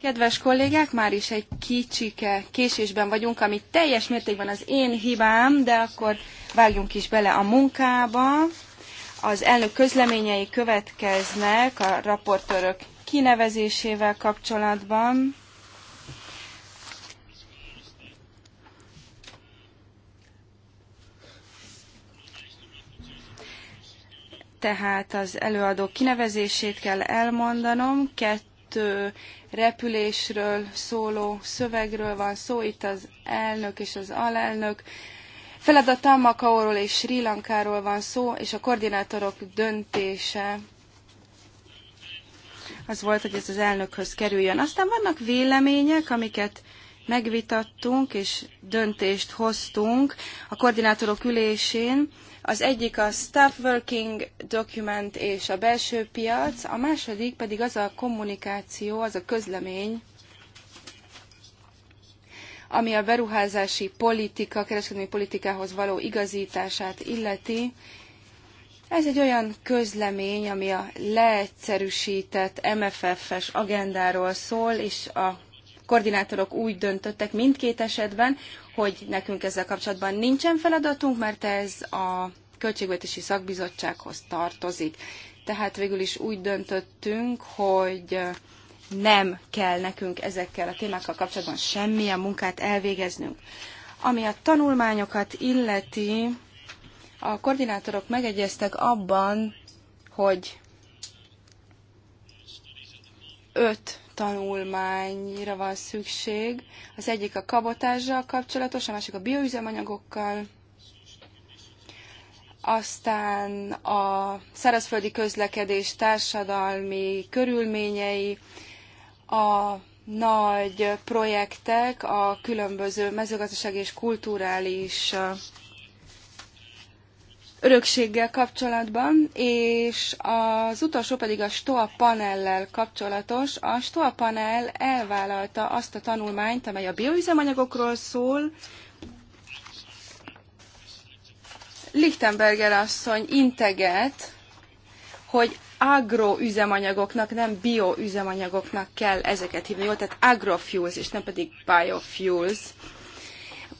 Kedves kollégák, már is egy kicsike késésben vagyunk, ami teljes mértékben az én hibám, de akkor vágjunk is bele a munkába. Az elnök közleményei következnek a raportőrök kinevezésével kapcsolatban. tehát az előadó kinevezését kell elmondanom. Kettő repülésről szóló szövegről van szó, itt az elnök és az alelnök. Feladata Makaóról és Sri Lankáról van szó, és a koordinátorok döntése az volt, hogy ez az elnökhöz kerüljön. Aztán vannak vélemények, amiket megvitattunk és döntést hoztunk a koordinátorok ülésén az egyik a Staff Working Document és a belső piac, a második pedig az a kommunikáció, az a közlemény, ami a beruházási politika, kereskedelmi politikához való igazítását illeti. Ez egy olyan közlemény, ami a leegyszerűsített MFF-es agendáról szól, és a koordinátorok úgy döntöttek mindkét esetben, hogy nekünk ezzel kapcsolatban nincsen feladatunk, mert ez a Költségvetési Szakbizottsághoz tartozik. Tehát végül is úgy döntöttünk, hogy nem kell nekünk ezekkel a témákkal kapcsolatban semmilyen munkát elvégeznünk. Ami a tanulmányokat illeti, a koordinátorok megegyeztek abban, hogy öt tanulmányra van szükség. Az egyik a kabotással kapcsolatos, a másik a bioüzemanyagokkal, aztán a szárazföldi közlekedés társadalmi körülményei, a nagy projektek, a különböző mezőgazdasági és kulturális örökséggel kapcsolatban, és az utolsó pedig a STOA panellel kapcsolatos. A STOA panel elvállalta azt a tanulmányt, amely a bioüzemanyagokról szól, Lichtenberger asszony integet, hogy agroüzemanyagoknak, nem bioüzemanyagoknak kell ezeket hívni, jó? Tehát agrofuels, és nem pedig biofuels.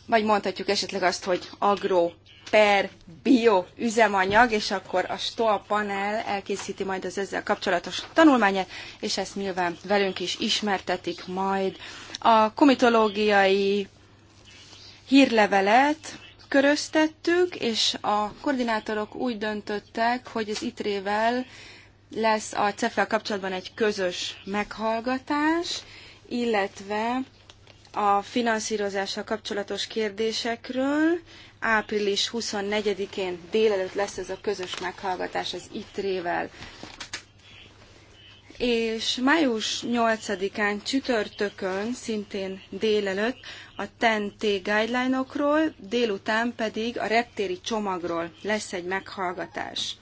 Vagy mondhatjuk esetleg azt, hogy agro per bio üzemanyag, és akkor a STOA panel elkészíti majd az ezzel kapcsolatos tanulmányát, és ezt nyilván velünk is ismertetik majd. A komitológiai hírlevelet köröztettük, és a koordinátorok úgy döntöttek, hogy az ITRÉ-vel lesz a CEFEL kapcsolatban egy közös meghallgatás, illetve a finanszírozással kapcsolatos kérdésekről, április 24-én délelőtt lesz ez a közös meghallgatás az ITRÉ-vel. És május 8-án csütörtökön, szintén délelőtt, a TEN-T guideline-okról, délután pedig a reptéri csomagról lesz egy meghallgatás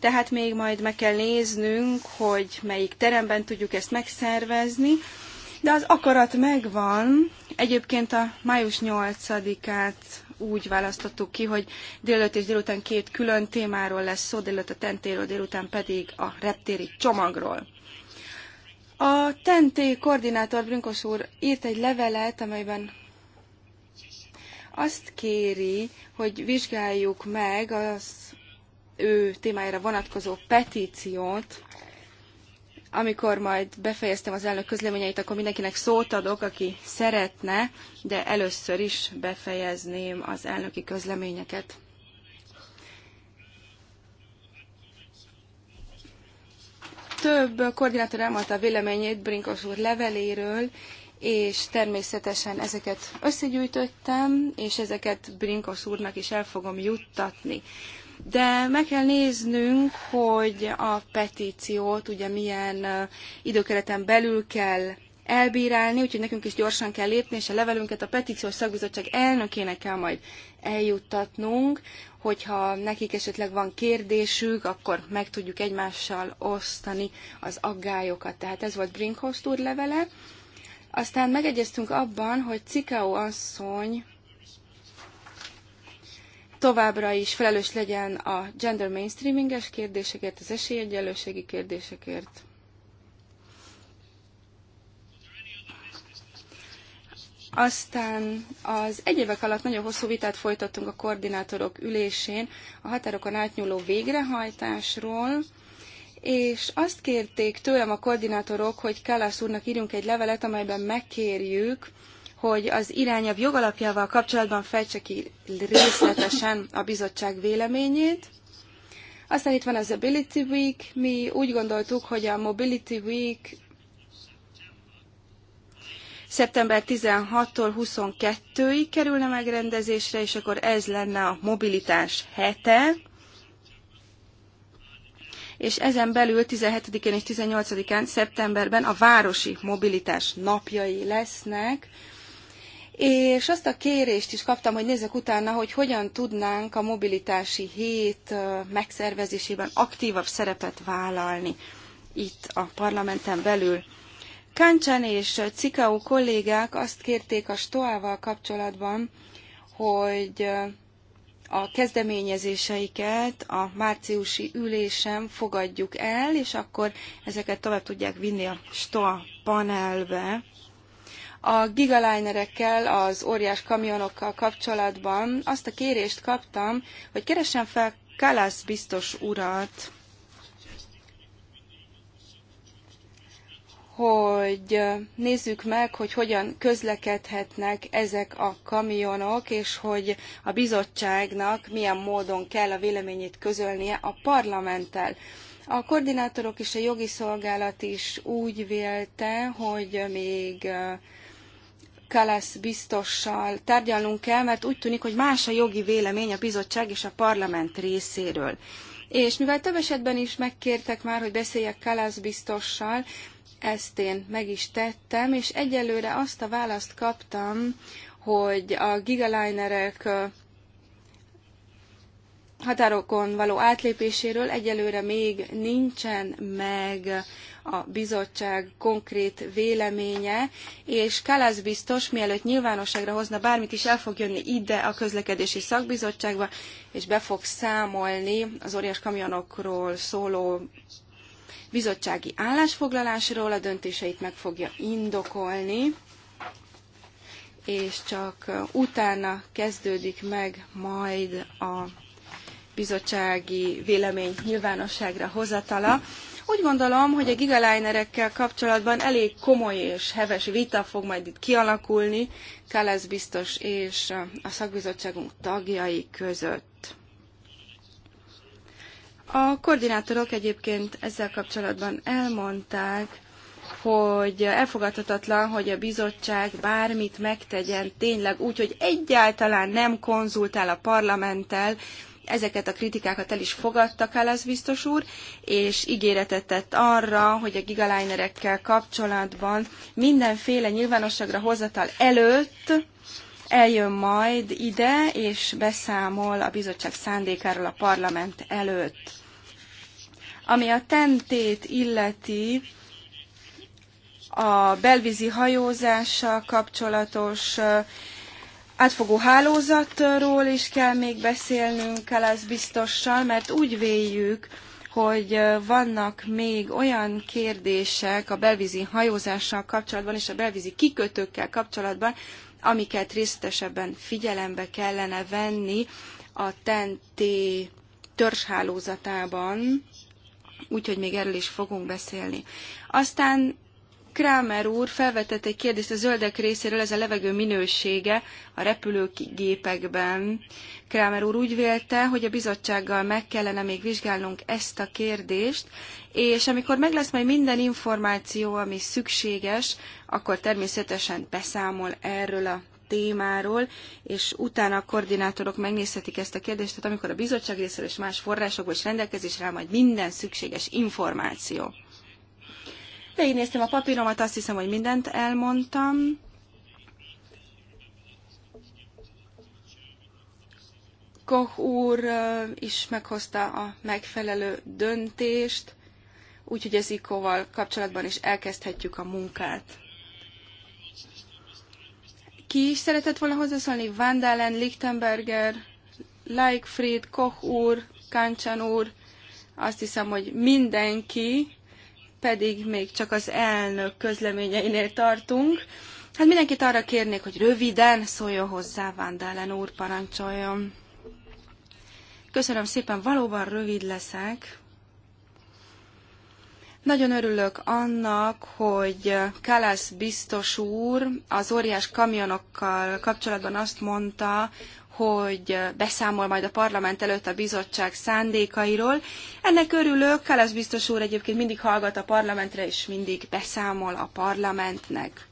tehát még majd meg kell néznünk, hogy melyik teremben tudjuk ezt megszervezni, de az akarat megvan. Egyébként a május 8-át úgy választottuk ki, hogy délelőtt és délután két külön témáról lesz szó, délelőtt a tentéről, délután pedig a reptéri csomagról. A tenté koordinátor Brinkos úr írt egy levelet, amelyben azt kéri, hogy vizsgáljuk meg az ő témájára vonatkozó petíciót, amikor majd befejeztem az elnök közleményeit, akkor mindenkinek szót adok, aki szeretne, de először is befejezném az elnöki közleményeket. Több koordinátor elmondta a véleményét Brinkos úr leveléről, és természetesen ezeket összegyűjtöttem, és ezeket Brinkos úrnak is el fogom juttatni de meg kell néznünk, hogy a petíciót ugye milyen időkereten belül kell elbírálni, úgyhogy nekünk is gyorsan kell lépni, és a levelünket a petíciós szakbizottság elnökének kell majd eljuttatnunk, hogyha nekik esetleg van kérdésük, akkor meg tudjuk egymással osztani az aggályokat. Tehát ez volt Brinkhost úr levele. Aztán megegyeztünk abban, hogy Cikao asszony továbbra is felelős legyen a gender mainstreaminges kérdésekért, az esélyegyenlőségi kérdésekért. Aztán az egy évek alatt nagyon hosszú vitát folytattunk a koordinátorok ülésén a határokon átnyúló végrehajtásról, és azt kérték tőlem a koordinátorok, hogy Kálász úrnak írjunk egy levelet, amelyben megkérjük, hogy az irányelv jogalapjával kapcsolatban fejtse ki részletesen a bizottság véleményét. Aztán itt van az Ability Week. Mi úgy gondoltuk, hogy a Mobility Week szeptember 16-tól 22-ig kerülne megrendezésre, és akkor ez lenne a mobilitás hete és ezen belül 17-én és 18-án szeptemberben a városi mobilitás napjai lesznek, és azt a kérést is kaptam, hogy nézzek utána, hogy hogyan tudnánk a mobilitási hét megszervezésében aktívabb szerepet vállalni itt a parlamenten belül. Kancsán és Cikau kollégák azt kérték a Stoával kapcsolatban, hogy a kezdeményezéseiket a márciusi ülésen fogadjuk el, és akkor ezeket tovább tudják vinni a STOA panelbe. A gigalinerekkel, az óriás kamionokkal kapcsolatban azt a kérést kaptam, hogy keressen fel Kalász biztos urat, hogy nézzük meg, hogy hogyan közlekedhetnek ezek a kamionok, és hogy a bizottságnak milyen módon kell a véleményét közölnie a parlamenttel. A koordinátorok és a jogi szolgálat is úgy vélte, hogy még Kalasz biztossal tárgyalnunk kell, mert úgy tűnik, hogy más a jogi vélemény a bizottság és a parlament részéről. És mivel több esetben is megkértek már, hogy beszéljek Kalasz biztossal, ezt én meg is tettem, és egyelőre azt a választ kaptam, hogy a gigalinerek határokon való átlépéséről egyelőre még nincsen meg a bizottság konkrét véleménye, és Kalász biztos, mielőtt nyilvánosságra hozna bármit is, el fog jönni ide a közlekedési szakbizottságba, és be fog számolni az óriás kamionokról szóló bizottsági állásfoglalásról, a döntéseit meg fogja indokolni, és csak utána kezdődik meg majd a bizottsági vélemény nyilvánosságra hozatala. Úgy gondolom, hogy a gigalinerekkel kapcsolatban elég komoly és heves vita fog majd itt kialakulni Kalesz biztos és a szakbizottságunk tagjai között. A koordinátorok egyébként ezzel kapcsolatban elmondták, hogy elfogadhatatlan, hogy a bizottság bármit megtegyen tényleg úgy, hogy egyáltalán nem konzultál a parlamenttel, ezeket a kritikákat el is fogadta Kalász biztos úr, és ígéretet tett arra, hogy a gigalinerekkel kapcsolatban mindenféle nyilvánosságra hozatal előtt eljön majd ide, és beszámol a bizottság szándékáról a parlament előtt. Ami a tentét illeti, a belvízi hajózással kapcsolatos átfogó hálózatról is kell még beszélnünk kell ez biztossal, mert úgy véljük, hogy vannak még olyan kérdések a belvízi hajózással kapcsolatban és a belvízi kikötőkkel kapcsolatban, amiket részletesebben figyelembe kellene venni a TNT törzshálózatában, úgyhogy még erről is fogunk beszélni. Aztán Kramer úr felvetett egy kérdést a zöldek részéről, ez a levegő minősége a repülőgépekben. Kramer úr úgy vélte, hogy a bizottsággal meg kellene még vizsgálnunk ezt a kérdést, és amikor meg lesz majd minden információ, ami szükséges, akkor természetesen beszámol erről a témáról, és utána a koordinátorok megnézhetik ezt a kérdést, tehát amikor a bizottság részéről és más forrásokból is rendelkezésre áll majd minden szükséges információ. Végignéztem a papíromat, azt hiszem, hogy mindent elmondtam. Koch úr is meghozta a megfelelő döntést, úgyhogy az ICO-val kapcsolatban is elkezdhetjük a munkát. Ki is szeretett volna hozzászólni? Vandalen, Lichtenberger, Leichfried, Koch úr, Kancsan úr, azt hiszem, hogy mindenki pedig még csak az elnök közleményeinél tartunk. Hát mindenkit arra kérnék, hogy röviden szóljon hozzá, Vandálen úr parancsoljon. Köszönöm szépen, valóban rövid leszek. Nagyon örülök annak, hogy Kalász biztos úr az óriás kamionokkal kapcsolatban azt mondta, hogy beszámol majd a parlament előtt a bizottság szándékairól. Ennek örülök, Kálasz biztos úr egyébként mindig hallgat a parlamentre, és mindig beszámol a parlamentnek.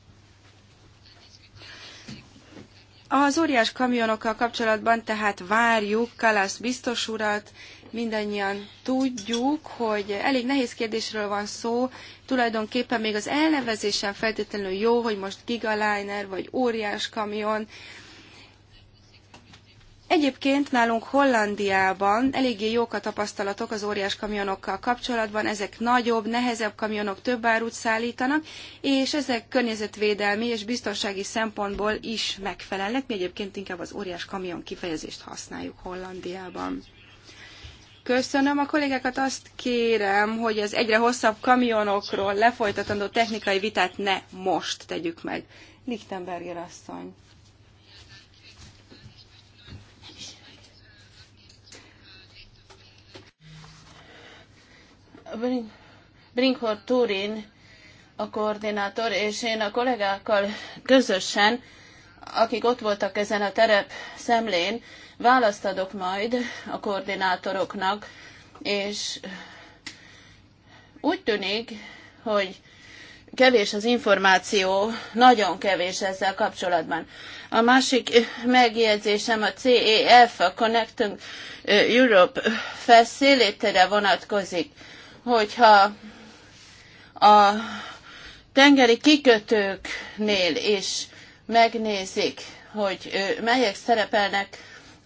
Az óriás kamionokkal kapcsolatban tehát várjuk Kálasz biztos urat, mindannyian tudjuk, hogy elég nehéz kérdésről van szó, tulajdonképpen még az elnevezésen feltétlenül jó, hogy most gigaliner vagy óriás kamion, Egyébként nálunk Hollandiában eléggé jók a tapasztalatok az óriás kamionokkal kapcsolatban, ezek nagyobb, nehezebb kamionok több árut szállítanak, és ezek környezetvédelmi és biztonsági szempontból is megfelelnek. Mi egyébként inkább az óriás kamion kifejezést használjuk Hollandiában. Köszönöm a kollégákat, azt kérem, hogy az egyre hosszabb kamionokról lefolytatandó technikai vitát ne most tegyük meg. Lichtenberger asszony. Brinkhorn Brinkhor Turin a koordinátor, és én a kollégákkal közösen, akik ott voltak ezen a terep szemlén, választ adok majd a koordinátoroknak, és úgy tűnik, hogy kevés az információ, nagyon kevés ezzel kapcsolatban. A másik megjegyzésem a CEF, a Connecting Europe facility vonatkozik hogyha a tengeri kikötőknél is megnézik, hogy melyek szerepelnek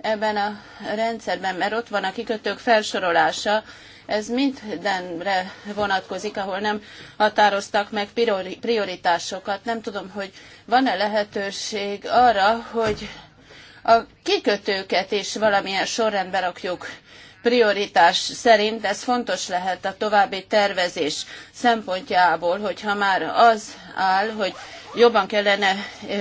ebben a rendszerben, mert ott van a kikötők felsorolása, ez mindenre vonatkozik, ahol nem határoztak meg prioritásokat. Nem tudom, hogy van-e lehetőség arra, hogy a kikötőket is valamilyen sorrendbe rakjuk prioritás szerint ez fontos lehet a további tervezés szempontjából, hogyha már az áll, hogy jobban kellene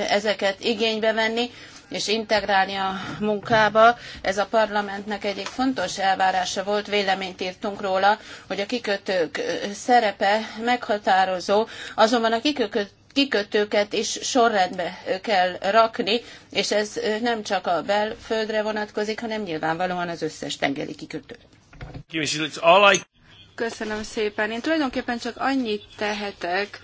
ezeket igénybe venni, és integrálni a munkába. Ez a parlamentnek egyik fontos elvárása volt, véleményt írtunk róla, hogy a kikötők szerepe meghatározó, azonban a kikötők kikötőket is sorrendbe kell rakni, és ez nem csak a belföldre vonatkozik, hanem nyilvánvalóan az összes tengeri kikötő. Köszönöm szépen. Én tulajdonképpen csak annyit tehetek,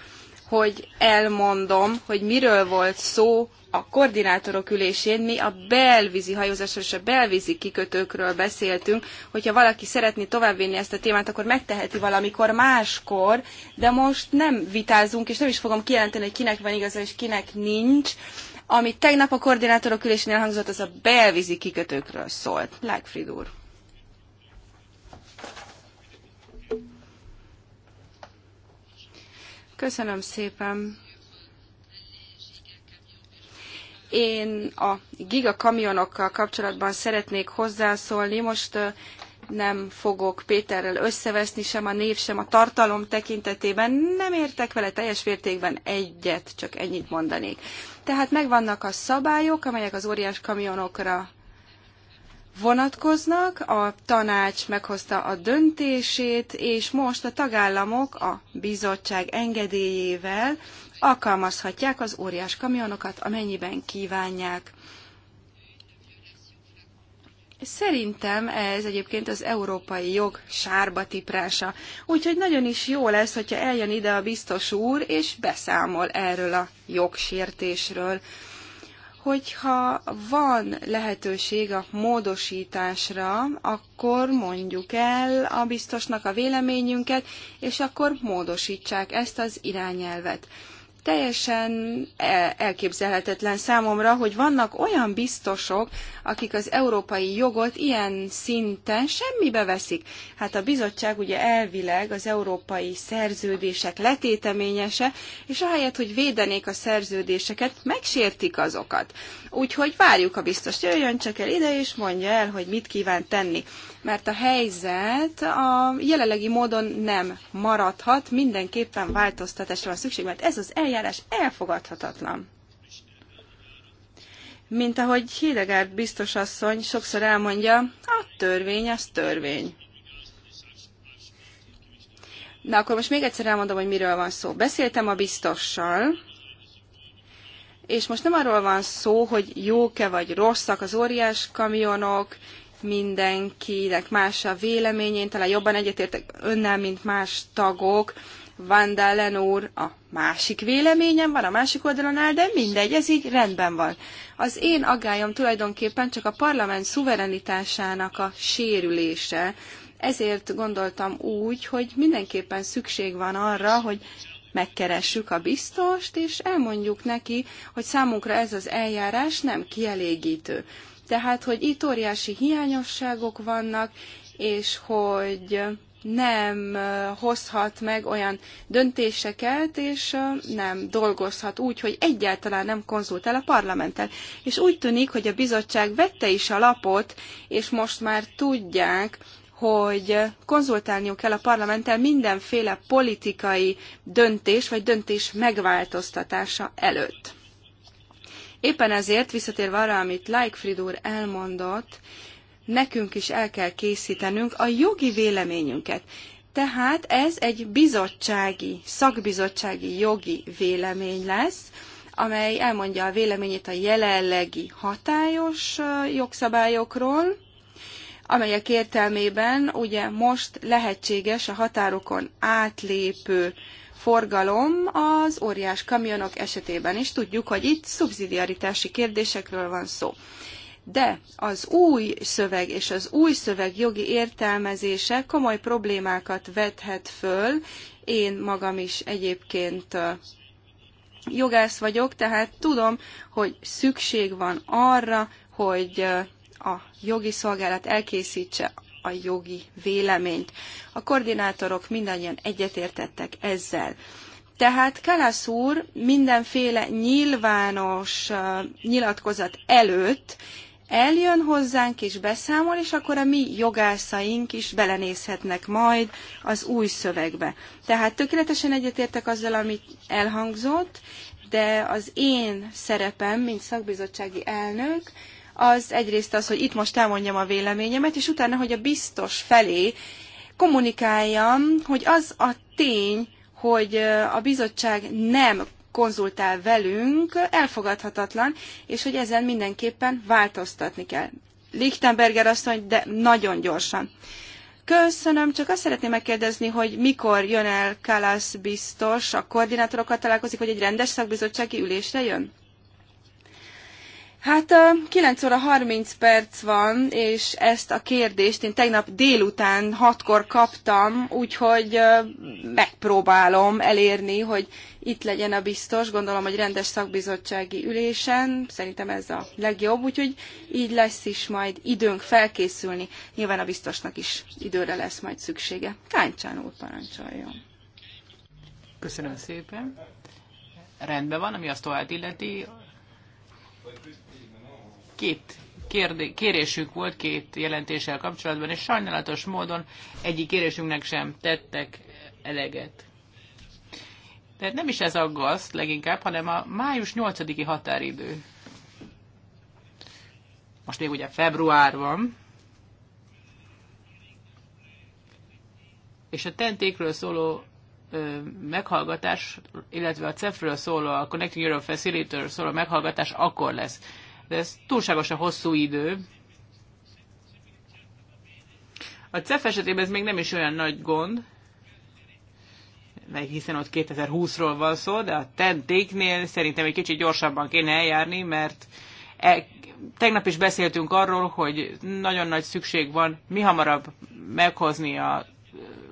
hogy elmondom, hogy miről volt szó a koordinátorok ülésén. Mi a belvízi hajózásról és a belvízi kikötőkről beszéltünk. Hogyha valaki szeretné továbbvinni ezt a témát, akkor megteheti valamikor máskor, de most nem vitázunk, és nem is fogom kijelenteni, hogy kinek van igaza és kinek nincs. ami tegnap a koordinátorok ülésén elhangzott, az a belvízi kikötőkről szólt. Lágfrid úr. Köszönöm szépen. Én a gigakamionokkal kapcsolatban szeretnék hozzászólni. Most nem fogok Péterrel összeveszni sem a név, sem a tartalom tekintetében. Nem értek vele teljes mértékben egyet, csak ennyit mondanék. Tehát megvannak a szabályok, amelyek az óriás kamionokra vonatkoznak, a tanács meghozta a döntését, és most a tagállamok a bizottság engedélyével alkalmazhatják az óriás kamionokat, amennyiben kívánják. Szerintem ez egyébként az európai jog sárba tiprása, úgyhogy nagyon is jó lesz, hogyha eljön ide a biztos úr, és beszámol erről a jogsértésről hogyha van lehetőség a módosításra, akkor mondjuk el a biztosnak a véleményünket, és akkor módosítsák ezt az irányelvet. Teljesen e- elképzelhetetlen számomra, hogy vannak olyan biztosok, akik az európai jogot ilyen szinten semmibe veszik. Hát a bizottság ugye elvileg az európai szerződések letéteményese, és ahelyett, hogy védenék a szerződéseket, megsértik azokat. Úgyhogy várjuk a biztos, jöjjön csak el ide, és mondja el, hogy mit kíván tenni. Mert a helyzet a jelenlegi módon nem maradhat, mindenképpen változtatásra van szükség, mert ez az eljárás eljárás elfogadhatatlan. Mint ahogy Hidegárd biztos asszony sokszor elmondja, a törvény az törvény. Na akkor most még egyszer elmondom, hogy miről van szó. Beszéltem a biztossal, és most nem arról van szó, hogy jók-e vagy rosszak az óriás kamionok, mindenkinek más a véleményén, talán jobban egyetértek önnel, mint más tagok, van Dalen úr a másik véleményem van, a másik oldalon áll, de mindegy, ez így rendben van. Az én aggályom tulajdonképpen csak a parlament szuverenitásának a sérülése, ezért gondoltam úgy, hogy mindenképpen szükség van arra, hogy megkeressük a biztost, és elmondjuk neki, hogy számunkra ez az eljárás nem kielégítő. Tehát, hogy itt óriási hiányosságok vannak, és hogy nem hozhat meg olyan döntéseket, és nem dolgozhat úgy, hogy egyáltalán nem konzultál a parlamenttel. És úgy tűnik, hogy a bizottság vette is a lapot, és most már tudják, hogy konzultálniuk kell a parlamenttel mindenféle politikai döntés vagy döntés megváltoztatása előtt. Éppen ezért, visszatérve arra, amit Leichfried úr elmondott, nekünk is el kell készítenünk a jogi véleményünket. Tehát ez egy bizottsági, szakbizottsági jogi vélemény lesz, amely elmondja a véleményét a jelenlegi hatályos jogszabályokról, amelyek értelmében ugye most lehetséges a határokon átlépő forgalom az óriás kamionok esetében is. Tudjuk, hogy itt szubszidiaritási kérdésekről van szó. De az új szöveg és az új szöveg jogi értelmezése komoly problémákat vethet föl. Én magam is egyébként jogász vagyok, tehát tudom, hogy szükség van arra, hogy a jogi szolgálat elkészítse a jogi véleményt. A koordinátorok mindannyian egyetértettek ezzel. Tehát Kalász úr mindenféle nyilvános nyilatkozat előtt eljön hozzánk és beszámol, és akkor a mi jogászaink is belenézhetnek majd az új szövegbe. Tehát tökéletesen egyetértek azzal, amit elhangzott, de az én szerepem, mint szakbizottsági elnök, az egyrészt az, hogy itt most elmondjam a véleményemet, és utána, hogy a biztos felé kommunikáljam, hogy az a tény, hogy a bizottság nem konzultál velünk, elfogadhatatlan, és hogy ezen mindenképpen változtatni kell. Lichtenberger asszony, de nagyon gyorsan. Köszönöm, csak azt szeretném megkérdezni, hogy mikor jön el Kalász biztos, a koordinátorokkal találkozik, hogy egy rendes szakbizottsági ülésre jön? Hát 9 óra 30 perc van, és ezt a kérdést én tegnap délután hatkor kaptam, úgyhogy megpróbálom elérni, hogy itt legyen a biztos. Gondolom, hogy rendes szakbizottsági ülésen, szerintem ez a legjobb, úgyhogy így lesz is majd időnk felkészülni. Nyilván a biztosnak is időre lesz majd szüksége. Káncsán úr parancsoljon. Köszönöm szépen. Rendben van, ami azt tovább illeti, két kérdé- kérésük volt két jelentéssel kapcsolatban, és sajnálatos módon egyik kérésünknek sem tettek eleget. Tehát nem is ez aggaszt leginkább, hanem a május 8-i határidő. Most még ugye február van, és a tentékről szóló ö, meghallgatás, illetve a CEF-ről szóló, a Connecting Europe Facilitator szóló meghallgatás akkor lesz de ez túlságosan hosszú idő. A CEF esetében ez még nem is olyan nagy gond, mert hiszen ott 2020-ról van szó, de a tentéknél szerintem egy kicsit gyorsabban kéne eljárni, mert e, tegnap is beszéltünk arról, hogy nagyon nagy szükség van mi hamarabb meghozni a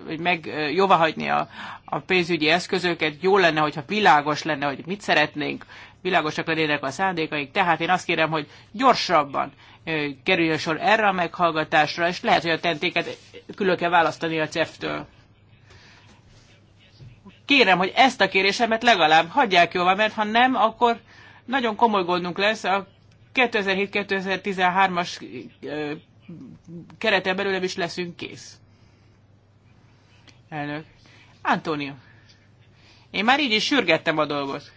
hogy meg jóvahagyni a, a pénzügyi eszközöket, jó lenne, hogyha világos lenne, hogy mit szeretnénk, világosak lennének a szándékaik, tehát én azt kérem, hogy gyorsabban kerüljön sor erre a meghallgatásra, és lehet, hogy a tentéket külön kell választani a CEF-től. Kérem, hogy ezt a kérésemet legalább hagyják jóvá, mert ha nem, akkor nagyon komoly gondunk lesz a 2007-2013-as kerete belül is leszünk kész. Elnök. Antonio. Én már így is sürgettem a dolgot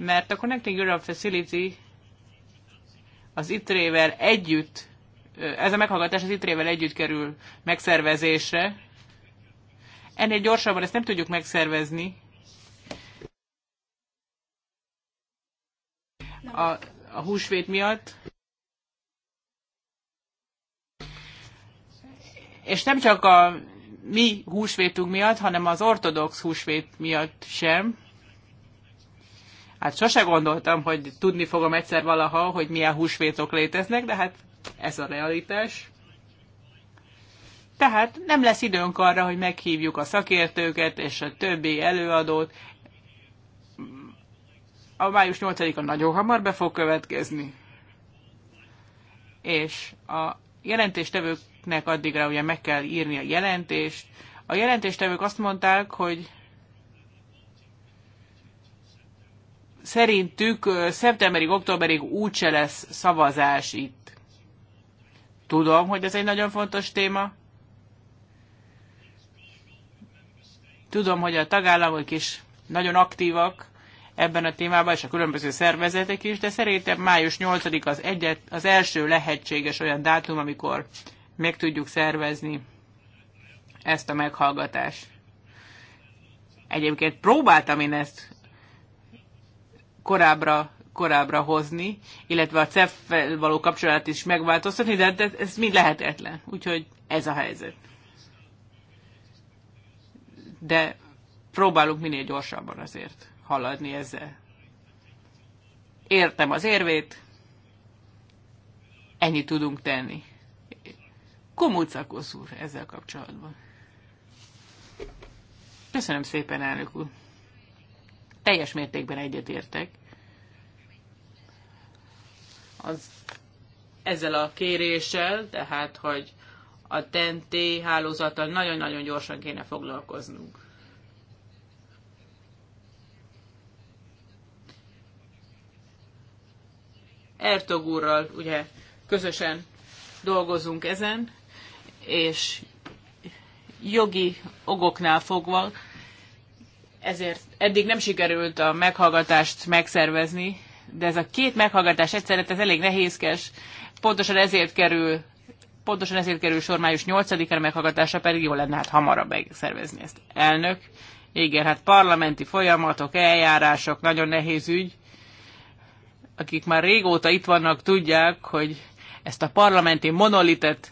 mert a Connecting Europe Facility az ITRE-vel együtt, ez a meghallgatás az ITRE-vel együtt kerül megszervezésre. Ennél gyorsabban ezt nem tudjuk megszervezni. A, a húsvét miatt. És nem csak a mi húsvétunk miatt, hanem az ortodox húsvét miatt sem Hát sose gondoltam, hogy tudni fogom egyszer valaha, hogy milyen húsvétok léteznek, de hát ez a realitás. Tehát nem lesz időnk arra, hogy meghívjuk a szakértőket és a többi előadót. A május 8-a nagyon hamar be fog következni. És a jelentéstevőknek addigra ugye meg kell írni a jelentést. A jelentéstevők azt mondták, hogy szerintük szeptemberig, októberig úgyse lesz szavazás itt. Tudom, hogy ez egy nagyon fontos téma. Tudom, hogy a tagállamok is nagyon aktívak ebben a témában, és a különböző szervezetek is, de szerintem május 8 az, egyet, az első lehetséges olyan dátum, amikor meg tudjuk szervezni ezt a meghallgatást. Egyébként próbáltam én ezt korábbra, korábbra hozni, illetve a cef való kapcsolat is megváltoztatni, de hát ez mind lehetetlen. Úgyhogy ez a helyzet. De próbálunk minél gyorsabban azért haladni ezzel. Értem az érvét, ennyit tudunk tenni. Komócakosz úr ezzel kapcsolatban. Köszönöm szépen, elnök úr teljes mértékben egyetértek az, ezzel a kéréssel, tehát, hogy a TNT hálózattal nagyon-nagyon gyorsan kéne foglalkoznunk. Ertog úrral ugye közösen dolgozunk ezen, és jogi ogoknál fogva ezért eddig nem sikerült a meghallgatást megszervezni, de ez a két meghallgatás egyszerre, hát ez elég nehézkes. Pontosan ezért kerül pontosan ezért kerül sor május 8-ára meghallgatása, pedig jó lenne hát hamarabb megszervezni ezt. Elnök, igen, hát parlamenti folyamatok, eljárások, nagyon nehéz ügy. Akik már régóta itt vannak, tudják, hogy ezt a parlamenti monolitet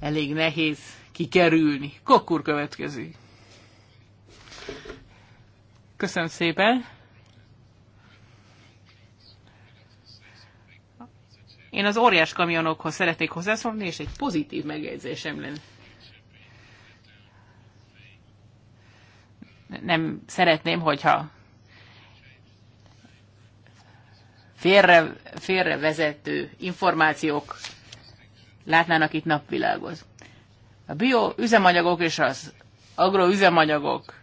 elég nehéz kikerülni. Kokkur következik. Köszönöm szépen. Én az óriás kamionokhoz szeretnék hozzászólni, és egy pozitív megjegyzésem lenne. Nem szeretném, hogyha félre, félrevezető információk látnának itt napvilágot. A bioüzemanyagok és az agroüzemanyagok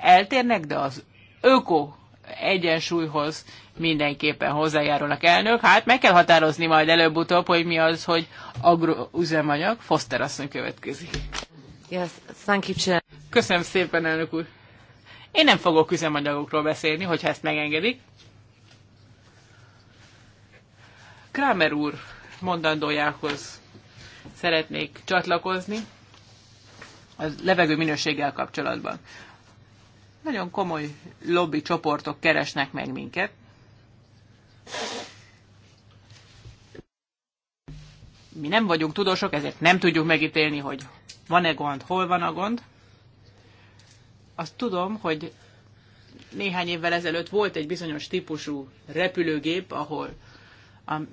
eltérnek, de az öko egyensúlyhoz mindenképpen hozzájárulnak elnök. Hát meg kell határozni majd előbb-utóbb, hogy mi az, hogy agroüzemanyag. Foster asszony következik. Yes, thank you, Chair. Köszönöm szépen, elnök úr. Én nem fogok üzemanyagokról beszélni, hogyha ezt megengedik. Kramer úr mondandójához szeretnék csatlakozni a levegő minőséggel kapcsolatban. Nagyon komoly lobby csoportok keresnek meg minket. Mi nem vagyunk tudósok, ezért nem tudjuk megítélni, hogy van-e gond, hol van a gond. Azt tudom, hogy néhány évvel ezelőtt volt egy bizonyos típusú repülőgép, ahol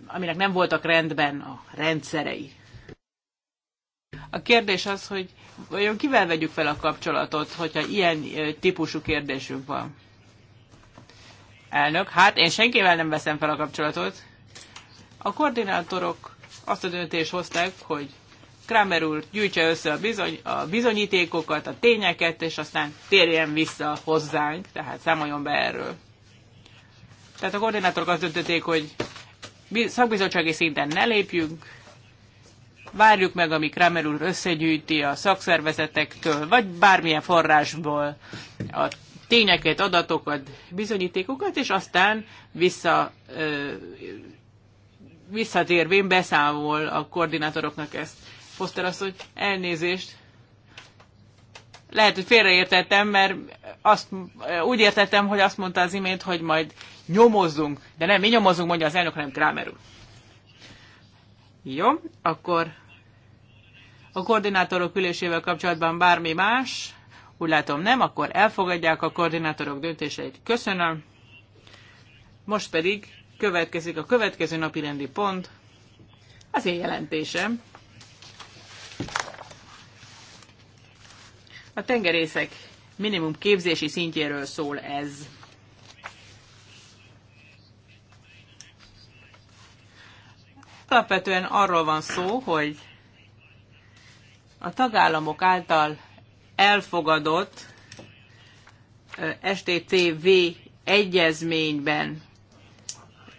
aminek nem voltak rendben a rendszerei. A kérdés az, hogy vajon kivel vegyük fel a kapcsolatot, hogyha ilyen típusú kérdésünk van. Elnök, hát én senkivel nem veszem fel a kapcsolatot. A koordinátorok azt a döntést hozták, hogy Kramer úr gyűjtse össze a, bizony, a bizonyítékokat, a tényeket, és aztán térjen vissza hozzánk, tehát számoljon be erről. Tehát a koordinátorok azt döntötték, hogy szakbizottsági szinten ne lépjünk, várjuk meg, amíg Kramer úr összegyűjti a szakszervezetektől, vagy bármilyen forrásból a tényeket, adatokat, bizonyítékokat, és aztán vissza, visszatérvén beszámol a koordinátoroknak ezt. Foster azt, hogy elnézést, lehet, hogy félreértettem, mert azt, úgy értettem, hogy azt mondta az imént, hogy majd nyomozzunk, de nem mi nyomozunk, mondja az elnök, hanem Kramer úr. Jó, akkor a koordinátorok ülésével kapcsolatban bármi más, úgy látom nem, akkor elfogadják a koordinátorok döntéseit. Köszönöm. Most pedig következik a következő napi rendi pont, az én jelentésem. A tengerészek minimum képzési szintjéről szól ez. Alapvetően arról van szó, hogy a tagállamok által elfogadott STCV egyezményben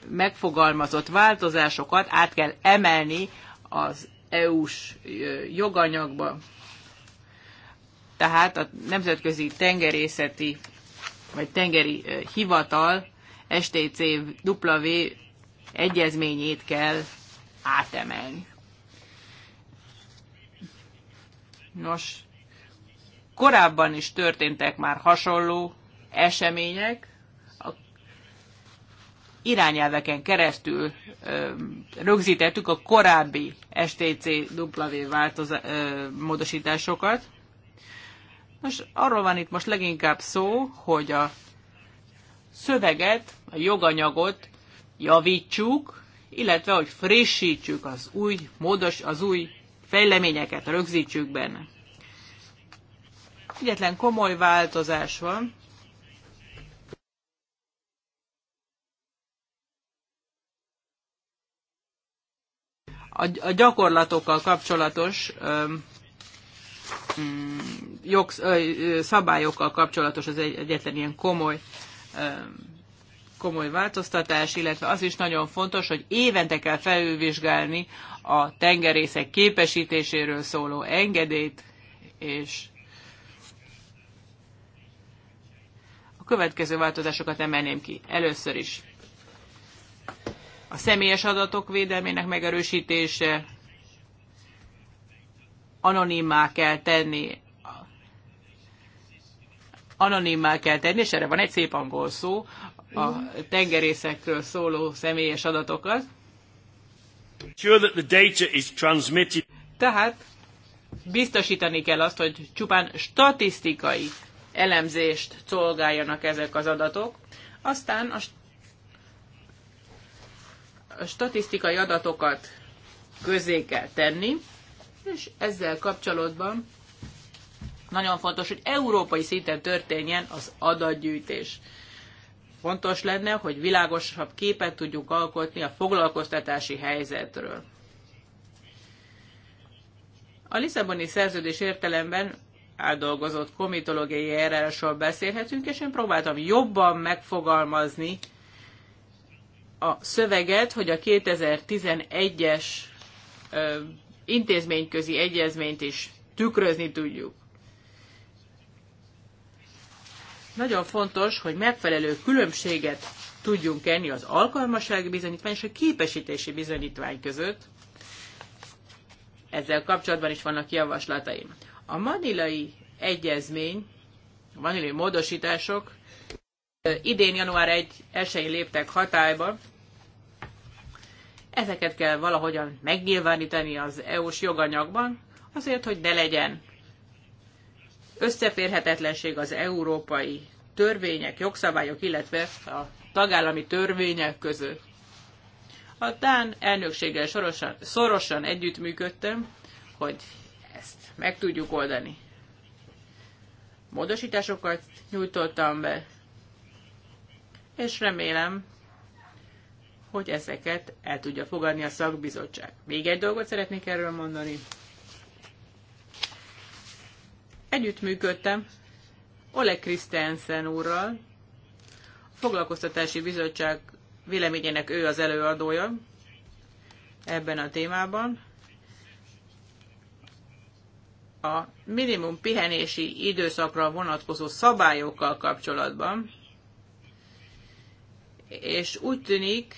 megfogalmazott változásokat át kell emelni az EU-s joganyagba. Tehát a Nemzetközi Tengerészeti vagy Tengeri Hivatal STCW egyezményét kell átemelni. Nos, korábban is történtek már hasonló események, a irányelveken keresztül ö, rögzítettük a korábbi W változa, ö, módosításokat. Most arról van itt most leginkább szó, hogy a szöveget, a joganyagot javítsuk, illetve hogy frissítsük az új, módos, az új fejleményeket, rögzítsük benne. Egyetlen komoly változás van, a, gyakorlatokkal kapcsolatos öm, jogsz, ö, szabályokkal kapcsolatos az egyetlen ilyen komoly öm, komoly változtatás, illetve az is nagyon fontos, hogy évente kell felülvizsgálni a tengerészek képesítéséről szóló engedélyt, és a következő változásokat emelném ki. Először is a személyes adatok védelmének megerősítése, anonimmá kell tenni anonimmá kell tenni, és erre van egy szép angol szó, a tengerészekről szóló személyes adatokat. Tehát biztosítani kell azt, hogy csupán statisztikai elemzést szolgáljanak ezek az adatok. Aztán a, st a statisztikai adatokat közé kell tenni, és ezzel kapcsolatban nagyon fontos, hogy európai szinten történjen az adatgyűjtés fontos lenne, hogy világosabb képet tudjuk alkotni a foglalkoztatási helyzetről. A Lisszaboni szerződés értelemben áldolgozott komitológiai erről beszélhetünk, és én próbáltam jobban megfogalmazni a szöveget, hogy a 2011-es intézményközi egyezményt is tükrözni tudjuk. Nagyon fontos, hogy megfelelő különbséget tudjunk enni az alkalmasági bizonyítvány és a képesítési bizonyítvány között. Ezzel kapcsolatban is vannak javaslataim. A manilai egyezmény, a manilai módosítások idén január 1 esélyén léptek hatályba. Ezeket kell valahogyan megnyilvánítani az EU-s joganyagban, azért, hogy ne legyen összeférhetetlenség az európai törvények, jogszabályok, illetve a tagállami törvények között. A Dán elnökséggel sorosan, szorosan együttműködtem, hogy ezt meg tudjuk oldani. Módosításokat nyújtottam be, és remélem, hogy ezeket el tudja fogadni a szakbizottság. Még egy dolgot szeretnék erről mondani. Együttműködtem Ole Christensen úrral, a Foglalkoztatási Bizottság véleményének ő az előadója ebben a témában. A minimum pihenési időszakra vonatkozó szabályokkal kapcsolatban, és úgy tűnik,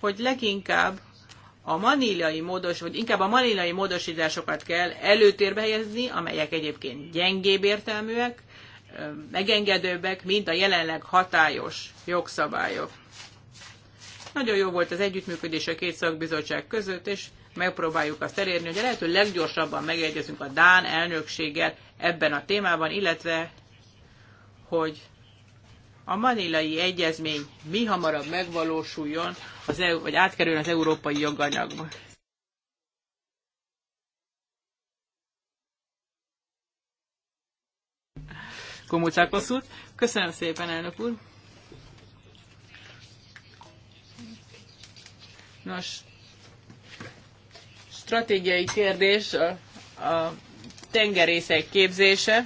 hogy leginkább a manilai módos, vagy inkább a manilai módosításokat kell előtérbe helyezni, amelyek egyébként gyengébb értelműek, megengedőbbek, mint a jelenleg hatályos jogszabályok. Nagyon jó volt az együttműködés a két szakbizottság között, és megpróbáljuk azt elérni, hogy a lehető leggyorsabban megegyezünk a Dán elnökséggel ebben a témában, illetve hogy a manilai egyezmény mi hamarabb megvalósuljon, az EU, vagy átkerüljön az európai joganyagba. Komucákos Köszönöm szépen, elnök úr. Nos, stratégiai kérdés a, a tengerészek képzése,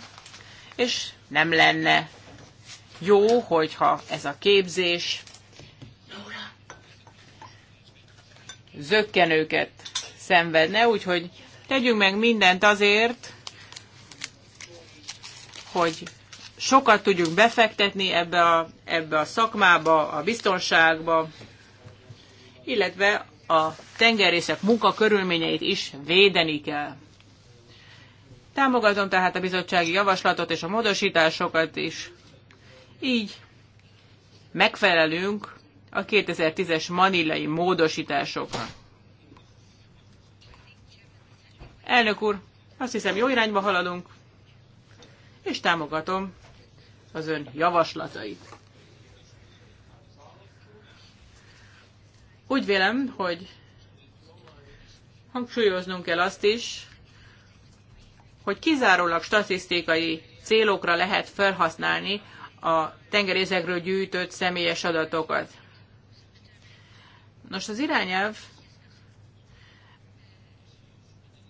és nem lenne jó, hogyha ez a képzés zöggenőket szenvedne, úgyhogy tegyünk meg mindent azért, hogy sokat tudjuk befektetni ebbe a, ebbe a szakmába, a biztonságba, illetve a tengerészek munkakörülményeit is védeni kell. Támogatom tehát a bizottsági javaslatot és a módosításokat is. Így megfelelünk a 2010-es manilai módosításoknak. Elnök úr, azt hiszem jó irányba haladunk, és támogatom az ön javaslatait. Úgy vélem, hogy hangsúlyoznunk kell azt is, hogy kizárólag statisztikai célokra lehet felhasználni a tengerészekről gyűjtött személyes adatokat. Nos, az irányelv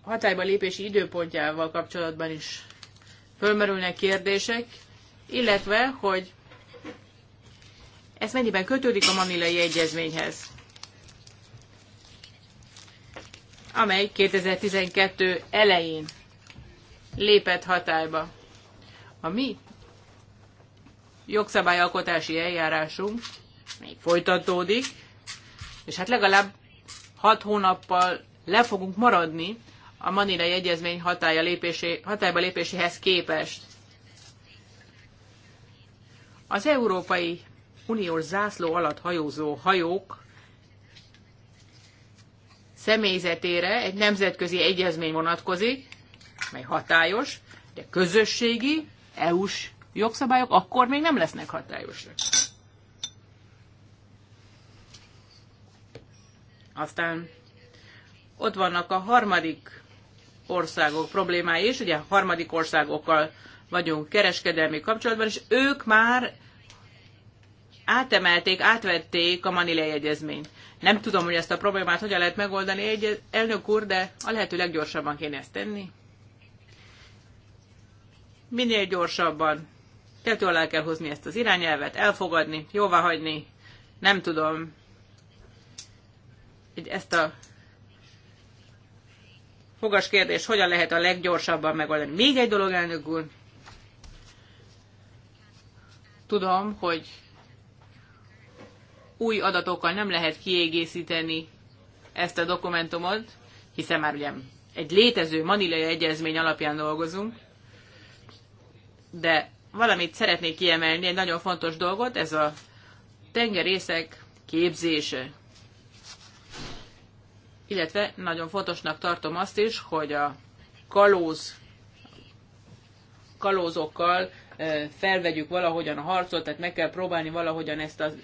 hatályba lépési időpontjával kapcsolatban is fölmerülnek kérdések, illetve, hogy ez mennyiben kötődik a Manilai Egyezményhez, amely 2012 elején lépett hatályba. A mi jogszabályalkotási eljárásunk még folytatódik, és hát legalább hat hónappal le fogunk maradni a Manilai Egyezmény hatája lépésé, hatályba lépéséhez képest. Az Európai Uniós zászló alatt hajózó hajók személyzetére egy nemzetközi egyezmény vonatkozik, mely hatályos, de közösségi, EU-s jogszabályok akkor még nem lesznek hatályosak. Aztán ott vannak a harmadik országok problémái is, ugye a harmadik országokkal vagyunk kereskedelmi kapcsolatban, és ők már átemelték, átvették a Manilei Egyezményt. Nem tudom, hogy ezt a problémát hogyan lehet megoldani, egy elnök úr, de a lehető leggyorsabban kéne ezt tenni. Minél gyorsabban tető alá kell hozni ezt az irányelvet, elfogadni, jóvá hagyni, nem tudom, hogy ezt a fogas kérdés, hogyan lehet a leggyorsabban megoldani. Még egy dolog, elnök úr. Tudom, hogy új adatokkal nem lehet kiegészíteni ezt a dokumentumot, hiszen már ugye egy létező manilai egyezmény alapján dolgozunk, de valamit szeretnék kiemelni, egy nagyon fontos dolgot, ez a tengerészek képzése. Illetve nagyon fontosnak tartom azt is, hogy a kalóz, kalózokkal e, felvegyük valahogyan a harcot, tehát meg kell próbálni valahogyan ezt a e,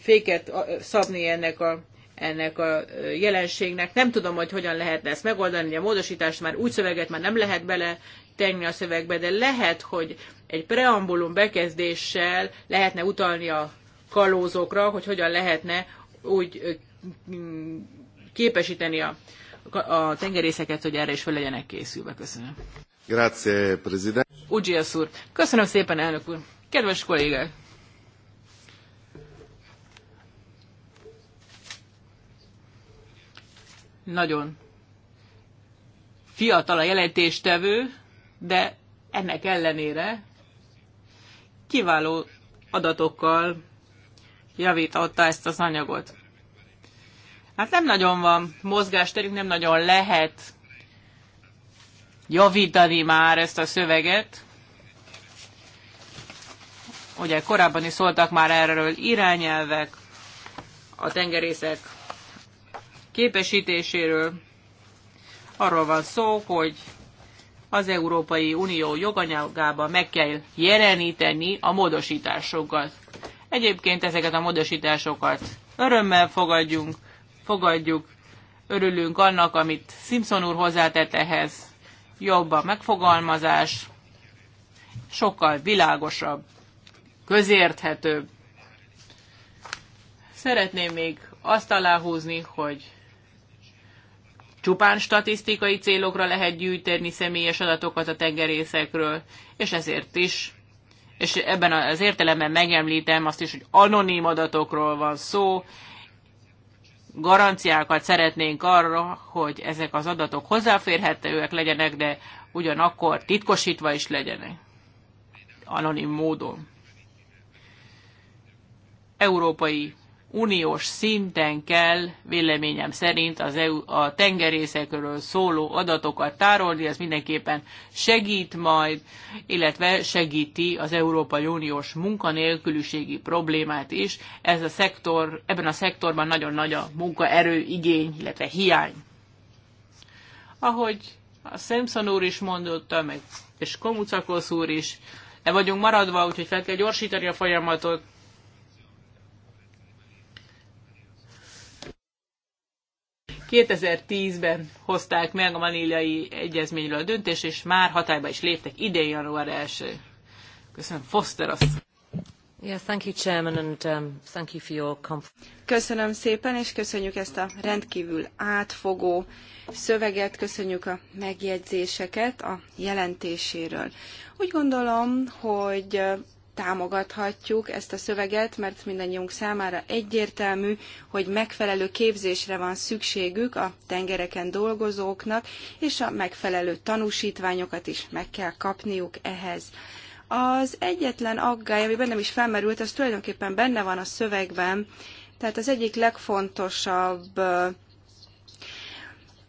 féket szabni ennek a ennek a e, jelenségnek. Nem tudom, hogy hogyan lehetne ezt megoldani, a módosítást már úgy szöveget már nem lehet bele tenni a szövegbe, de lehet, hogy egy preambulum bekezdéssel lehetne utalni a kalózokra, hogy hogyan lehetne úgy mm, képesíteni a, a tengerészeket, hogy erre is fel legyenek készülve. Köszönöm. Grazie, president. Ugyiasz úr. Köszönöm szépen, elnök úr. Kedves kollégák! Nagyon fiatal a jelentéstevő, de ennek ellenére kiváló adatokkal javította ezt az anyagot. Hát nem nagyon van mozgásterük, nem nagyon lehet javítani már ezt a szöveget. Ugye korábban is szóltak már erről irányelvek, a tengerészek képesítéséről. Arról van szó, hogy az Európai Unió joganyagába meg kell jeleníteni a módosításokat. Egyébként ezeket a módosításokat örömmel fogadjunk, fogadjuk, örülünk annak, amit Simpson úr hozzátett ehhez, jobb a megfogalmazás, sokkal világosabb, közérthetőbb. Szeretném még azt aláhúzni, hogy Csupán statisztikai célokra lehet gyűjteni személyes adatokat a tengerészekről, és ezért is, és ebben az értelemben megemlítem azt is, hogy anonim adatokról van szó, garanciákat szeretnénk arra, hogy ezek az adatok hozzáférhetőek legyenek, de ugyanakkor titkosítva is legyenek. Anonim módon. Európai uniós szinten kell, véleményem szerint az EU, a tengerészekről szóló adatokat tárolni, ez mindenképpen segít majd, illetve segíti az Európai Uniós munkanélküliségi problémát is. Ez a szektor, ebben a szektorban nagyon nagy a munkaerő igény, illetve hiány. Ahogy a Simpson úr is mondotta, meg és Komucakosz úr is, le vagyunk maradva, úgyhogy fel kell gyorsítani a folyamatot, 2010-ben hozták meg a manilai egyezményről a döntést, és már hatályba is léptek idén január 1 Köszönöm, Foster azt. Yeah, thank you, Chairman, and um, thank you for your Köszönöm szépen, és köszönjük ezt a rendkívül átfogó szöveget, köszönjük a megjegyzéseket a jelentéséről. Úgy gondolom, hogy támogathatjuk ezt a szöveget, mert mindannyiunk számára egyértelmű, hogy megfelelő képzésre van szükségük a tengereken dolgozóknak, és a megfelelő tanúsítványokat is meg kell kapniuk ehhez. Az egyetlen aggály, ami bennem is felmerült, az tulajdonképpen benne van a szövegben, tehát az egyik legfontosabb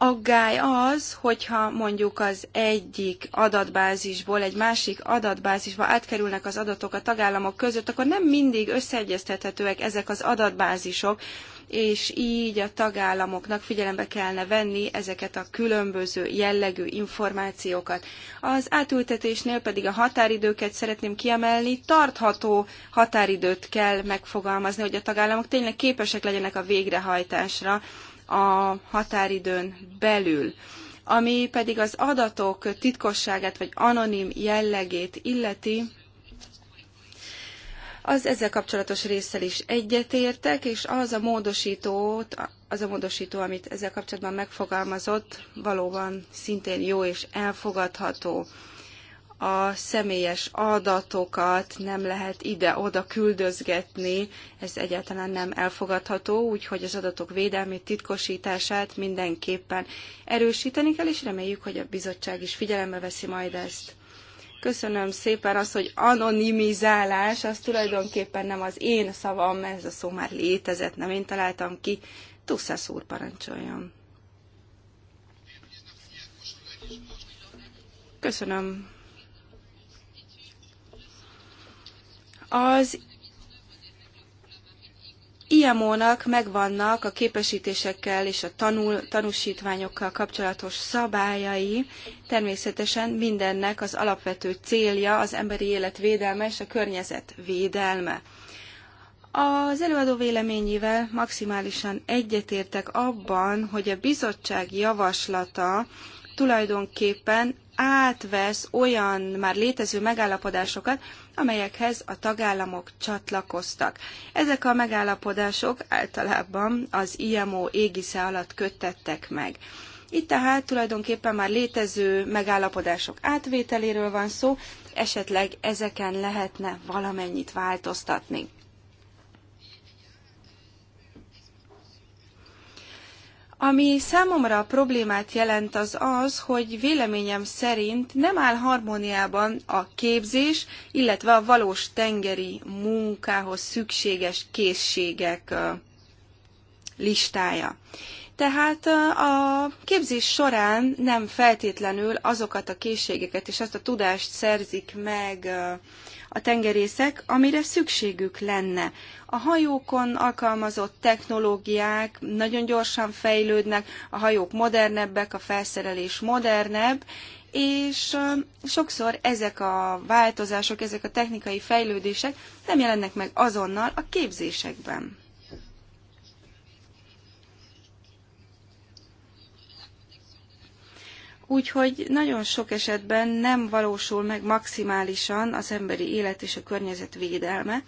aggály az, hogyha mondjuk az egyik adatbázisból egy másik adatbázisba átkerülnek az adatok a tagállamok között, akkor nem mindig összeegyeztethetőek ezek az adatbázisok, és így a tagállamoknak figyelembe kellene venni ezeket a különböző jellegű információkat. Az átültetésnél pedig a határidőket szeretném kiemelni, tartható határidőt kell megfogalmazni, hogy a tagállamok tényleg képesek legyenek a végrehajtásra a határidőn belül. Ami pedig az adatok titkosságát vagy anonim jellegét illeti, az ezzel kapcsolatos résszel is egyetértek, és az a módosítót, az a módosító, amit ezzel kapcsolatban megfogalmazott, valóban szintén jó és elfogadható a személyes adatokat nem lehet ide-oda küldözgetni, ez egyáltalán nem elfogadható, úgyhogy az adatok védelmi titkosítását mindenképpen erősíteni kell, és reméljük, hogy a bizottság is figyelembe veszi majd ezt. Köszönöm szépen azt, hogy anonimizálás, az tulajdonképpen nem az én szavam, mert ez a szó már létezett, nem én találtam ki. Tusszász úr parancsoljon. Köszönöm Az IMO-nak megvannak a képesítésekkel és a tanul, tanúsítványokkal kapcsolatos szabályai. Természetesen mindennek az alapvető célja az emberi élet védelme és a környezet védelme. Az előadó véleményével maximálisan egyetértek abban, hogy a bizottság javaslata tulajdonképpen átvesz olyan már létező megállapodásokat, amelyekhez a tagállamok csatlakoztak. Ezek a megállapodások általában az IMO égisze alatt köttettek meg. Itt tehát tulajdonképpen már létező megállapodások átvételéről van szó, esetleg ezeken lehetne valamennyit változtatni. Ami számomra a problémát jelent az az, hogy véleményem szerint nem áll harmóniában a képzés, illetve a valós tengeri munkához szükséges készségek listája. Tehát a képzés során nem feltétlenül azokat a készségeket és azt a tudást szerzik meg a tengerészek, amire szükségük lenne. A hajókon alkalmazott technológiák nagyon gyorsan fejlődnek, a hajók modernebbek, a felszerelés modernebb, és sokszor ezek a változások, ezek a technikai fejlődések nem jelennek meg azonnal a képzésekben. Úgyhogy nagyon sok esetben nem valósul meg maximálisan az emberi élet és a környezet védelme,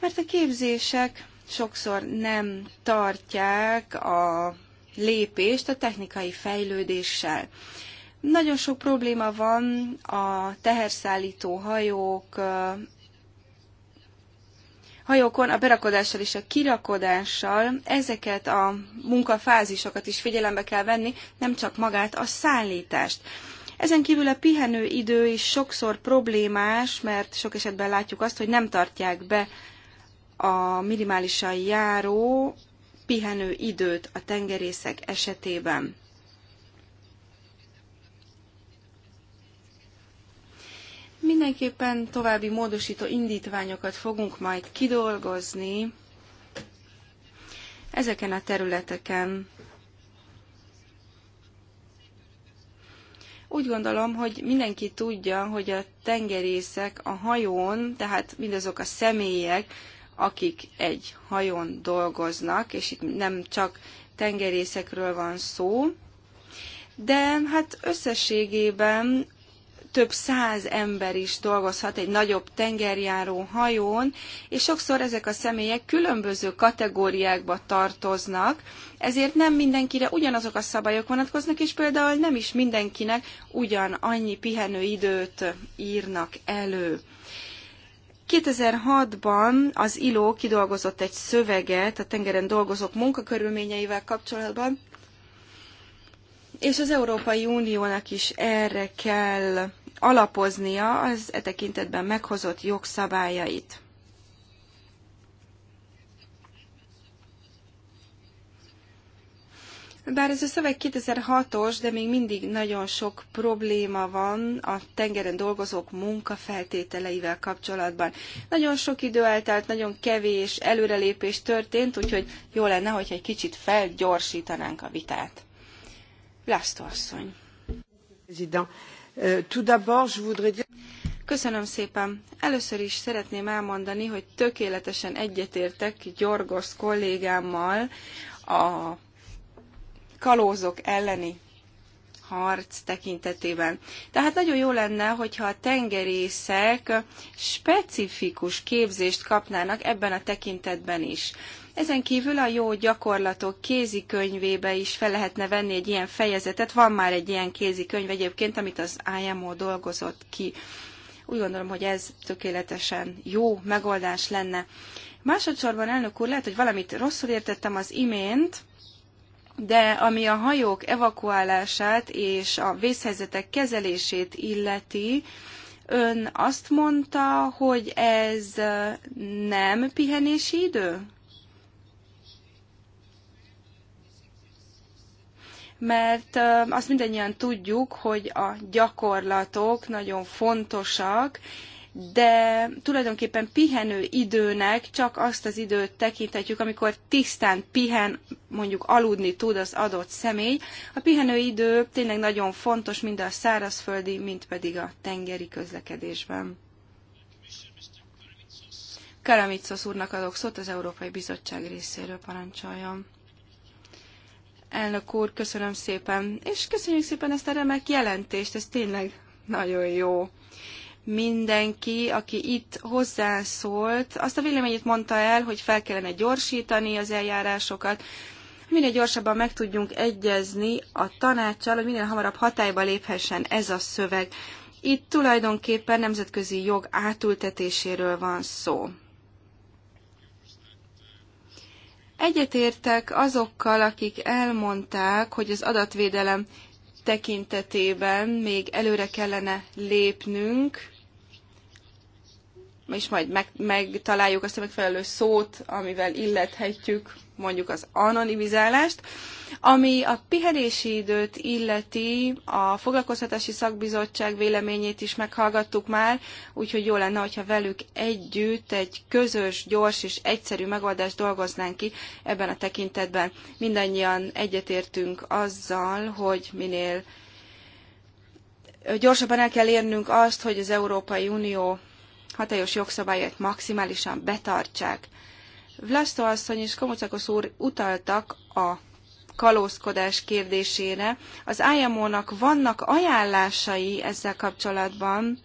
mert a képzések sokszor nem tartják a lépést a technikai fejlődéssel. Nagyon sok probléma van a teherszállító hajók hajókon a berakodással és a kirakodással ezeket a munkafázisokat is figyelembe kell venni, nem csak magát a szállítást. Ezen kívül a pihenő idő is sokszor problémás, mert sok esetben látjuk azt, hogy nem tartják be a minimálisan járó pihenő időt a tengerészek esetében. Mindenképpen további módosító indítványokat fogunk majd kidolgozni ezeken a területeken. Úgy gondolom, hogy mindenki tudja, hogy a tengerészek a hajón, tehát mindazok a személyek, akik egy hajón dolgoznak, és itt nem csak tengerészekről van szó, de hát összességében több száz ember is dolgozhat egy nagyobb tengerjáró hajón, és sokszor ezek a személyek különböző kategóriákba tartoznak, ezért nem mindenkire ugyanazok a szabályok vonatkoznak, és például nem is mindenkinek ugyanannyi pihenőidőt írnak elő. 2006-ban az ILO kidolgozott egy szöveget a tengeren dolgozók munkakörülményeivel kapcsolatban, és az Európai Uniónak is erre kell alapoznia az e tekintetben meghozott jogszabályait. Bár ez a szöveg 2006-os, de még mindig nagyon sok probléma van a tengeren dolgozók munkafeltételeivel kapcsolatban. Nagyon sok idő eltelt, nagyon kevés előrelépés történt, úgyhogy jó lenne, hogyha egy kicsit felgyorsítanánk a vitát. László asszony. Euh, Köszönöm szépen. Először is szeretném elmondani, hogy tökéletesen egyetértek Gyorgosz kollégámmal a kalózok elleni harc tekintetében. Tehát nagyon jó lenne, hogyha a tengerészek specifikus képzést kapnának ebben a tekintetben is. Ezen kívül a jó gyakorlatok kézikönyvébe is fel lehetne venni egy ilyen fejezetet. Van már egy ilyen kézikönyv egyébként, amit az IMO dolgozott ki. Úgy gondolom, hogy ez tökéletesen jó megoldás lenne. Másodszorban, elnök úr, lehet, hogy valamit rosszul értettem az imént, de ami a hajók evakuálását és a vészhelyzetek kezelését illeti, ön azt mondta, hogy ez nem pihenési idő? mert azt mindannyian tudjuk, hogy a gyakorlatok nagyon fontosak, de tulajdonképpen pihenő időnek csak azt az időt tekinthetjük, amikor tisztán pihen, mondjuk aludni tud az adott személy. A pihenő idő tényleg nagyon fontos, mind a szárazföldi, mind pedig a tengeri közlekedésben. Karamitsos úrnak adok szót az Európai Bizottság részéről, parancsoljon. Elnök úr, köszönöm szépen, és köszönjük szépen ezt a remek jelentést, ez tényleg nagyon jó. Mindenki, aki itt hozzászólt, azt a véleményét mondta el, hogy fel kellene gyorsítani az eljárásokat, minél gyorsabban meg tudjunk egyezni a tanácssal, hogy minél hamarabb hatályba léphessen ez a szöveg. Itt tulajdonképpen nemzetközi jog átültetéséről van szó. Egyetértek azokkal, akik elmondták, hogy az adatvédelem tekintetében még előre kellene lépnünk, és majd meg, megtaláljuk azt a megfelelő szót, amivel illethetjük mondjuk az anonimizálást. Ami a pihenési időt illeti, a foglalkoztatási szakbizottság véleményét is meghallgattuk már, úgyhogy jó lenne, hogyha velük együtt egy közös, gyors és egyszerű megoldást dolgoznánk ki ebben a tekintetben. Mindannyian egyetértünk azzal, hogy minél gyorsabban el kell érnünk azt, hogy az Európai Unió hatályos jogszabályait maximálisan betartsák. Vlasto asszony és Komucakos úr utaltak a kalózkodás kérdésére. Az IMO-nak vannak ajánlásai ezzel kapcsolatban,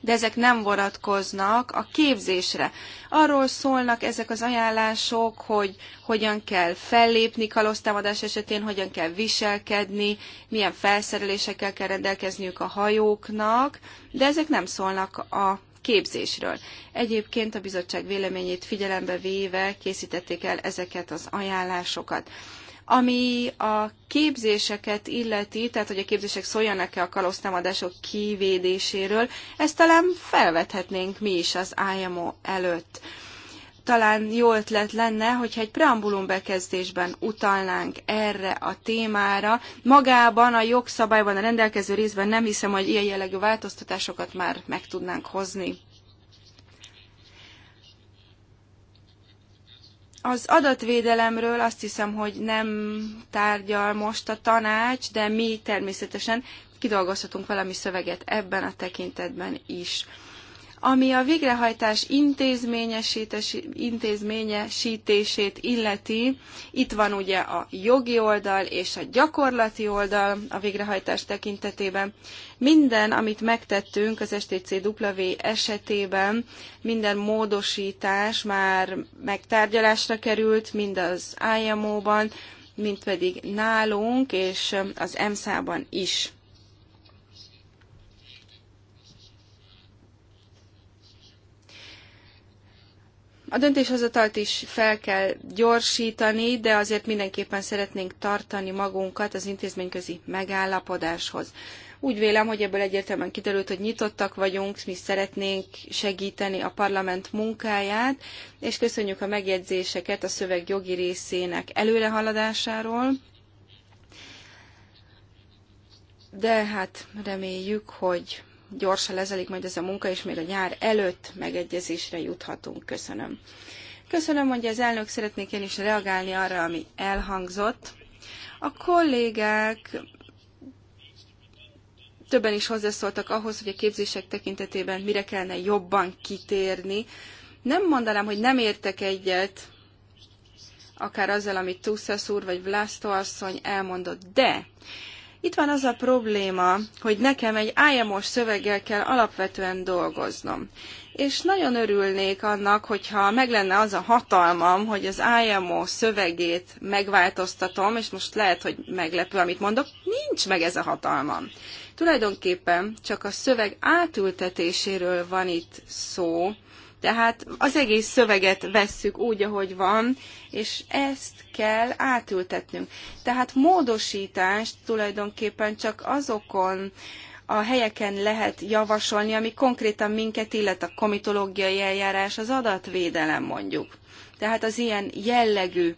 de ezek nem vonatkoznak a képzésre. Arról szólnak ezek az ajánlások, hogy hogyan kell fellépni kalóztámadás esetén, hogyan kell viselkedni, milyen felszerelésekkel kell rendelkezniük a hajóknak, de ezek nem szólnak a képzésről. Egyébként a bizottság véleményét figyelembe véve készítették el ezeket az ajánlásokat. Ami a képzéseket illeti, tehát hogy a képzések szóljanak-e a kalosztámadások kivédéséről, ezt talán felvethetnénk mi is az IMO előtt talán jó ötlet lenne, hogyha egy preambulum bekezdésben utalnánk erre a témára. Magában a jogszabályban, a rendelkező részben nem hiszem, hogy ilyen jellegű változtatásokat már meg tudnánk hozni. Az adatvédelemről azt hiszem, hogy nem tárgyal most a tanács, de mi természetesen kidolgozhatunk valami szöveget ebben a tekintetben is. Ami a végrehajtás intézményesítését illeti, itt van ugye a jogi oldal és a gyakorlati oldal a végrehajtás tekintetében. Minden, amit megtettünk az STCW esetében, minden módosítás már megtárgyalásra került, mind az IMO-ban, mint pedig nálunk és az EMSZ-ban is. A döntéshozatalt is fel kell gyorsítani, de azért mindenképpen szeretnénk tartani magunkat az intézményközi megállapodáshoz. Úgy vélem, hogy ebből egyértelműen kiderült, hogy nyitottak vagyunk, mi szeretnénk segíteni a parlament munkáját, és köszönjük a megjegyzéseket a szöveg jogi részének előrehaladásáról. De hát reméljük, hogy gyorsan lezelik majd ez a munka, és még a nyár előtt megegyezésre juthatunk. Köszönöm. Köszönöm, hogy az elnök, szeretnék én is reagálni arra, ami elhangzott. A kollégák többen is hozzászóltak ahhoz, hogy a képzések tekintetében mire kellene jobban kitérni. Nem mondanám, hogy nem értek egyet, akár azzal, amit Tuszasz úr vagy Vlasztó asszony elmondott, de itt van az a probléma, hogy nekem egy IMO-s szöveggel kell alapvetően dolgoznom. És nagyon örülnék annak, hogyha meg lenne az a hatalmam, hogy az IMO szövegét megváltoztatom, és most lehet, hogy meglepő, amit mondok, nincs meg ez a hatalmam. Tulajdonképpen csak a szöveg átültetéséről van itt szó, tehát az egész szöveget vesszük úgy, ahogy van, és ezt kell átültetnünk. Tehát módosítást tulajdonképpen csak azokon a helyeken lehet javasolni, ami konkrétan minket illet a komitológiai eljárás, az adatvédelem mondjuk. Tehát az ilyen jellegű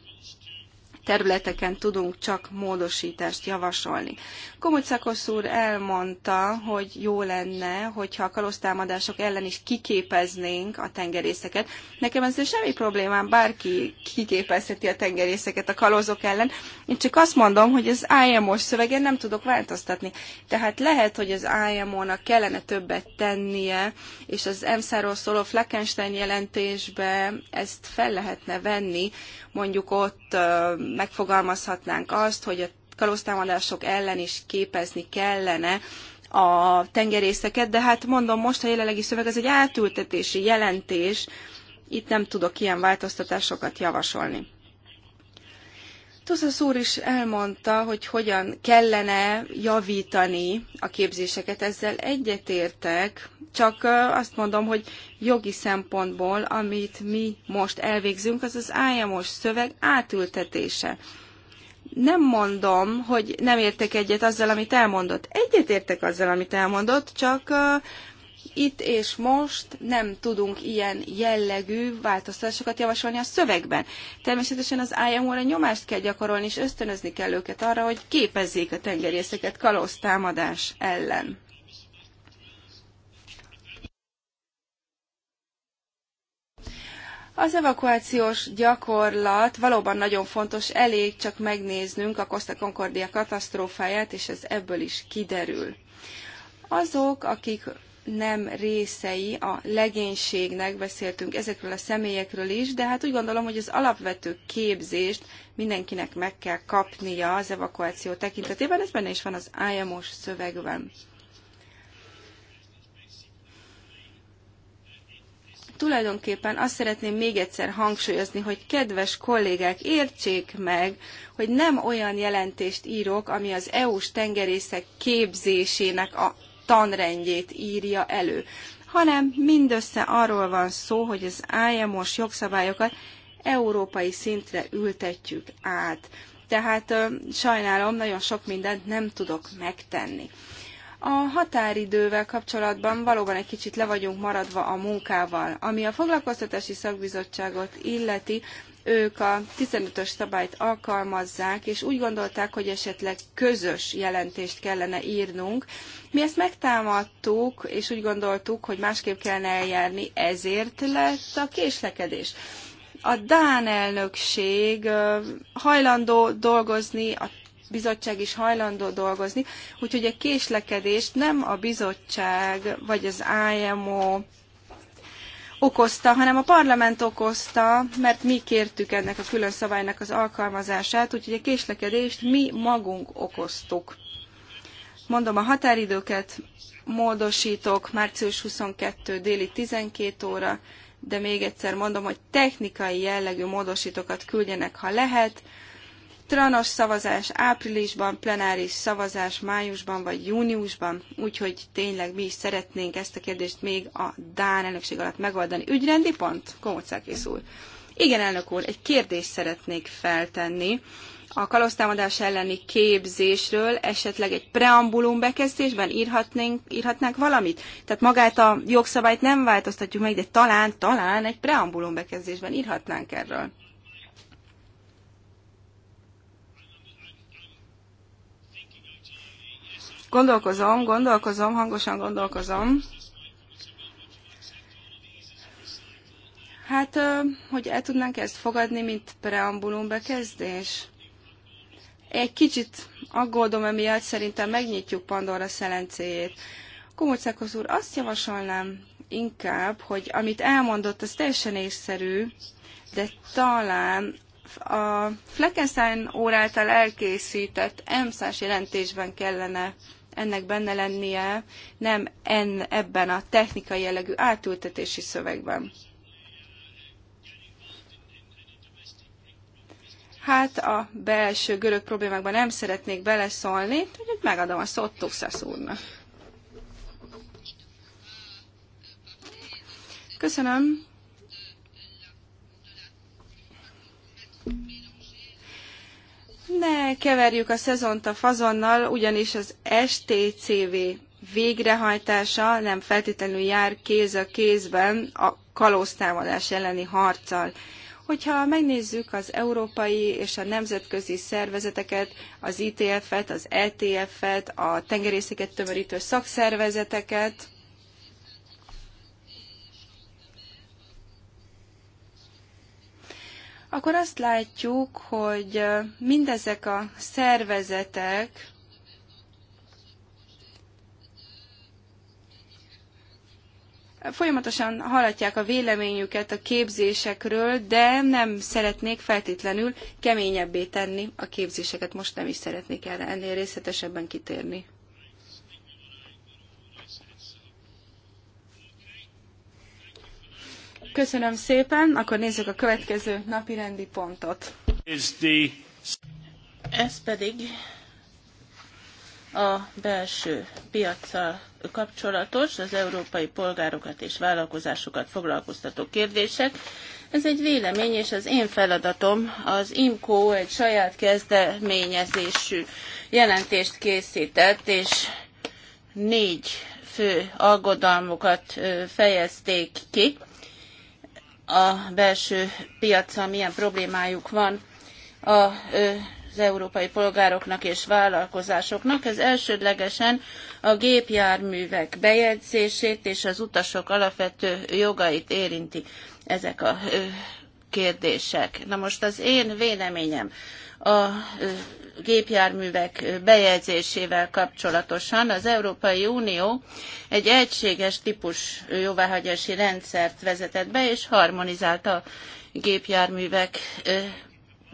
területeken tudunk csak módosítást javasolni. Komutszakosz úr elmondta, hogy jó lenne, hogyha a kalosztámadások ellen is kiképeznénk a tengerészeket. Nekem ez semmi problémám, bárki kiképezheti a tengerészeket a kalózok ellen. Én csak azt mondom, hogy az imo szövegen nem tudok változtatni. Tehát lehet, hogy az IMO-nak kellene többet tennie, és az EMSZ-ról szóló Fleckenstein jelentésbe ezt fel lehetne venni. Mondjuk ott megfogalmazhatnánk azt, hogy a kalóztámadások ellen is képezni kellene a tengerészeket, de hát mondom most a jelenlegi szöveg az egy átültetési jelentés, itt nem tudok ilyen változtatásokat javasolni. Tuszasz úr is elmondta, hogy hogyan kellene javítani a képzéseket, ezzel egyetértek, csak azt mondom, hogy jogi szempontból, amit mi most elvégzünk, az az ájamos szöveg átültetése nem mondom, hogy nem értek egyet azzal, amit elmondott. Egyet értek azzal, amit elmondott, csak uh, itt és most nem tudunk ilyen jellegű változtatásokat javasolni a szövegben. Természetesen az IMO-ra nyomást kell gyakorolni, és ösztönözni kell őket arra, hogy képezzék a tengerészeket kalóztámadás ellen. Az evakuációs gyakorlat valóban nagyon fontos, elég csak megnéznünk a Costa Concordia katasztrófáját, és ez ebből is kiderül. Azok, akik nem részei a legénységnek, beszéltünk ezekről a személyekről is, de hát úgy gondolom, hogy az alapvető képzést mindenkinek meg kell kapnia az evakuáció tekintetében, ez benne is van az IMO-s szövegben. tulajdonképpen azt szeretném még egyszer hangsúlyozni, hogy kedves kollégák, értsék meg, hogy nem olyan jelentést írok, ami az EU-s tengerészek képzésének a tanrendjét írja elő, hanem mindössze arról van szó, hogy az IMO-s jogszabályokat európai szintre ültetjük át. Tehát sajnálom, nagyon sok mindent nem tudok megtenni. A határidővel kapcsolatban valóban egy kicsit le vagyunk maradva a munkával. Ami a foglalkoztatási szakbizottságot illeti, ők a 15-ös szabályt alkalmazzák, és úgy gondolták, hogy esetleg közös jelentést kellene írnunk. Mi ezt megtámadtuk, és úgy gondoltuk, hogy másképp kellene eljárni, ezért lett a késlekedés. A Dán elnökség hajlandó dolgozni a bizottság is hajlandó dolgozni, úgyhogy a késlekedést nem a bizottság vagy az IMO okozta, hanem a parlament okozta, mert mi kértük ennek a külön szabálynak az alkalmazását, úgyhogy a késlekedést mi magunk okoztuk. Mondom, a határidőket módosítok március 22 déli 12 óra, de még egyszer mondom, hogy technikai jellegű módosítókat küldjenek, ha lehet, tranos szavazás áprilisban, plenáris szavazás májusban vagy júniusban, úgyhogy tényleg mi is szeretnénk ezt a kérdést még a Dán elnökség alatt megoldani. Ügyrendi pont? Komocákész úr. Igen, elnök úr, egy kérdést szeretnék feltenni a kalosztámadás elleni képzésről esetleg egy preambulum bekezdésben írhatnánk, írhatnánk valamit? Tehát magát a jogszabályt nem változtatjuk meg, de talán, talán egy preambulum bekezdésben írhatnánk erről. Gondolkozom, gondolkozom, hangosan gondolkozom. Hát, hogy el tudnánk ezt fogadni, mint preambulum bekezdés? Egy kicsit aggódom emiatt, szerintem megnyitjuk Pandora szelencéjét. Komocákos úr, azt javasolnám inkább, hogy amit elmondott, az teljesen észszerű, de talán a Fleckenstein óráltal elkészített m jelentésben kellene ennek benne lennie, nem en, ebben a technikai jellegű átültetési szövegben. Hát a belső görög problémákban nem szeretnék beleszólni, úgyhogy megadom a szót Tuxas úrnak. Köszönöm. Ne keverjük a szezont a fazonnal, ugyanis az STCV végrehajtása nem feltétlenül jár kéz a kézben a kalóztámadás elleni harccal. Hogyha megnézzük az európai és a nemzetközi szervezeteket, az ITF-et, az ETF-et, a tengerészeket tömörítő szakszervezeteket, akkor azt látjuk, hogy mindezek a szervezetek folyamatosan hallatják a véleményüket a képzésekről, de nem szeretnék feltétlenül keményebbé tenni a képzéseket. Most nem is szeretnék erre ennél részletesebben kitérni. Köszönöm szépen, akkor nézzük a következő napi rendi pontot. Ez pedig a belső piaccal kapcsolatos, az európai polgárokat és vállalkozásokat foglalkoztató kérdések. Ez egy vélemény, és az én feladatom az IMCO egy saját kezdeményezésű jelentést készített, és négy fő aggodalmukat fejezték ki a belső piacon milyen problémájuk van az európai polgároknak és vállalkozásoknak. Ez elsődlegesen a gépjárművek bejegyzését és az utasok alapvető jogait érinti ezek a kérdések. Na most az én véleményem a gépjárművek bejegyzésével kapcsolatosan az Európai Unió egy egységes típus jóváhagyási rendszert vezetett be, és harmonizálta a gépjárművek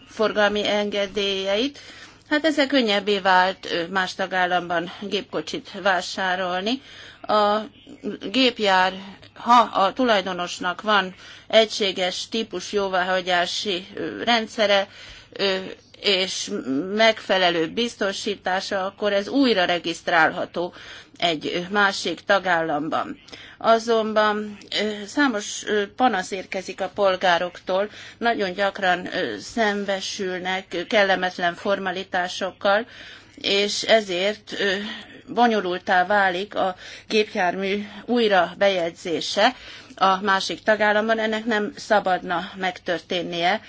forgalmi engedélyeit. Hát ezzel könnyebbé vált más tagállamban gépkocsit vásárolni. A gépjár, ha a tulajdonosnak van egységes típus jóváhagyási rendszere, és megfelelő biztosítása, akkor ez újra regisztrálható egy másik tagállamban. Azonban számos panasz érkezik a polgároktól, nagyon gyakran szembesülnek kellemetlen formalitásokkal, és ezért bonyolultá válik a gépjármű újra bejegyzése a másik tagállamban. Ennek nem szabadna megtörténnie,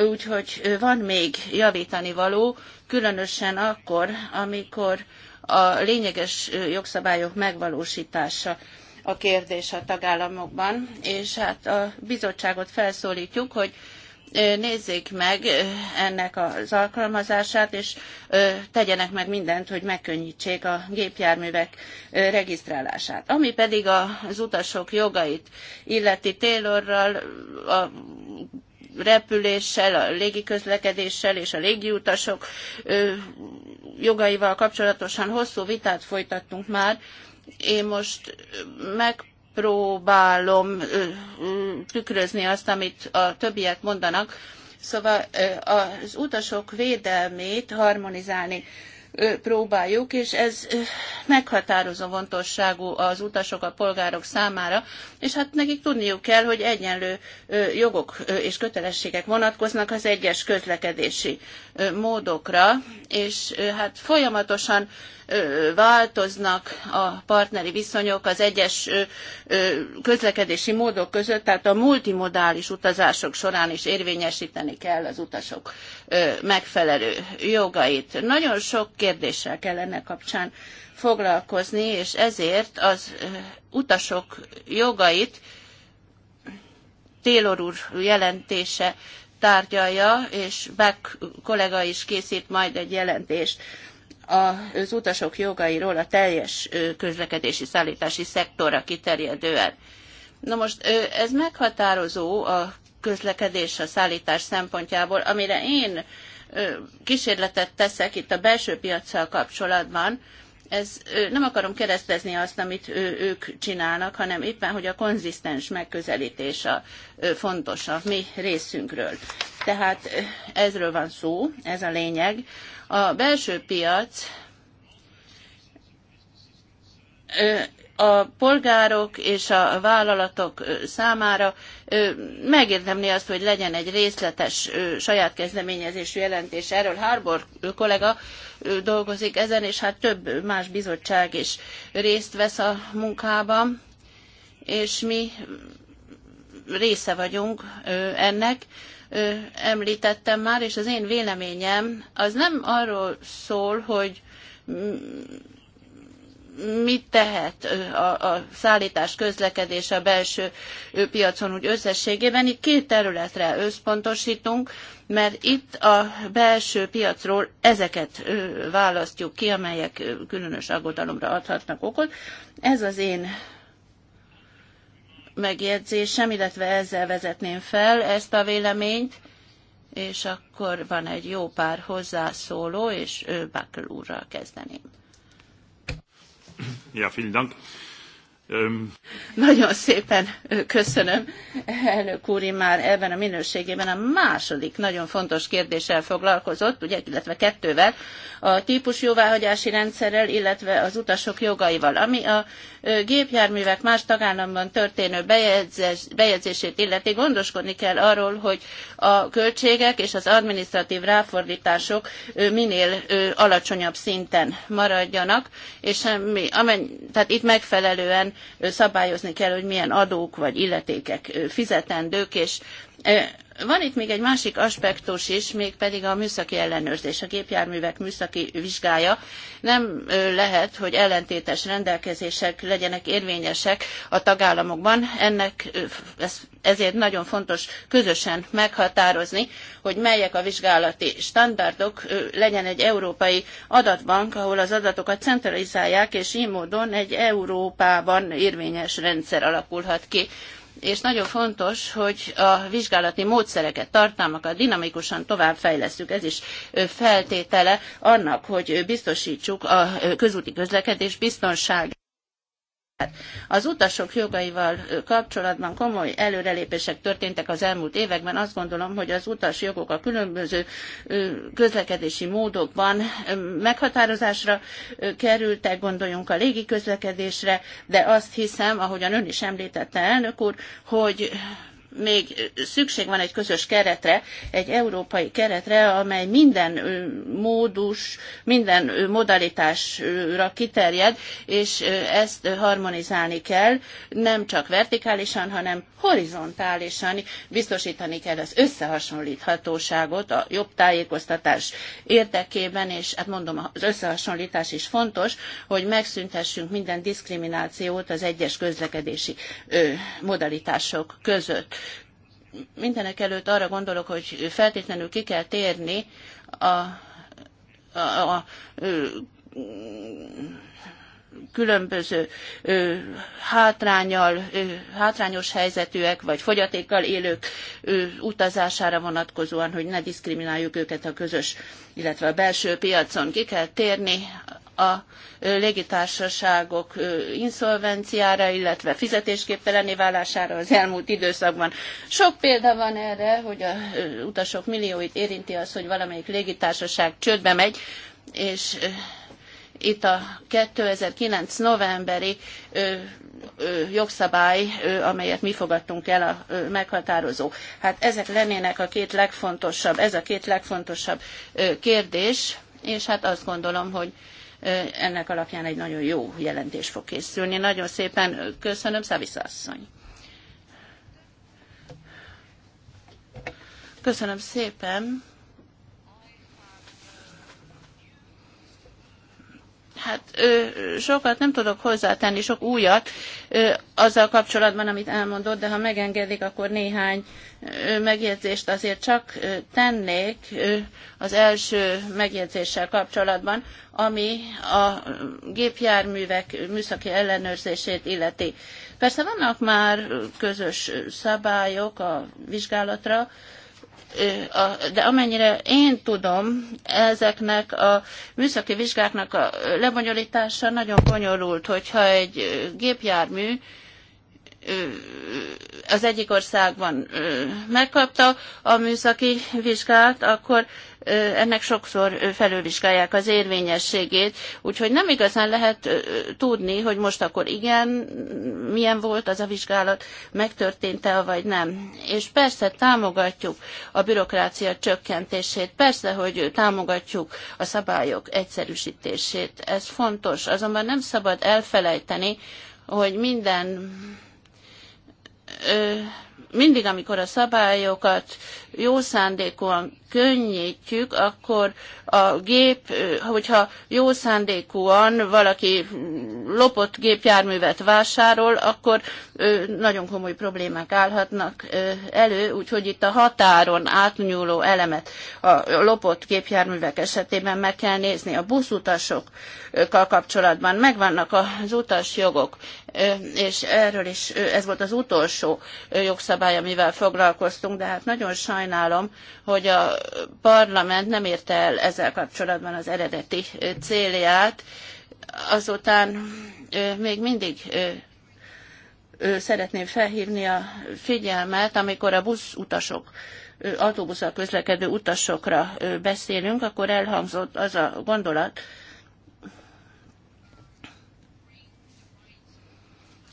úgyhogy van még javítani való, különösen akkor, amikor a lényeges jogszabályok megvalósítása a kérdés a tagállamokban, és hát a bizottságot felszólítjuk, hogy nézzék meg ennek az alkalmazását, és tegyenek meg mindent, hogy megkönnyítsék a gépjárművek regisztrálását. Ami pedig az utasok jogait illeti Taylorral a repüléssel, a légiközlekedéssel és a légiutasok jogaival kapcsolatosan hosszú vitát folytattunk már. Én most meg próbálom tükrözni azt, amit a többiek mondanak. Szóval az utasok védelmét harmonizálni próbáljuk, és ez meghatározó fontosságú az utasok, a polgárok számára, és hát nekik tudniuk kell, hogy egyenlő jogok és kötelességek vonatkoznak az egyes közlekedési módokra, és hát folyamatosan változnak a partneri viszonyok az egyes közlekedési módok között, tehát a multimodális utazások során is érvényesíteni kell az utasok megfelelő jogait. Nagyon sok kérdéssel kell ennek kapcsán foglalkozni, és ezért az utasok jogait Taylor úr jelentése tárgyalja, és Beck kollega is készít majd egy jelentést az utasok jogairól a teljes közlekedési szállítási szektorra kiterjedően. Na most ez meghatározó a közlekedés, a szállítás szempontjából, amire én kísérletet teszek itt a belső piaccal kapcsolatban, ez nem akarom keresztezni azt, amit ők csinálnak, hanem éppen, hogy a konzisztens megközelítés a fontos a mi részünkről. Tehát ezről van szó, ez a lényeg. A belső piac a polgárok és a vállalatok számára megérdemli azt, hogy legyen egy részletes saját kezdeményezésű jelentés. Erről Harbor kollega dolgozik ezen, és hát több más bizottság is részt vesz a munkában, és mi része vagyunk ennek említettem már, és az én véleményem az nem arról szól, hogy mit tehet a, a szállítás közlekedés a belső piacon úgy összességében. Itt két területre összpontosítunk, mert itt a belső piacról ezeket választjuk ki, amelyek különös aggodalomra adhatnak okot. Ez az én megjegyzésem, illetve ezzel vezetném fel ezt a véleményt, és akkor van egy jó pár hozzászóló, és ő Bakel úrral kezdeném. Ja, vielen Dank. Nagyon szépen köszönöm, elnök úr, már ebben a minőségében a második nagyon fontos kérdéssel foglalkozott, ugye, illetve kettővel, a típus jóváhagyási rendszerrel, illetve az utasok jogaival, ami a gépjárművek más tagállamban történő bejegyzés, bejegyzését illeti, gondoskodni kell arról, hogy a költségek és az administratív ráfordítások minél alacsonyabb szinten maradjanak, és ami, amen, tehát itt megfelelően szabályozni kell, hogy milyen adók vagy illetékek fizetendők, és van itt még egy másik aspektus is, mégpedig a műszaki ellenőrzés, a gépjárművek műszaki vizsgája. Nem lehet, hogy ellentétes rendelkezések legyenek érvényesek a tagállamokban. Ennek ezért nagyon fontos közösen meghatározni, hogy melyek a vizsgálati standardok, legyen egy európai adatbank, ahol az adatokat centralizálják, és így módon egy Európában érvényes rendszer alakulhat ki és nagyon fontos, hogy a vizsgálati módszereket, tartalmakat dinamikusan továbbfejlesztjük. Ez is feltétele annak, hogy biztosítsuk a közúti közlekedés biztonságát. Hát, az utasok jogaival kapcsolatban komoly előrelépések történtek az elmúlt években. Azt gondolom, hogy az utas jogok a különböző közlekedési módokban meghatározásra kerültek, gondoljunk a légi közlekedésre, de azt hiszem, ahogyan ön is említette, elnök úr, hogy még szükség van egy közös keretre, egy európai keretre, amely minden módus, minden modalitásra kiterjed, és ezt harmonizálni kell, nem csak vertikálisan, hanem horizontálisan biztosítani kell az összehasonlíthatóságot a jobb tájékoztatás érdekében, és hát mondom, az összehasonlítás is fontos, hogy megszüntessünk minden diszkriminációt az egyes közlekedési modalitások között mindenek előtt arra gondolok, hogy feltétlenül ki kell térni a, a, a, a különböző ö, hátrányal, ö, hátrányos helyzetűek vagy fogyatékkal élők ö, utazására vonatkozóan, hogy ne diszkrimináljuk őket a közös, illetve a belső piacon. Ki kell térni a légitársaságok inszolvenciára, illetve fizetésképtelené válására az elmúlt időszakban. Sok példa van erre, hogy a utasok millióit érinti az, hogy valamelyik légitársaság csődbe megy, és itt a 2009. novemberi jogszabály, amelyet mi fogadtunk el, a meghatározó. Hát ezek lennének a két legfontosabb, ez a két legfontosabb kérdés, és hát azt gondolom, hogy ennek alapján egy nagyon jó jelentés fog készülni. Nagyon szépen köszönöm, Szavisza asszony. Köszönöm szépen. Hát ö, sokat nem tudok hozzátenni, sok újat ö, azzal kapcsolatban, amit elmondott, de ha megengedik, akkor néhány ö, megjegyzést azért csak ö, tennék ö, az első megjegyzéssel kapcsolatban, ami a gépjárművek műszaki ellenőrzését illeti. Persze vannak már közös szabályok a vizsgálatra, de amennyire én tudom, ezeknek a műszaki vizsgáknak a lebonyolítása nagyon bonyolult, hogyha egy gépjármű az egyik országban megkapta a műszaki vizsgát, akkor ennek sokszor felülvizsgálják az érvényességét, úgyhogy nem igazán lehet tudni, hogy most akkor igen, milyen volt az a vizsgálat, megtörtént-e, vagy nem. És persze támogatjuk a bürokrácia csökkentését, persze, hogy támogatjuk a szabályok egyszerűsítését. Ez fontos, azonban nem szabad elfelejteni, hogy minden ö, mindig, amikor a szabályokat jó szándékúan könnyítjük, akkor a gép, hogyha jó szándékúan valaki lopott gépjárművet vásárol, akkor nagyon komoly problémák állhatnak elő, úgyhogy itt a határon átnyúló elemet a lopott gépjárművek esetében meg kell nézni. A buszutasokkal kapcsolatban megvannak az utasjogok, és erről is ez volt az utolsó jogszabály, jogszabály, amivel foglalkoztunk, de hát nagyon sajnálom, hogy a parlament nem érte el ezzel kapcsolatban az eredeti célját. Azután még mindig szeretném felhívni a figyelmet, amikor a buszutasok autóbusszal közlekedő utasokra beszélünk, akkor elhangzott az a gondolat,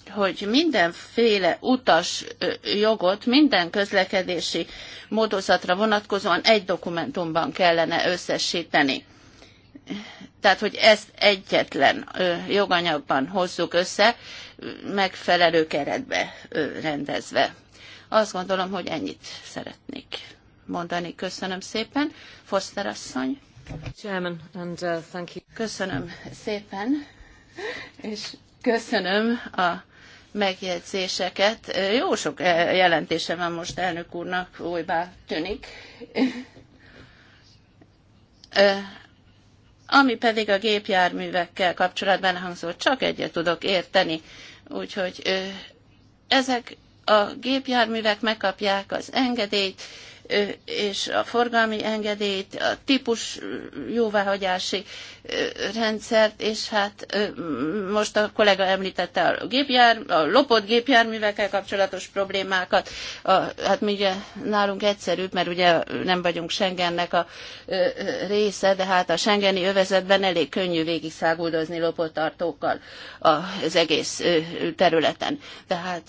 hogy mindenféle utas jogot minden közlekedési módozatra vonatkozóan egy dokumentumban kellene összesíteni. Tehát, hogy ezt egyetlen joganyagban hozzuk össze, megfelelő keretbe rendezve. Azt gondolom, hogy ennyit szeretnék mondani. Köszönöm szépen. Foster asszony. Chairman, and, uh, thank you. Köszönöm szépen, és köszönöm a megjegyzéseket. Jó sok jelentése van most elnök úrnak, újbá tűnik. Ami pedig a gépjárművekkel kapcsolatban hangzott, csak egyet tudok érteni. Úgyhogy ezek a gépjárművek megkapják az engedélyt, és a forgalmi engedélyt, a típus jóváhagyási rendszert, és hát most a kollega említette a, gépjár, a lopott gépjárművekkel kapcsolatos problémákat. A, hát mi ugye nálunk egyszerűbb, mert ugye nem vagyunk Schengennek a része, de hát a Schengeni övezetben elég könnyű végigszáguldozni lopott tartókkal az egész területen. Tehát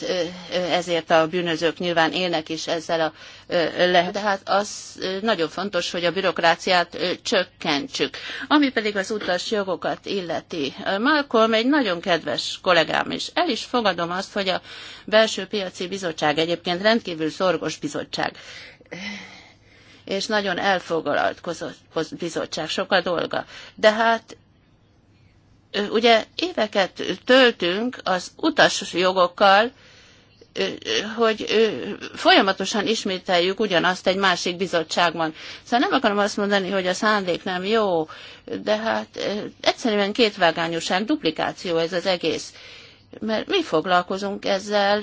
ezért a bűnözők nyilván élnek is ezzel a lehetőséggel, de hát az nagyon fontos, hogy a bürokráciát csökkentsük. Ami pedig az utas jogokat illeti. Malcolm egy nagyon kedves kollégám, is, el is fogadom azt, hogy a belső piaci bizottság egyébként rendkívül szorgos bizottság és nagyon elfoglalt bizottság, sok a dolga. De hát ugye éveket töltünk az utas jogokkal, hogy folyamatosan ismételjük ugyanazt egy másik bizottságban. Szóval nem akarom azt mondani, hogy a szándék nem jó, de hát egyszerűen kétvágányúság, duplikáció ez az egész. Mert mi foglalkozunk ezzel,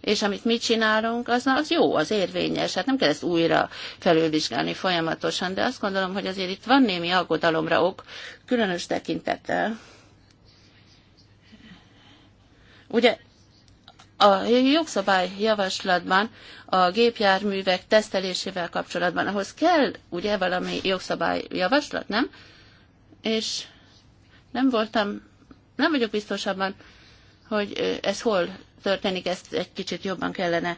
és amit mi csinálunk, az, az jó, az érvényes, hát nem kell ezt újra felülvizsgálni folyamatosan, de azt gondolom, hogy azért itt van némi aggodalomra ok, különös tekintettel. Ugye a jogszabály javaslatban a gépjárművek tesztelésével kapcsolatban, ahhoz kell ugye valami jogszabály javaslat, nem? És nem voltam, nem vagyok biztosabban, hogy ez hol történik, ezt egy kicsit jobban kellene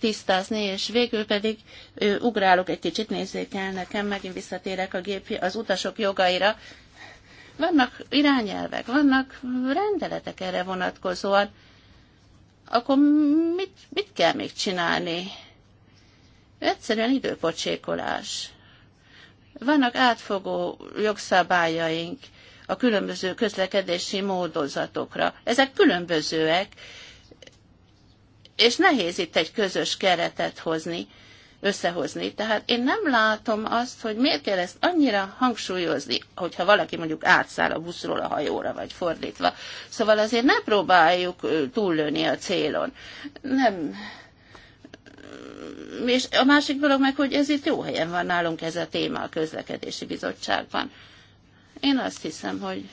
tisztázni, és végül pedig ő, ugrálok egy kicsit, nézzék el nekem, megint visszatérek a gép, az utasok jogaira. Vannak irányelvek, vannak rendeletek erre vonatkozóan, akkor mit, mit kell még csinálni? Egyszerűen időpocsékolás. Vannak átfogó jogszabályaink a különböző közlekedési módozatokra. Ezek különbözőek, és nehéz itt egy közös keretet hozni összehozni. Tehát én nem látom azt, hogy miért kell ezt annyira hangsúlyozni, hogyha valaki mondjuk átszáll a buszról a hajóra, vagy fordítva. Szóval azért ne próbáljuk túllőni a célon. Nem, és a másik dolog meg, hogy ez itt jó helyen van nálunk ez a téma a közlekedési bizottságban. Én azt hiszem, hogy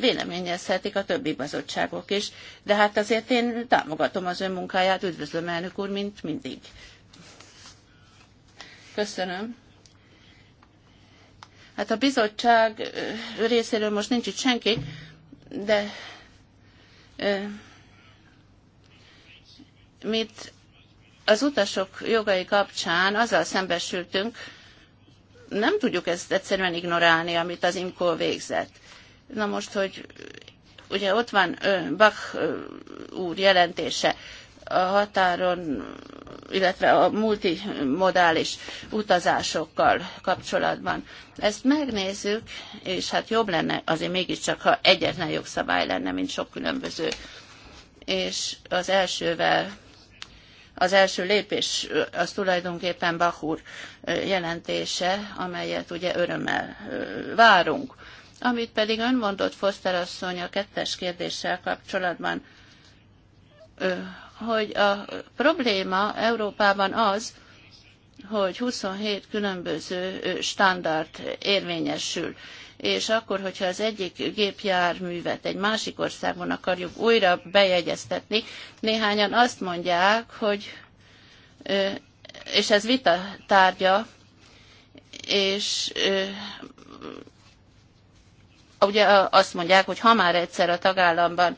véleményezhetik a többi bizottságok is, de hát azért én támogatom az ön munkáját, üdvözlöm elnök úr, mint mindig. Köszönöm. Hát a bizottság részéről most nincs itt senki, de mit az utasok jogai kapcsán azzal szembesültünk, nem tudjuk ezt egyszerűen ignorálni, amit az IMCO végzett Na most, hogy ugye ott van Bach úr jelentése a határon, illetve a multimodális utazásokkal kapcsolatban. Ezt megnézzük, és hát jobb lenne azért mégiscsak, ha egyetlen jogszabály lenne, mint sok különböző. És az elsővel az első lépés az tulajdonképpen Bach úr jelentése, amelyet ugye örömmel várunk. Amit pedig ön mondott, Foster asszony, a kettes kérdéssel kapcsolatban, hogy a probléma Európában az, hogy 27 különböző standard érvényesül és akkor, hogyha az egyik gépjárművet egy másik országban akarjuk újra bejegyeztetni, néhányan azt mondják, hogy, és ez vita tárgya, és ugye azt mondják, hogy ha már egyszer a tagállamban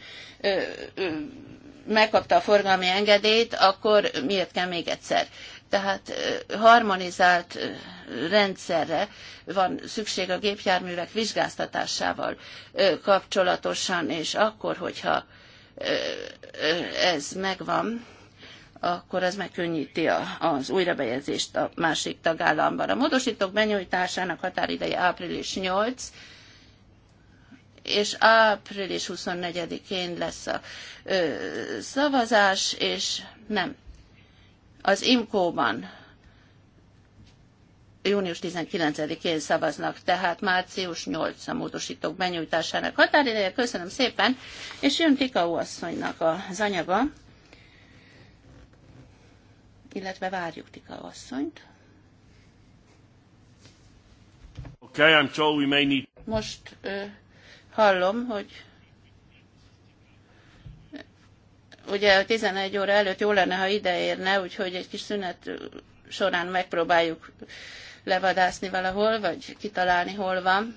megkapta a forgalmi engedélyt, akkor miért kell még egyszer? Tehát harmonizált rendszerre van szükség a gépjárművek vizsgáztatásával kapcsolatosan, és akkor, hogyha ez megvan, akkor ez megkönnyíti az újrabejegyzést a másik tagállamban. A módosítók benyújtásának határideje április 8, és április 24-én lesz a ö, szavazás, és nem. Az IMKO-ban június 19-én szavaznak, tehát március 8 a módosítók benyújtásának határideje. Köszönöm szépen, és jön Tikau asszonynak az anyaga, illetve várjuk Tikau asszonyt. Okay, I'm we may need... Most ö, hallom, hogy ugye 11 óra előtt jó lenne, ha ide érne, úgyhogy egy kis szünet során megpróbáljuk levadászni valahol, vagy kitalálni, hol van.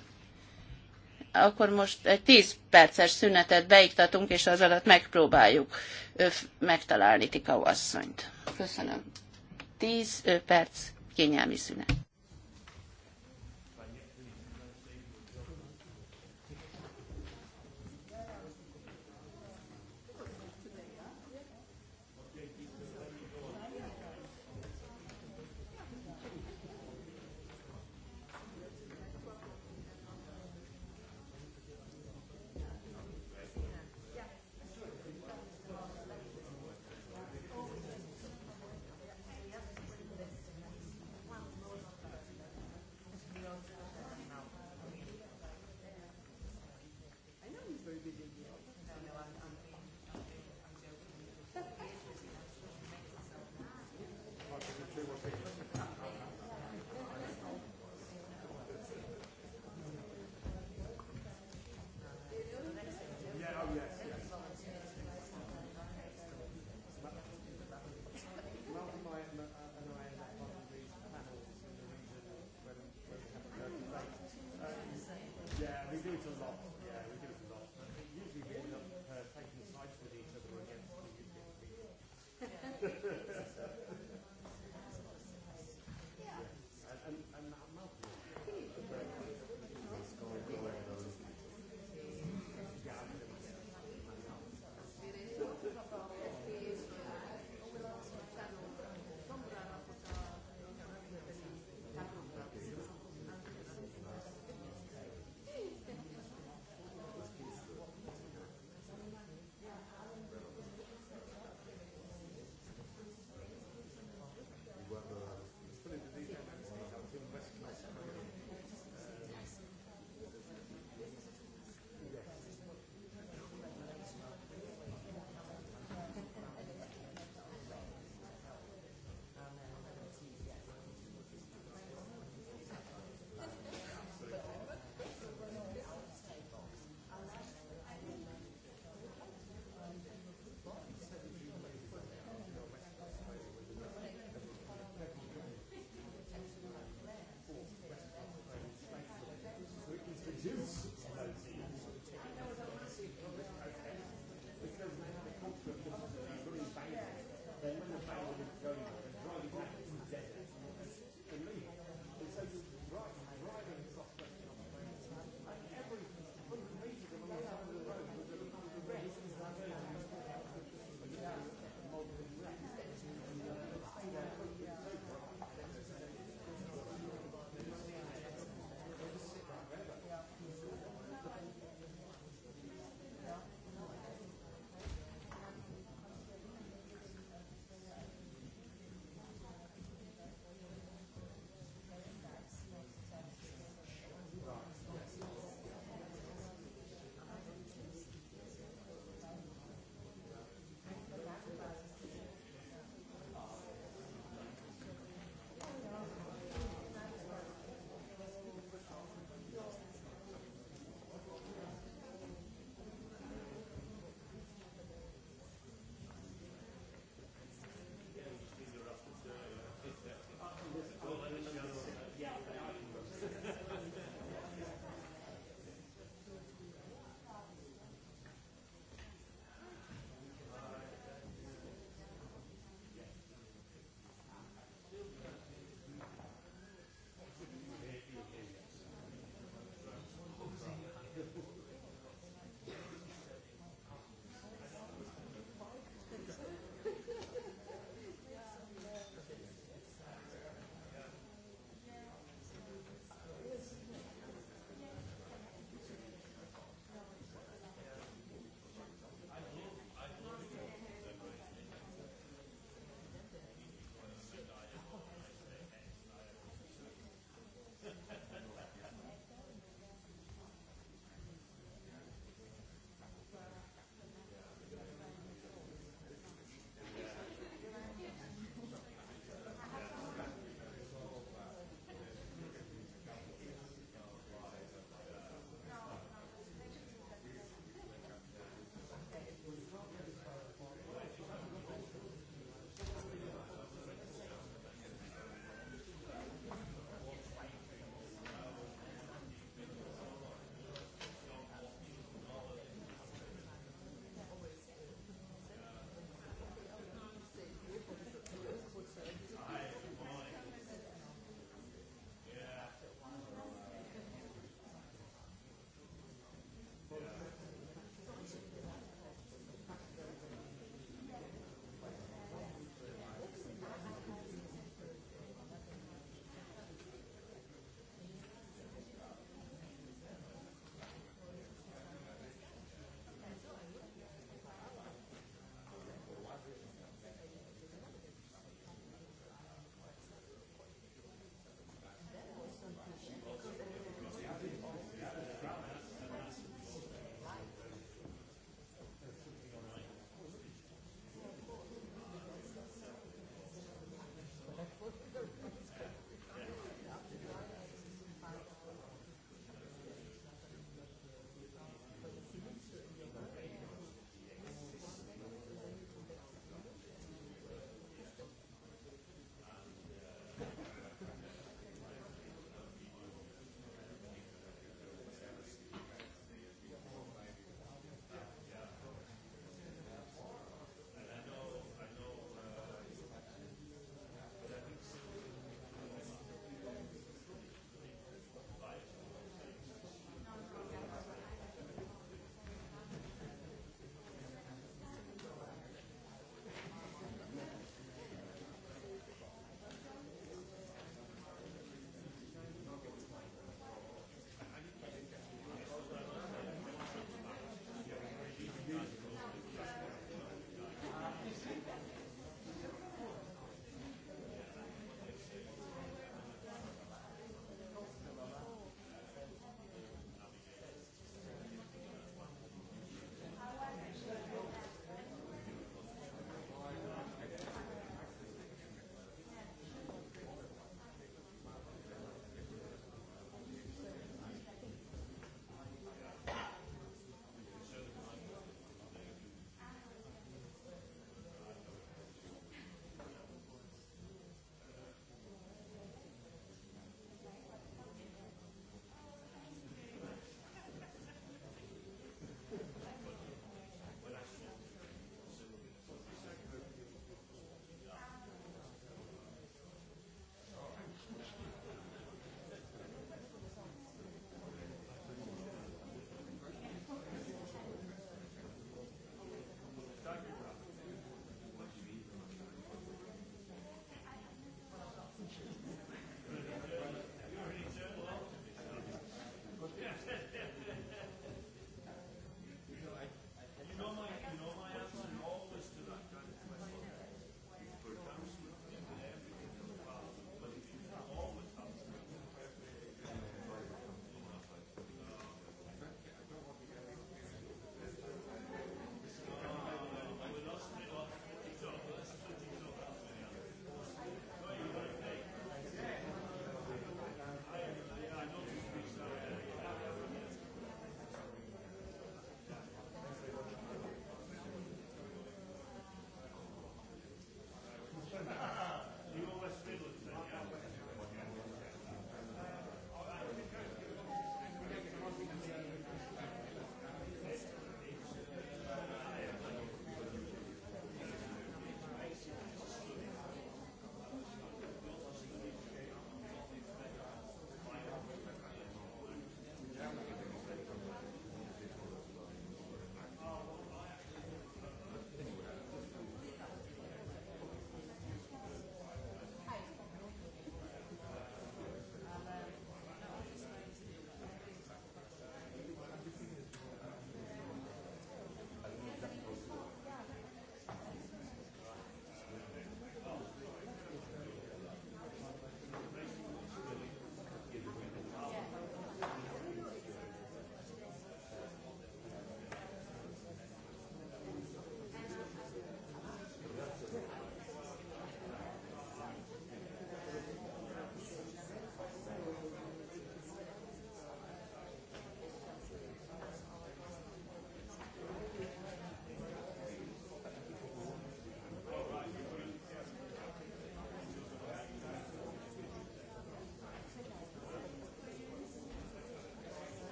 Akkor most egy 10 perces szünetet beiktatunk, és az alatt megpróbáljuk megtalálni Tikau asszonyt. Köszönöm. 10 perc kényelmi szünet.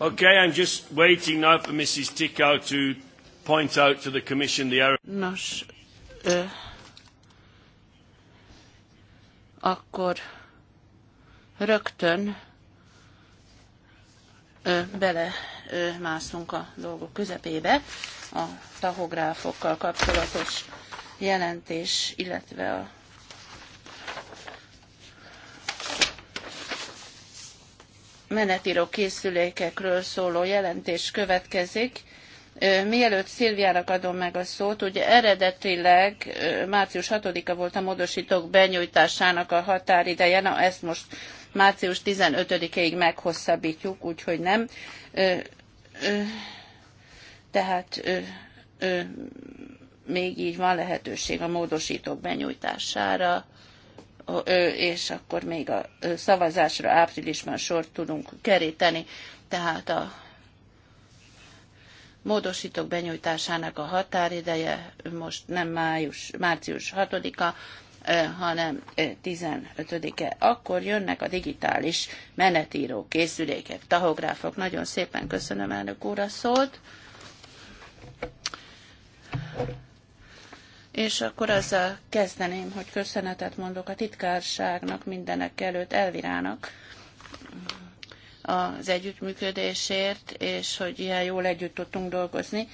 Okay, I'm just waiting now for Mrs. Tickow to point out to the Commission the error. Nos, ö, akkor rögtön ö, bele ö, mászunk a dolgok közepébe, a tahográfokkal kapcsolatos jelentés, illetve a menetíró készülékekről szóló jelentés következik. Mielőtt Szilviának adom meg a szót, ugye eredetileg március 6-a volt a módosítók benyújtásának a határideje, na ezt most március 15-ig meghosszabbítjuk, úgyhogy nem. Tehát még így van lehetőség a módosítók benyújtására és akkor még a szavazásra áprilisban sort tudunk keríteni. Tehát a módosítók benyújtásának a határideje most nem május, március 6-a, hanem 15-e. Akkor jönnek a digitális menetíró készülékek, tahográfok. Nagyon szépen köszönöm elnök úr a szót. És akkor azzal kezdeném, hogy köszönetet mondok a titkárságnak, mindenek előtt Elvirának az együttműködésért, és hogy ilyen jól együtt tudtunk dolgozni.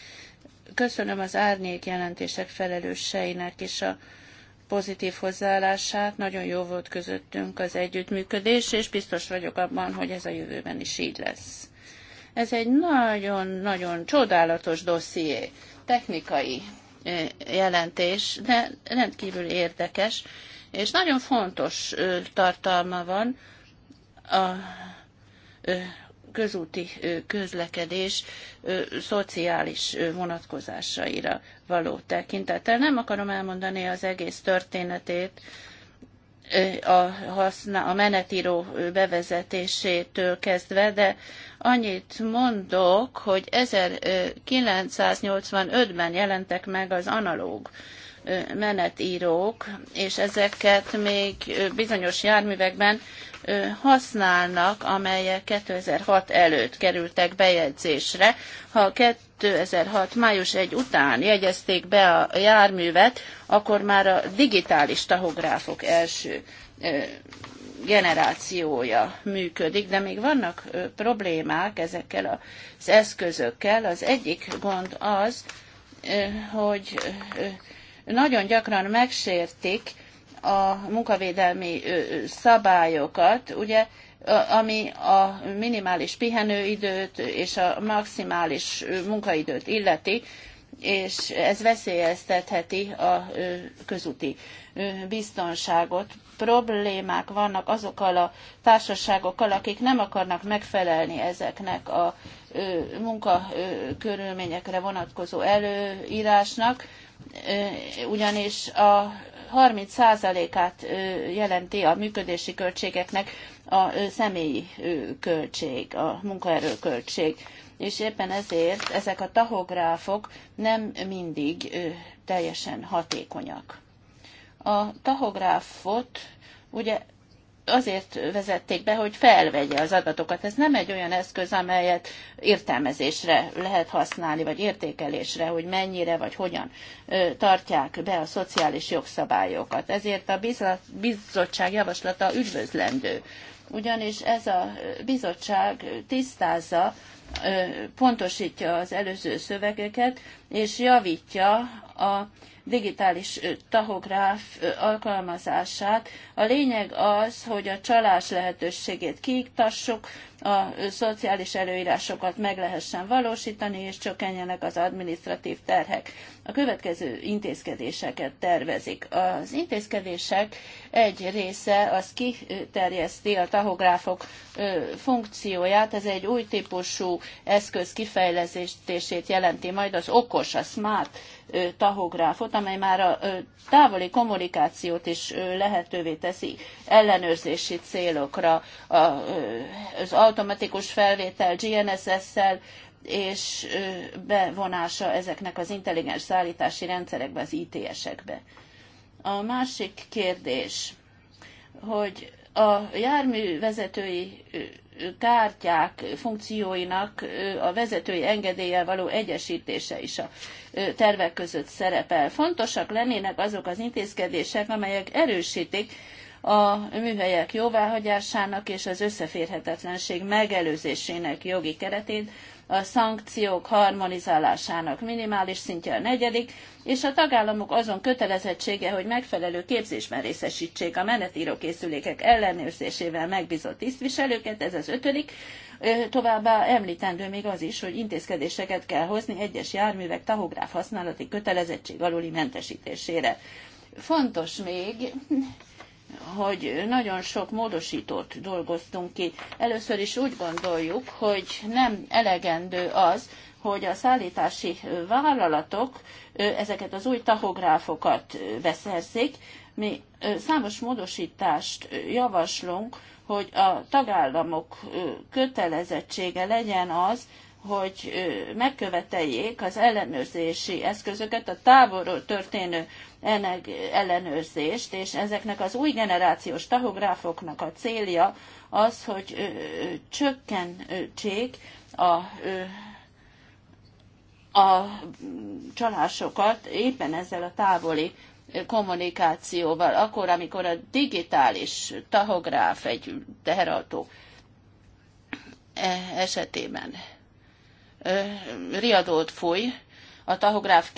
Köszönöm az árnyék jelentések felelőseinek és a pozitív hozzáállását, nagyon jó volt közöttünk az együttműködés, és biztos vagyok abban, hogy ez a jövőben is így lesz. Ez egy nagyon-nagyon csodálatos dosszié, technikai jelentés, de rendkívül érdekes, és nagyon fontos tartalma van a közúti közlekedés szociális vonatkozásaira való tekintettel. Nem akarom elmondani az egész történetét, a, haszna, a menetíró bevezetésétől kezdve, de annyit mondok, hogy 1985-ben jelentek meg az analóg menetírók, és ezeket még bizonyos járművekben használnak, amelyek 2006 előtt kerültek bejegyzésre. Ha 2006. május 1 után jegyezték be a járművet, akkor már a digitális tahográfok első generációja működik, de még vannak problémák ezekkel az eszközökkel. Az egyik gond az, hogy nagyon gyakran megsértik a munkavédelmi szabályokat, ugye, ami a minimális pihenőidőt és a maximális munkaidőt illeti, és ez veszélyeztetheti a közúti biztonságot. Problémák vannak azokkal a társaságokkal, akik nem akarnak megfelelni ezeknek a munkakörülményekre vonatkozó előírásnak, ugyanis a 30%-át jelenti a működési költségeknek a személyi költség, a munkaerőköltség. És éppen ezért ezek a tahográfok nem mindig teljesen hatékonyak. A tahográfot ugye azért vezették be, hogy felvegye az adatokat. Ez nem egy olyan eszköz, amelyet értelmezésre lehet használni, vagy értékelésre, hogy mennyire vagy hogyan tartják be a szociális jogszabályokat. Ezért a bizottság javaslata üdvözlendő. Ugyanis ez a bizottság tisztázza, pontosítja az előző szövegeket, és javítja a digitális tahográf alkalmazását. A lényeg az, hogy a csalás lehetőségét kiiktassuk, a szociális előírásokat meg lehessen valósítani, és csökkenjenek az administratív terhek. A következő intézkedéseket tervezik. Az intézkedések egy része az kiterjeszti a tahográfok funkcióját, ez egy új típusú eszköz kifejlesztését jelenti majd az okos, a smart tahográfot, amely már a távoli kommunikációt is lehetővé teszi ellenőrzési célokra. Az automatikus felvétel GNSS-szel és bevonása ezeknek az intelligens szállítási rendszerekbe, az ITS-ekbe. A másik kérdés, hogy a jármű vezetői kártyák funkcióinak a vezetői engedéllyel való egyesítése is a tervek között szerepel. Fontosak lennének azok az intézkedések, amelyek erősítik a műhelyek jóváhagyásának és az összeférhetetlenség megelőzésének jogi keretét, a szankciók harmonizálásának minimális szintje a negyedik, és a tagállamok azon kötelezettsége, hogy megfelelő képzésben részesítsék a menetírókészülékek ellenőrzésével megbízott tisztviselőket, ez az ötödik. Továbbá említendő még az is, hogy intézkedéseket kell hozni egyes járművek tahográf használati kötelezettség aluli mentesítésére. Fontos még, hogy nagyon sok módosítót dolgoztunk ki. Először is úgy gondoljuk, hogy nem elegendő az, hogy a szállítási vállalatok ezeket az új tahográfokat beszerzik. Mi számos módosítást javaslunk, hogy a tagállamok kötelezettsége legyen az, hogy megköveteljék az ellenőrzési eszközöket, a távolról történő ellenőrzést, és ezeknek az új generációs tahográfoknak a célja az, hogy csökkentsék a a csalásokat éppen ezzel a távoli kommunikációval, akkor, amikor a digitális tahográf egy teherautó e, esetében riadót fúj a tahográf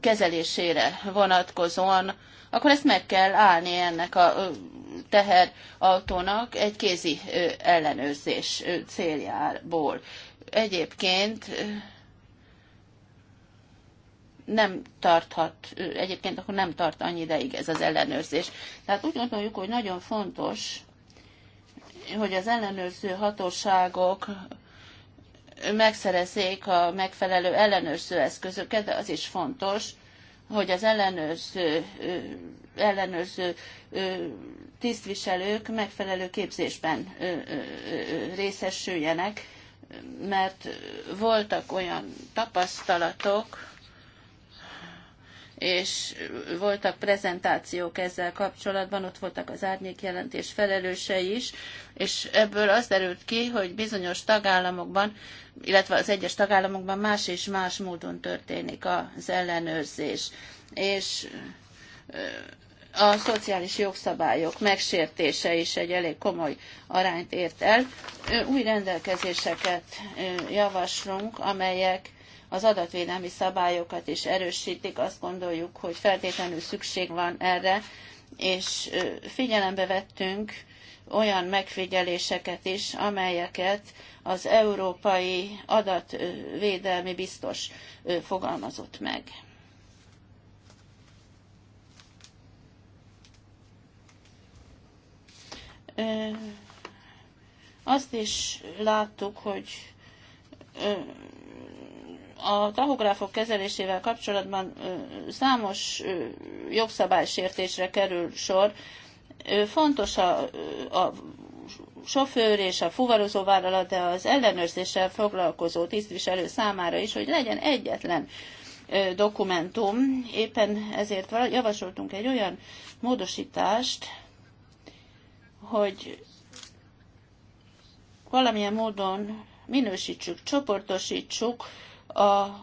kezelésére vonatkozóan, akkor ezt meg kell állni ennek a teherautónak egy kézi ellenőrzés céljából. Egyébként nem tarthat, egyébként akkor nem tart annyi ideig ez az ellenőrzés. Tehát úgy gondoljuk, hogy nagyon fontos, hogy az ellenőrző hatóságok megszerezzék a megfelelő ellenőrző eszközöket, de az is fontos, hogy az ellenőrző, ellenőrző tisztviselők megfelelő képzésben részesüljenek, mert voltak olyan tapasztalatok, és voltak prezentációk ezzel kapcsolatban, ott voltak az árnyékjelentés felelősei is, és ebből az derült ki, hogy bizonyos tagállamokban, illetve az egyes tagállamokban más és más módon történik az ellenőrzés. És a szociális jogszabályok megsértése is egy elég komoly arányt ért el. Új rendelkezéseket javaslunk, amelyek az adatvédelmi szabályokat is erősítik. Azt gondoljuk, hogy feltétlenül szükség van erre, és figyelembe vettünk olyan megfigyeléseket is, amelyeket az Európai Adatvédelmi Biztos fogalmazott meg. Azt is láttuk, hogy a tahográfok kezelésével kapcsolatban számos jogszabálysértésre kerül sor. Fontos a, a sofőr és a fuvarozó vállalat, de az ellenőrzéssel foglalkozó tisztviselő számára is, hogy legyen egyetlen dokumentum. Éppen ezért javasoltunk egy olyan módosítást, hogy valamilyen módon minősítsük, csoportosítsuk a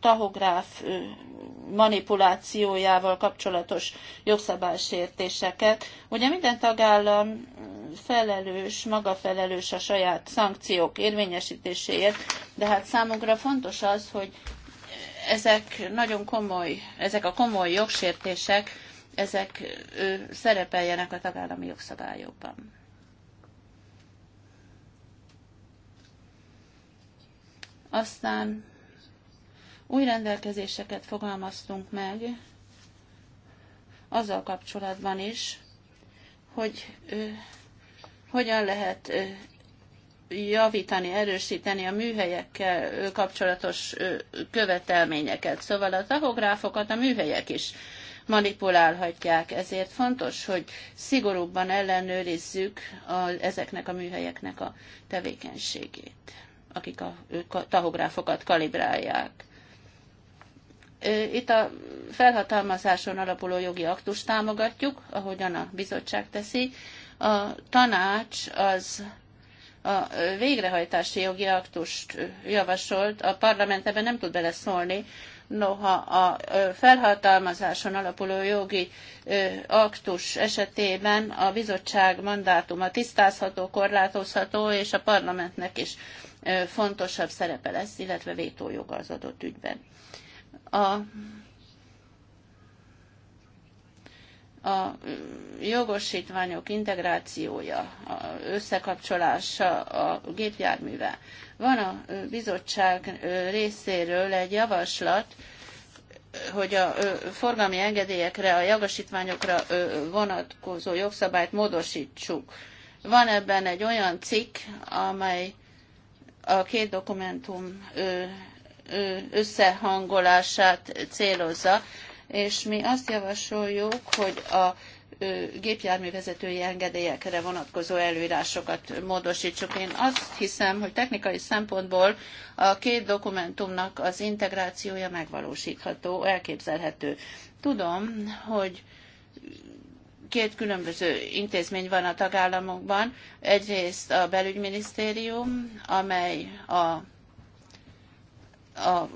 tahográf manipulációjával kapcsolatos jogszabálysértéseket. Ugye minden tagállam felelős, maga felelős a saját szankciók érvényesítéséért, de hát számunkra fontos az, hogy ezek nagyon komoly, ezek a komoly jogsértések, ezek szerepeljenek a tagállami jogszabályokban. Aztán új rendelkezéseket fogalmaztunk meg azzal kapcsolatban is, hogy ö, hogyan lehet ö, javítani, erősíteni a műhelyekkel kapcsolatos követelményeket. Szóval a tahográfokat a műhelyek is manipulálhatják, ezért fontos, hogy szigorúbban ellenőrizzük a, ezeknek a műhelyeknek a tevékenységét, akik a tahográfokat kalibrálják. Itt a felhatalmazáson alapuló jogi aktust támogatjuk, ahogyan a bizottság teszi. A tanács az a végrehajtási jogi aktust javasolt, a parlament ebben nem tud beleszólni, noha a felhatalmazáson alapuló jogi aktus esetében a bizottság mandátuma tisztázható, korlátozható, és a parlamentnek is fontosabb szerepe lesz, illetve vétójoga az adott ügyben a a jogosítványok integrációja, összekapcsolása a gépjárművel. Van a bizottság részéről egy javaslat, hogy a forgalmi engedélyekre, a jogosítványokra vonatkozó jogszabályt módosítsuk. Van ebben egy olyan cikk, amely a két dokumentum összehangolását célozza, és mi azt javasoljuk, hogy a gépjárművezetői engedélyekre vonatkozó előírásokat módosítsuk. Én azt hiszem, hogy technikai szempontból a két dokumentumnak az integrációja megvalósítható, elképzelhető. Tudom, hogy két különböző intézmény van a tagállamokban. Egyrészt a belügyminisztérium, amely a a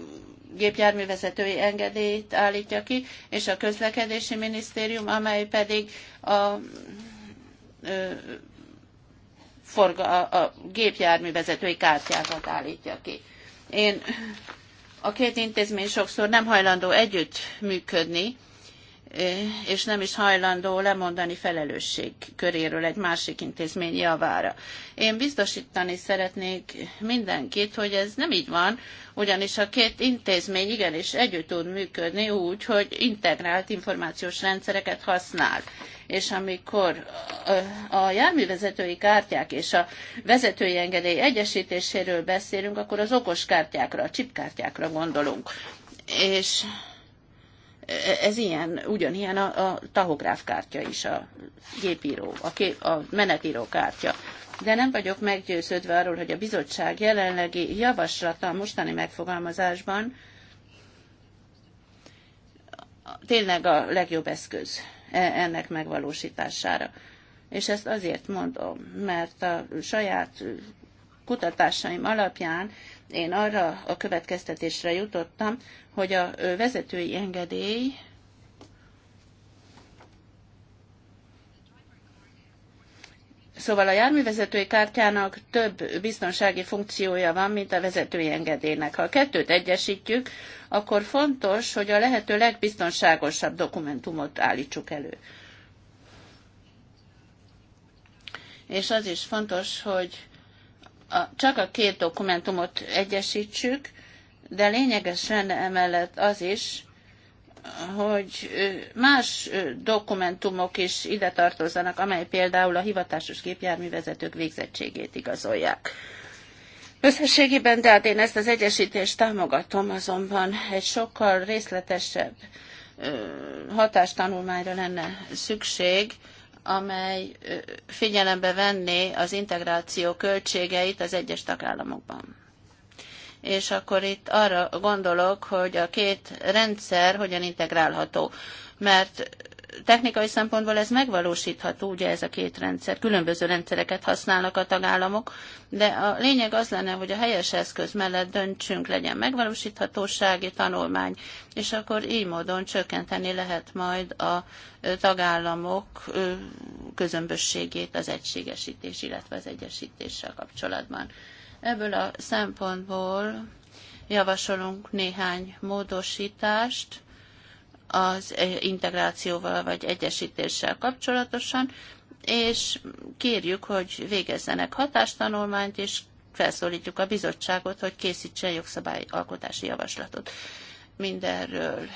gépjárművezetői engedélyt állítja ki, és a közlekedési minisztérium, amely pedig a, ö, forga, a, a gépjárművezetői kártyákat állítja ki. Én a két intézmény sokszor nem hajlandó együtt működni, és nem is hajlandó lemondani felelősség köréről egy másik intézmény javára. Én biztosítani szeretnék mindenkit, hogy ez nem így van, ugyanis a két intézmény igenis együtt tud működni úgy, hogy integrált információs rendszereket használ. És amikor a járművezetői kártyák és a vezetői engedély egyesítéséről beszélünk, akkor az okos kártyákra, a csipkártyákra gondolunk. És ez ilyen, ugyanilyen a, a tahográf kártya is, a gépíró, a, kép, a menetíró kártya. De nem vagyok meggyőződve arról, hogy a bizottság jelenlegi javaslata a mostani megfogalmazásban tényleg a legjobb eszköz e, ennek megvalósítására. És ezt azért mondom, mert a saját kutatásaim alapján én arra a következtetésre jutottam, hogy a vezetői engedély Szóval a járművezetői kártyának több biztonsági funkciója van, mint a vezetői engedélynek. Ha a kettőt egyesítjük, akkor fontos, hogy a lehető legbiztonságosabb dokumentumot állítsuk elő. És az is fontos, hogy a, csak a két dokumentumot egyesítsük, de lényeges lenne emellett az is, hogy más dokumentumok is ide tartozzanak, amely például a hivatásos gépjárművezetők végzettségét igazolják. Összességében, tehát én ezt az egyesítést támogatom, azonban egy sokkal részletesebb hatástanulmányra lenne szükség, amely figyelembe venné az integráció költségeit az egyes tagállamokban. És akkor itt arra gondolok, hogy a két rendszer hogyan integrálható, mert technikai szempontból ez megvalósítható, ugye ez a két rendszer, különböző rendszereket használnak a tagállamok, de a lényeg az lenne, hogy a helyes eszköz mellett döntsünk, legyen megvalósíthatósági tanulmány, és akkor így módon csökkenteni lehet majd a tagállamok közömbösségét az egységesítés, illetve az egyesítéssel kapcsolatban. Ebből a szempontból javasolunk néhány módosítást, az e, integrációval vagy egyesítéssel kapcsolatosan, és kérjük, hogy végezzenek hatástanulmányt, és felszólítjuk a bizottságot, hogy készítsen jogszabályalkotási javaslatot mindenről.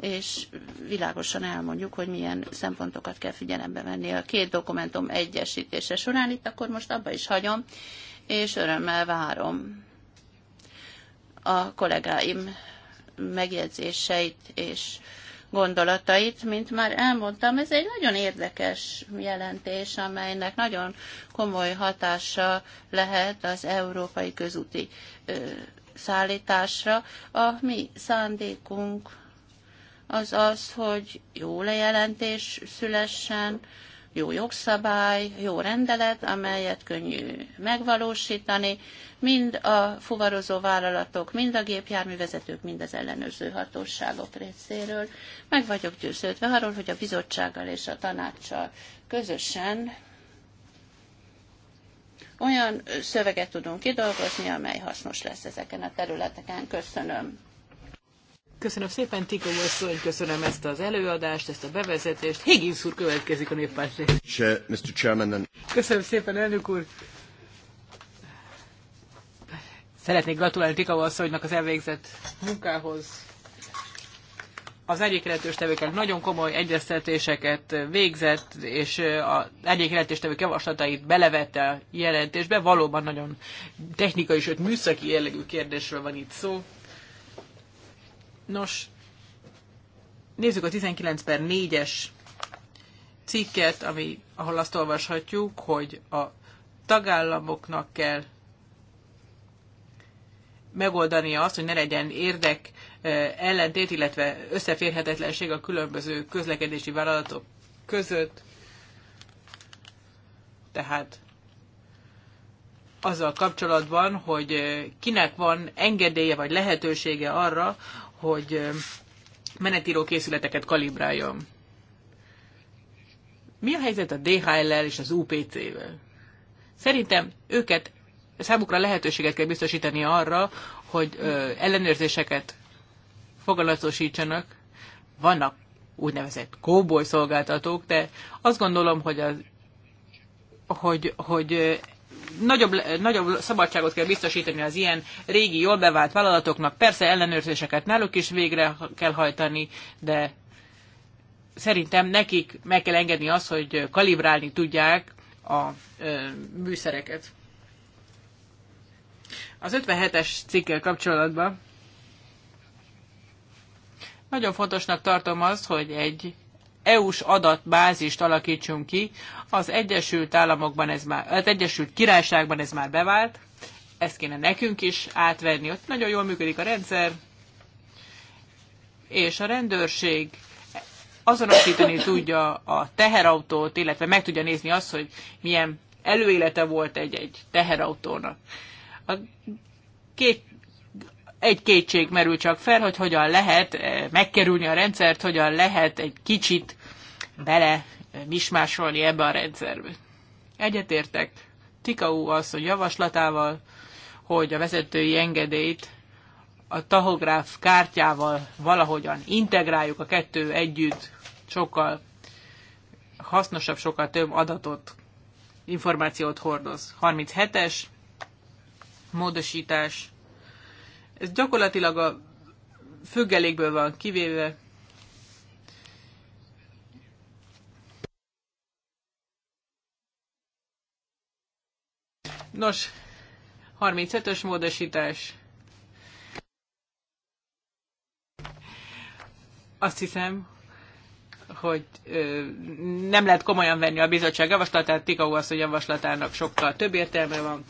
és világosan elmondjuk, hogy milyen szempontokat kell figyelembe venni a két dokumentum egyesítése során. Itt akkor most abba is hagyom, és örömmel várom a kollégáim megjegyzéseit és gondolatait, mint már elmondtam, ez egy nagyon érdekes jelentés, amelynek nagyon komoly hatása lehet az európai közúti ö, szállításra. A mi szándékunk az az, hogy jó lejelentés szülessen, jó jogszabály, jó rendelet, amelyet könnyű megvalósítani, mind a fuvarozó vállalatok, mind a gépjárművezetők, mind az ellenőrző hatóságok részéről. Meg vagyok győződve arról, hogy a bizottsággal és a tanácssal közösen olyan szöveget tudunk kidolgozni, amely hasznos lesz ezeken a területeken. Köszönöm. Köszönöm szépen, Tika Mosszony, köszönöm ezt az előadást, ezt a bevezetést. Higgins úr következik a néppárt Köszönöm szépen, elnök úr. Szeretnék gratulálni Tika Mosszonynak az elvégzett munkához. Az egyik jelentős tevőkkel nagyon komoly egyeztetéseket végzett, és az egyik jelentős tevők javaslatait belevette a jelentésbe. Valóban nagyon technikai, sőt műszaki jellegű kérdésről van itt szó Nos, nézzük a 19 per 4-es cikket, ami, ahol azt olvashatjuk, hogy a tagállamoknak kell megoldani azt, hogy ne legyen érdek ellentét, illetve összeférhetetlenség a különböző közlekedési vállalatok között. Tehát azzal kapcsolatban, hogy kinek van engedélye vagy lehetősége arra, hogy menetíró készületeket kalibráljon. Mi a helyzet a DHL-lel és az UPC-vel? Szerintem őket, számukra lehetőséget kell biztosítani arra, hogy ö, ellenőrzéseket fogalatosítsanak. Vannak úgynevezett kóboly szolgáltatók, de azt gondolom, hogy, az, hogy, hogy nagyobb, nagyobb szabadságot kell biztosítani az ilyen régi, jól bevált vállalatoknak. Persze ellenőrzéseket náluk is végre kell hajtani, de szerintem nekik meg kell engedni azt, hogy kalibrálni tudják a műszereket. Az 57-es cikkel kapcsolatban nagyon fontosnak tartom azt, hogy egy EU-s adatbázist alakítsunk ki. Az Egyesült Államokban ez már, az Egyesült Királyságban ez már bevált, ezt kéne nekünk is átvenni. Ott nagyon jól működik a rendszer, és a rendőrség azonosítani tudja a teherautót, illetve meg tudja nézni azt, hogy milyen előélete volt egy-egy teherautónak. A két, egy kétség merül csak fel, hogy hogyan lehet eh, megkerülni a rendszert, hogyan lehet egy kicsit bele mismásolni ebbe a rendszerbe. Egyetértek Tikaú asszony javaslatával, hogy a vezetői engedélyt a tahográf kártyával valahogyan integráljuk a kettő együtt, sokkal hasznosabb, sokkal több adatot, információt hordoz. 37-es módosítás. Ez gyakorlatilag a függelékből van kivéve, Nos, 35-ös módosítás. Azt hiszem, hogy ö, nem lehet komolyan venni a bizottság javaslatát, Tikau az, hogy javaslatának sokkal több értelme van.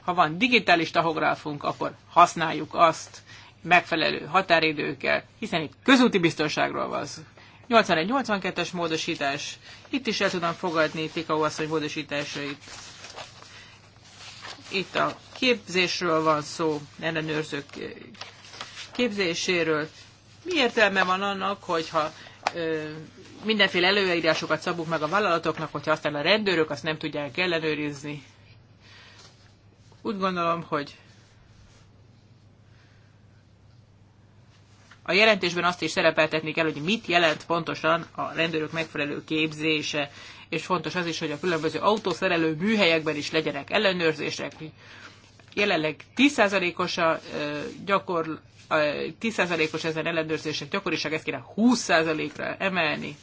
Ha van digitális tahográfunk, akkor használjuk azt megfelelő határidőkkel, hiszen itt közúti biztonságról van szó. 81-82-es módosítás, itt is el tudom fogadni Tikau asszony módosításait itt a képzésről van szó, ellenőrzők képzéséről. Mi értelme van annak, hogyha ö, mindenféle előírásokat szabunk meg a vállalatoknak, hogyha aztán a rendőrök azt nem tudják ellenőrizni? Úgy gondolom, hogy a jelentésben azt is szerepeltetni kell, hogy mit jelent pontosan a rendőrök megfelelő képzése és fontos az is, hogy a különböző autószerelő műhelyekben is legyenek ellenőrzések. Jelenleg 10%-os a gyakor, 10%-os ezen ellenőrzések gyakoriság, ezt kéne 20%-ra emelni,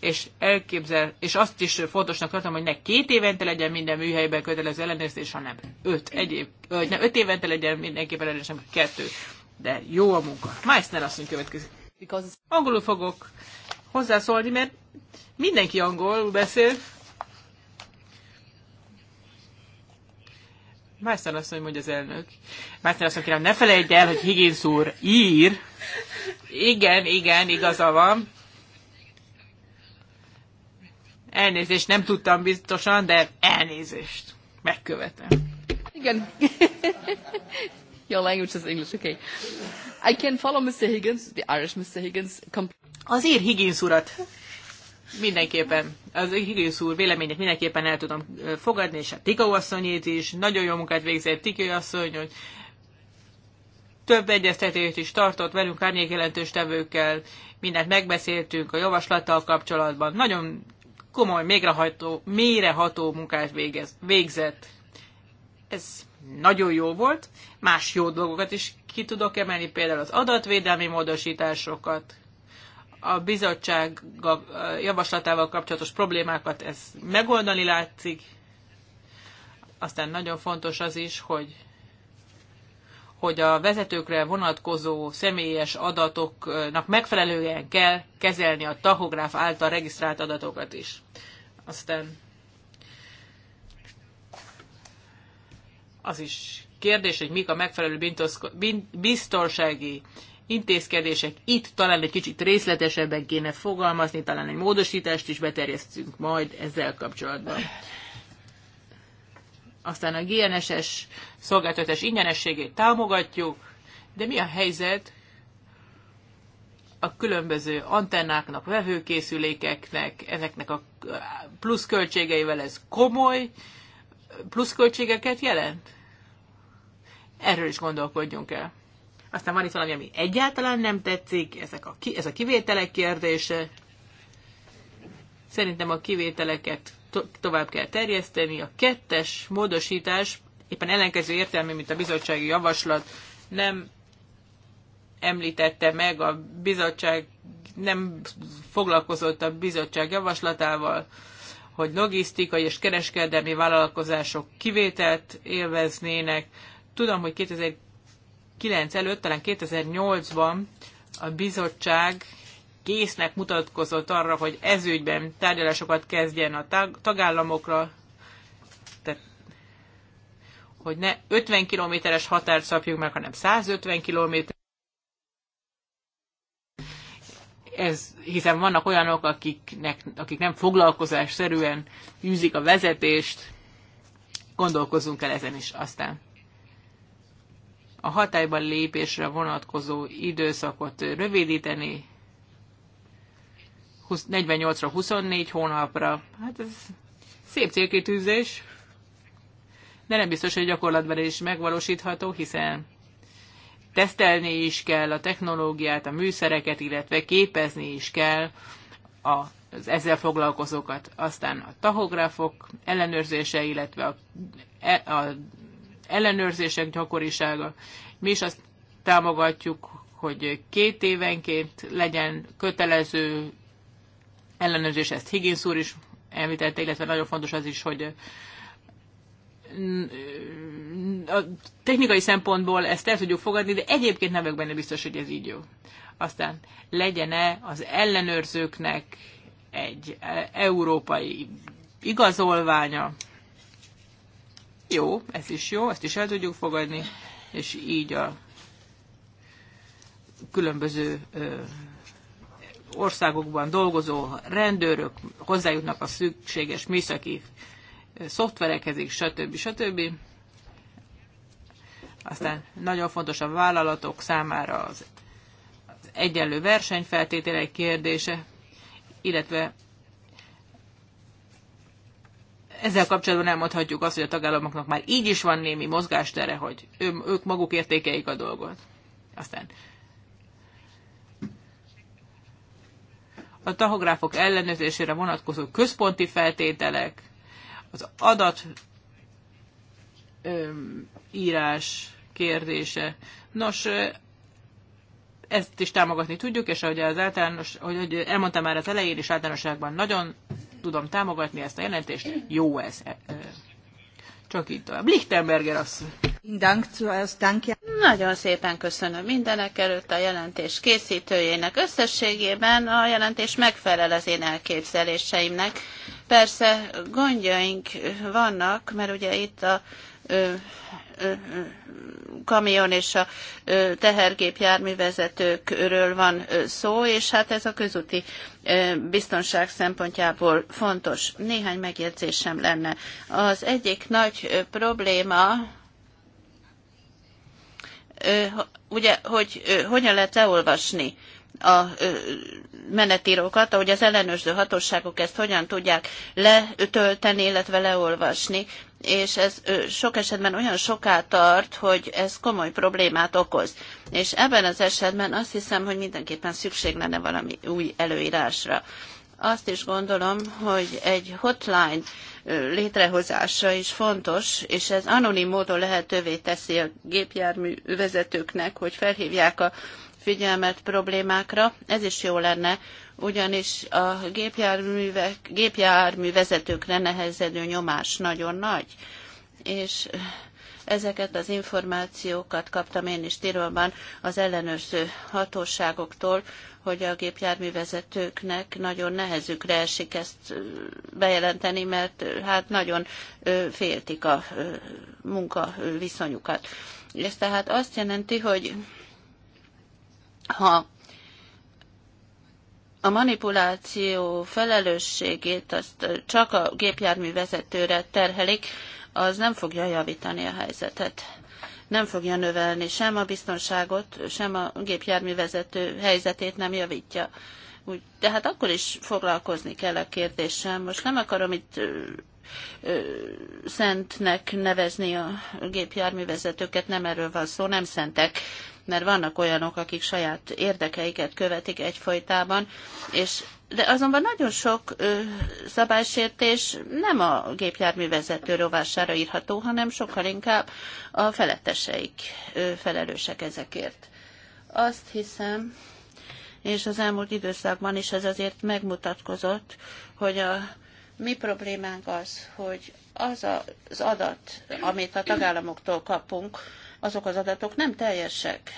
és elképzel, és azt is fontosnak tartom, hogy ne két évente legyen minden műhelyben kötelező ellenőrzés, hanem öt, egyéb, ne öt évente legyen mindenképpen ellenőrzés, hanem kettő. De jó a munka. Meissner asszony következik. Angolul fogok hozzászólni, mert Mindenki angolul beszél. Mászter azt mondja az elnök. Mászter azt mondja, ne felejtj el, hogy Higgins úr ír. Igen, igen, igaza van. Elnézést, nem tudtam biztosan, de elnézést. Megkövetem. Igen. Your language is English, okay. I can follow Mr. Higgins, the Irish Mr. Higgins. Az ír Higgins urat mindenképpen az Higgyus úr véleményét mindenképpen el tudom fogadni, és a Tikau asszonyét is, nagyon jó munkát végzett Tikau asszony, hogy több egyeztetést is tartott velünk árnyékjelentős tevőkkel, mindent megbeszéltünk a javaslattal kapcsolatban. Nagyon komoly, mégrehajtó, mélyreható munkát végez, végzett. Ez nagyon jó volt. Más jó dolgokat is ki tudok emelni, például az adatvédelmi módosításokat, a bizottság javaslatával kapcsolatos problémákat ez megoldani látszik. Aztán nagyon fontos az is, hogy hogy a vezetőkre vonatkozó személyes adatoknak megfelelően kell kezelni a tahográf által regisztrált adatokat is. Aztán az is kérdés, hogy mik a megfelelő biztonsági intézkedések. Itt talán egy kicsit részletesebben kéne fogalmazni, talán egy módosítást is beterjesztünk majd ezzel kapcsolatban. Aztán a GNSS szolgáltatás ingyenességét támogatjuk, de mi a helyzet a különböző antennáknak, vevőkészülékeknek, ezeknek a pluszköltségeivel ez komoly pluszköltségeket jelent? Erről is gondolkodjunk el. Aztán van itt valami, ami egyáltalán nem tetszik, ezek a, ki, ez a kivételek kérdése. Szerintem a kivételeket to, tovább kell terjeszteni. A kettes módosítás éppen ellenkező értelmű, mint a bizottsági javaslat, nem említette meg a bizottság, nem foglalkozott a bizottság javaslatával, hogy logisztikai és kereskedelmi vállalkozások kivételt élveznének. Tudom, hogy 2009 előtt, talán 2008-ban a bizottság késznek mutatkozott arra, hogy ezügyben tárgyalásokat kezdjen a tagállamokra, tehát hogy ne 50 kilométeres határt szabjuk meg, hanem 150 kilométer. Ez, hiszen vannak olyanok, akiknek, akik nem foglalkozásszerűen űzik a vezetést, gondolkozunk el ezen is aztán a hatályban lépésre vonatkozó időszakot rövidíteni 48-ra 24 hónapra. Hát ez szép célkitűzés, de nem biztos, hogy gyakorlatban is megvalósítható, hiszen tesztelni is kell a technológiát, a műszereket, illetve képezni is kell az ezzel foglalkozókat. Aztán a tahográfok ellenőrzése, illetve a, e- a ellenőrzések gyakorisága. Mi is azt támogatjuk, hogy két évenként legyen kötelező ellenőrzés, ezt Higgins úr is említette, illetve nagyon fontos az is, hogy a technikai szempontból ezt el tudjuk fogadni, de egyébként nem vagyok benne biztos, hogy ez így jó. Aztán legyen-e az ellenőrzőknek egy e, európai igazolványa, jó, ez is jó, ezt is el tudjuk fogadni, és így a különböző országokban dolgozó rendőrök hozzájutnak a szükséges műszaki szoftverekhez, stb. stb. Aztán nagyon fontos a vállalatok számára az egyenlő versenyfeltételek kérdése, illetve ezzel kapcsolatban elmondhatjuk azt, hogy a tagállamoknak már így is van némi mozgástere, hogy ő, ők maguk értékeik a dolgot. Aztán a tahográfok ellenőrzésére vonatkozó központi feltételek, az adat öm, írás kérdése. Nos, ezt is támogatni tudjuk, és ahogy, az általános, ahogy elmondtam már az elején is általánosságban, nagyon tudom támogatni ezt a jelentést, jó ez. E, e, csak így tovább. Lichtenberger asszony. Nagyon szépen köszönöm mindenek előtt a jelentés készítőjének. Összességében a jelentés megfelel az én elképzeléseimnek. Persze gondjaink vannak, mert ugye itt a kamion és a tehergépjárművezetőkről van szó, és hát ez a közúti biztonság szempontjából fontos. Néhány megjegyzésem lenne. Az egyik nagy probléma, ugye, hogy hogyan lehet leolvasni a menetírókat, ahogy az ellenőrző hatóságok ezt hogyan tudják letölteni, illetve leolvasni és ez sok esetben olyan soká tart, hogy ez komoly problémát okoz. És ebben az esetben azt hiszem, hogy mindenképpen szükség lenne valami új előírásra. Azt is gondolom, hogy egy hotline létrehozása is fontos, és ez anonim módon lehetővé teszi a gépjármű vezetőknek, hogy felhívják a figyelmet problémákra, ez is jó lenne, ugyanis a gépjárművek, gépjármű vezetőkre nehezedő nyomás nagyon nagy, és ezeket az információkat kaptam én is Tirolban az ellenőrző hatóságoktól, hogy a gépjárművezetőknek nagyon nehezükre esik ezt bejelenteni, mert hát nagyon féltik a munkaviszonyukat. és tehát azt jelenti, hogy ha a manipuláció felelősségét azt csak a gépjármű vezetőre terhelik, az nem fogja javítani a helyzetet. Nem fogja növelni sem a biztonságot, sem a gépjárművezető helyzetét nem javítja. Úgy, tehát akkor is foglalkozni kell a kérdéssel. Most nem akarom itt ö, ö, szentnek nevezni a gépjárművezetőket, nem erről van szó, nem szentek mert vannak olyanok, akik saját érdekeiket követik egyfolytában, és de azonban nagyon sok ö, szabálysértés nem a gépjárművezető rovására írható, hanem sokkal inkább a feletteseik ö, felelősek ezekért. Azt hiszem, és az elmúlt időszakban is ez azért megmutatkozott, hogy a mi problémánk az, hogy az az adat, amit a tagállamoktól kapunk, azok az adatok nem teljesek.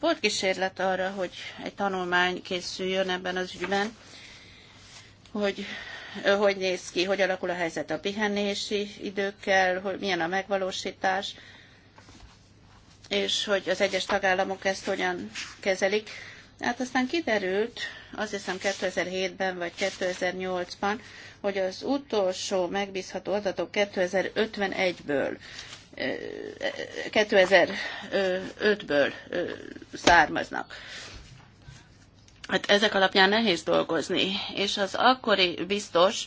Volt kísérlet arra, hogy egy tanulmány készüljön ebben az ügyben, hogy hogy néz ki, hogy alakul a helyzet a pihenési időkkel, hogy milyen a megvalósítás, és hogy az egyes tagállamok ezt hogyan kezelik. Hát aztán kiderült, azt hiszem 2007-ben vagy 2008-ban, hogy az utolsó megbízható adatok 2051-ből 2005-ből eh, eh, származnak. Hát ezek alapján nehéz dolgozni, és az akkori biztos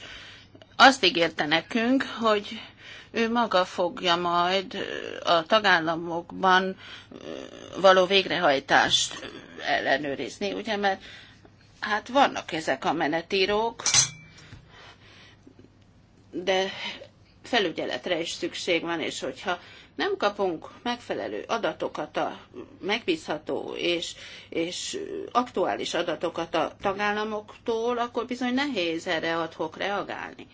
azt ígérte nekünk, hogy ő maga fogja majd a tagállamokban való végrehajtást ellenőrizni, ugye, mert hát vannak ezek a menetírók, de felügyeletre is szükség van, és hogyha nem kapunk megfelelő adatokat, a megbízható és, és aktuális adatokat a tagállamoktól, akkor bizony nehéz erre adhok reagálni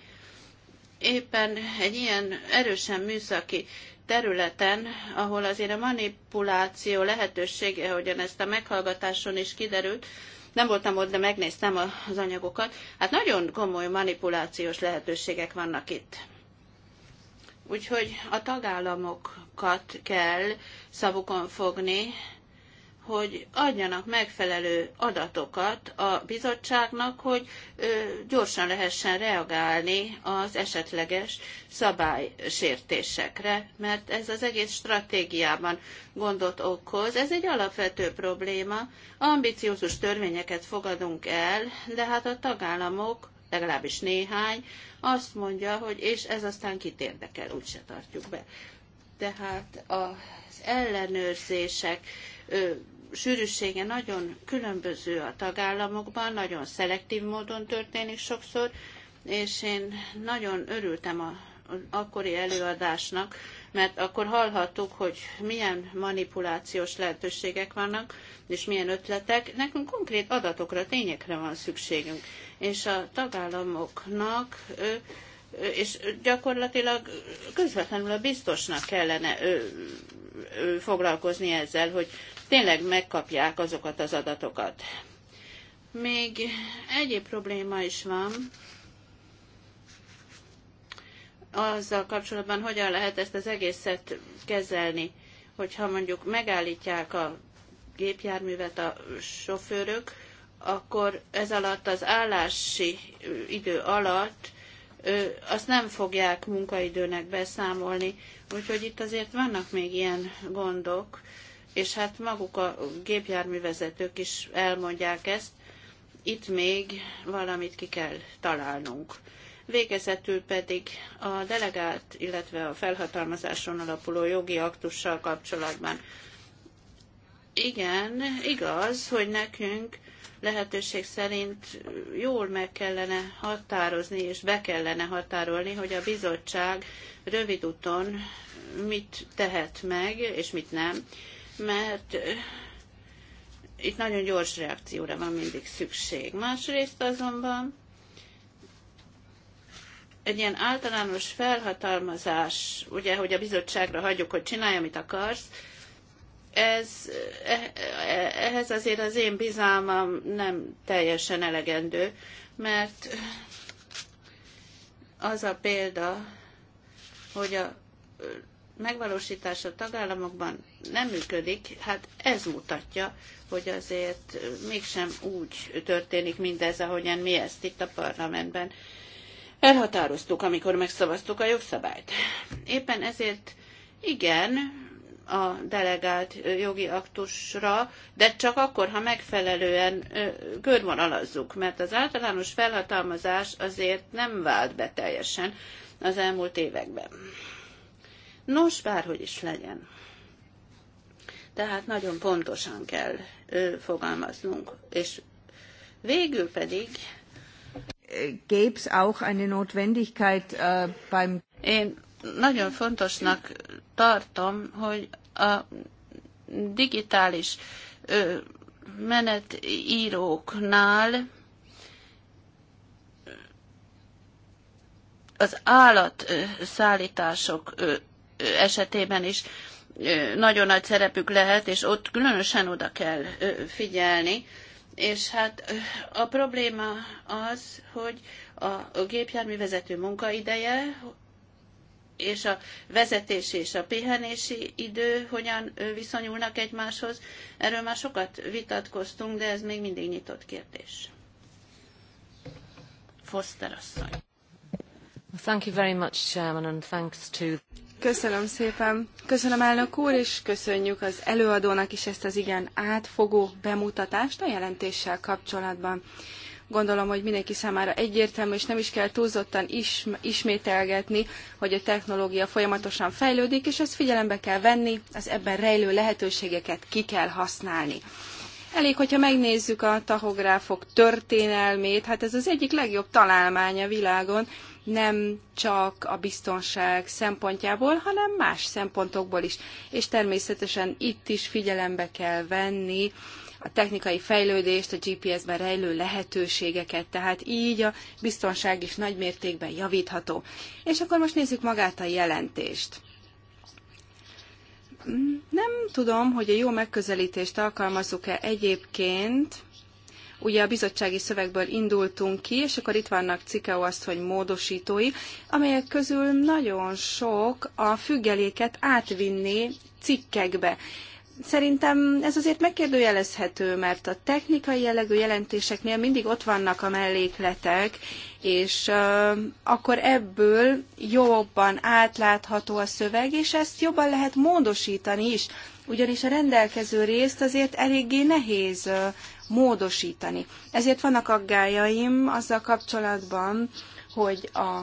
éppen egy ilyen erősen műszaki területen, ahol azért a manipuláció lehetősége, ahogyan ezt a meghallgatáson is kiderült, nem voltam ott, de megnéztem az anyagokat. Hát nagyon komoly manipulációs lehetőségek vannak itt. Úgyhogy a tagállamokat kell szavukon fogni, hogy adjanak megfelelő adatokat a bizottságnak, hogy gyorsan lehessen reagálni az esetleges szabálysértésekre, mert ez az egész stratégiában gondot okoz. Ez egy alapvető probléma. Ambiciózus törvényeket fogadunk el, de hát a tagállamok legalábbis néhány, azt mondja, hogy és ez aztán kit érdekel, úgyse tartjuk be. Tehát az ellenőrzések sűrűsége nagyon különböző a tagállamokban, nagyon szelektív módon történik sokszor, és én nagyon örültem a akkori előadásnak, mert akkor hallhattuk, hogy milyen manipulációs lehetőségek vannak, és milyen ötletek. Nekünk konkrét adatokra, tényekre van szükségünk. És a tagállamoknak és gyakorlatilag közvetlenül a biztosnak kellene foglalkozni ezzel, hogy tényleg megkapják azokat az adatokat. Még egyéb probléma is van azzal kapcsolatban, hogyan lehet ezt az egészet kezelni, hogyha mondjuk megállítják a gépjárművet a sofőrök, akkor ez alatt az állási idő alatt azt nem fogják munkaidőnek beszámolni. Úgyhogy itt azért vannak még ilyen gondok, és hát maguk a gépjárművezetők is elmondják ezt, itt még valamit ki kell találnunk. Végezetül pedig a delegált, illetve a felhatalmazáson alapuló jogi aktussal kapcsolatban. Igen, igaz, hogy nekünk lehetőség szerint jól meg kellene határozni, és be kellene határolni, hogy a bizottság rövid úton mit tehet meg, és mit nem mert itt nagyon gyors reakcióra van mindig szükség. Másrészt azonban egy ilyen általános felhatalmazás, ugye, hogy a bizottságra hagyjuk, hogy csinálj, amit akarsz, ez, eh, eh, ehhez azért az én bizalmam nem teljesen elegendő, mert az a példa, hogy a megvalósítása a tagállamokban nem működik, hát ez mutatja, hogy azért mégsem úgy történik mindez, ahogyan mi ezt itt a parlamentben elhatároztuk, amikor megszavaztuk a jogszabályt. Éppen ezért igen, a delegált jogi aktusra, de csak akkor, ha megfelelően körvonalazzuk, mert az általános felhatalmazás azért nem vált be teljesen az elmúlt években. Nos, bárhogy is legyen. Tehát nagyon pontosan kell ö, fogalmaznunk, és végül pedig gäbe auch eine Notwendigkeit uh, beim Én nagyon fontosnak tartom, hogy a digitális ö, menetíróknál az állatszállítások esetében is nagyon nagy szerepük lehet, és ott különösen oda kell figyelni. És hát a probléma az, hogy a gépjárművezető munkaideje és a vezetési és a pihenési idő hogyan viszonyulnak egymáshoz. Erről már sokat vitatkoztunk, de ez még mindig nyitott kérdés. Foster asszony. Thank you very much, Chairman, and thanks to... Köszönöm szépen. Köszönöm elnök úr, és köszönjük az előadónak is ezt az igen átfogó bemutatást a jelentéssel kapcsolatban. Gondolom, hogy mindenki számára egyértelmű, és nem is kell túlzottan ismételgetni, hogy a technológia folyamatosan fejlődik, és ezt figyelembe kell venni, az ebben rejlő lehetőségeket ki kell használni. Elég, hogyha megnézzük a tahográfok történelmét, hát ez az egyik legjobb találmány a világon, nem csak a biztonság szempontjából, hanem más szempontokból is. És természetesen itt is figyelembe kell venni a technikai fejlődést, a GPS-ben rejlő lehetőségeket, tehát így a biztonság is nagy mértékben javítható. És akkor most nézzük magát a jelentést. Nem tudom, hogy a jó megközelítést alkalmazzuk-e egyébként, Ugye a bizottsági szövegből indultunk ki, és akkor itt vannak Cikeo asszony módosítói, amelyek közül nagyon sok a függeléket átvinni cikkekbe. Szerintem ez azért megkérdőjelezhető, mert a technikai jellegű jelentéseknél mindig ott vannak a mellékletek, és uh, akkor ebből jobban átlátható a szöveg, és ezt jobban lehet módosítani is ugyanis a rendelkező részt azért eléggé nehéz módosítani. Ezért vannak aggájaim azzal kapcsolatban, hogy a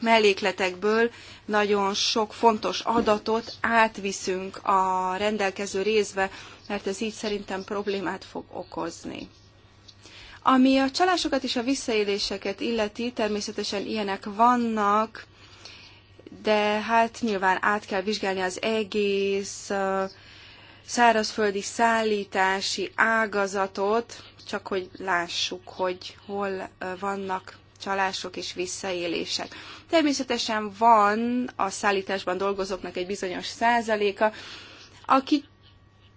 mellékletekből nagyon sok fontos adatot átviszünk a rendelkező részbe, mert ez így szerintem problémát fog okozni. Ami a csalásokat és a visszaéléseket illeti, természetesen ilyenek vannak, de hát nyilván át kell vizsgálni az egész szárazföldi szállítási ágazatot, csak hogy lássuk, hogy hol vannak csalások és visszaélések. Természetesen van a szállításban dolgozóknak egy bizonyos százaléka, aki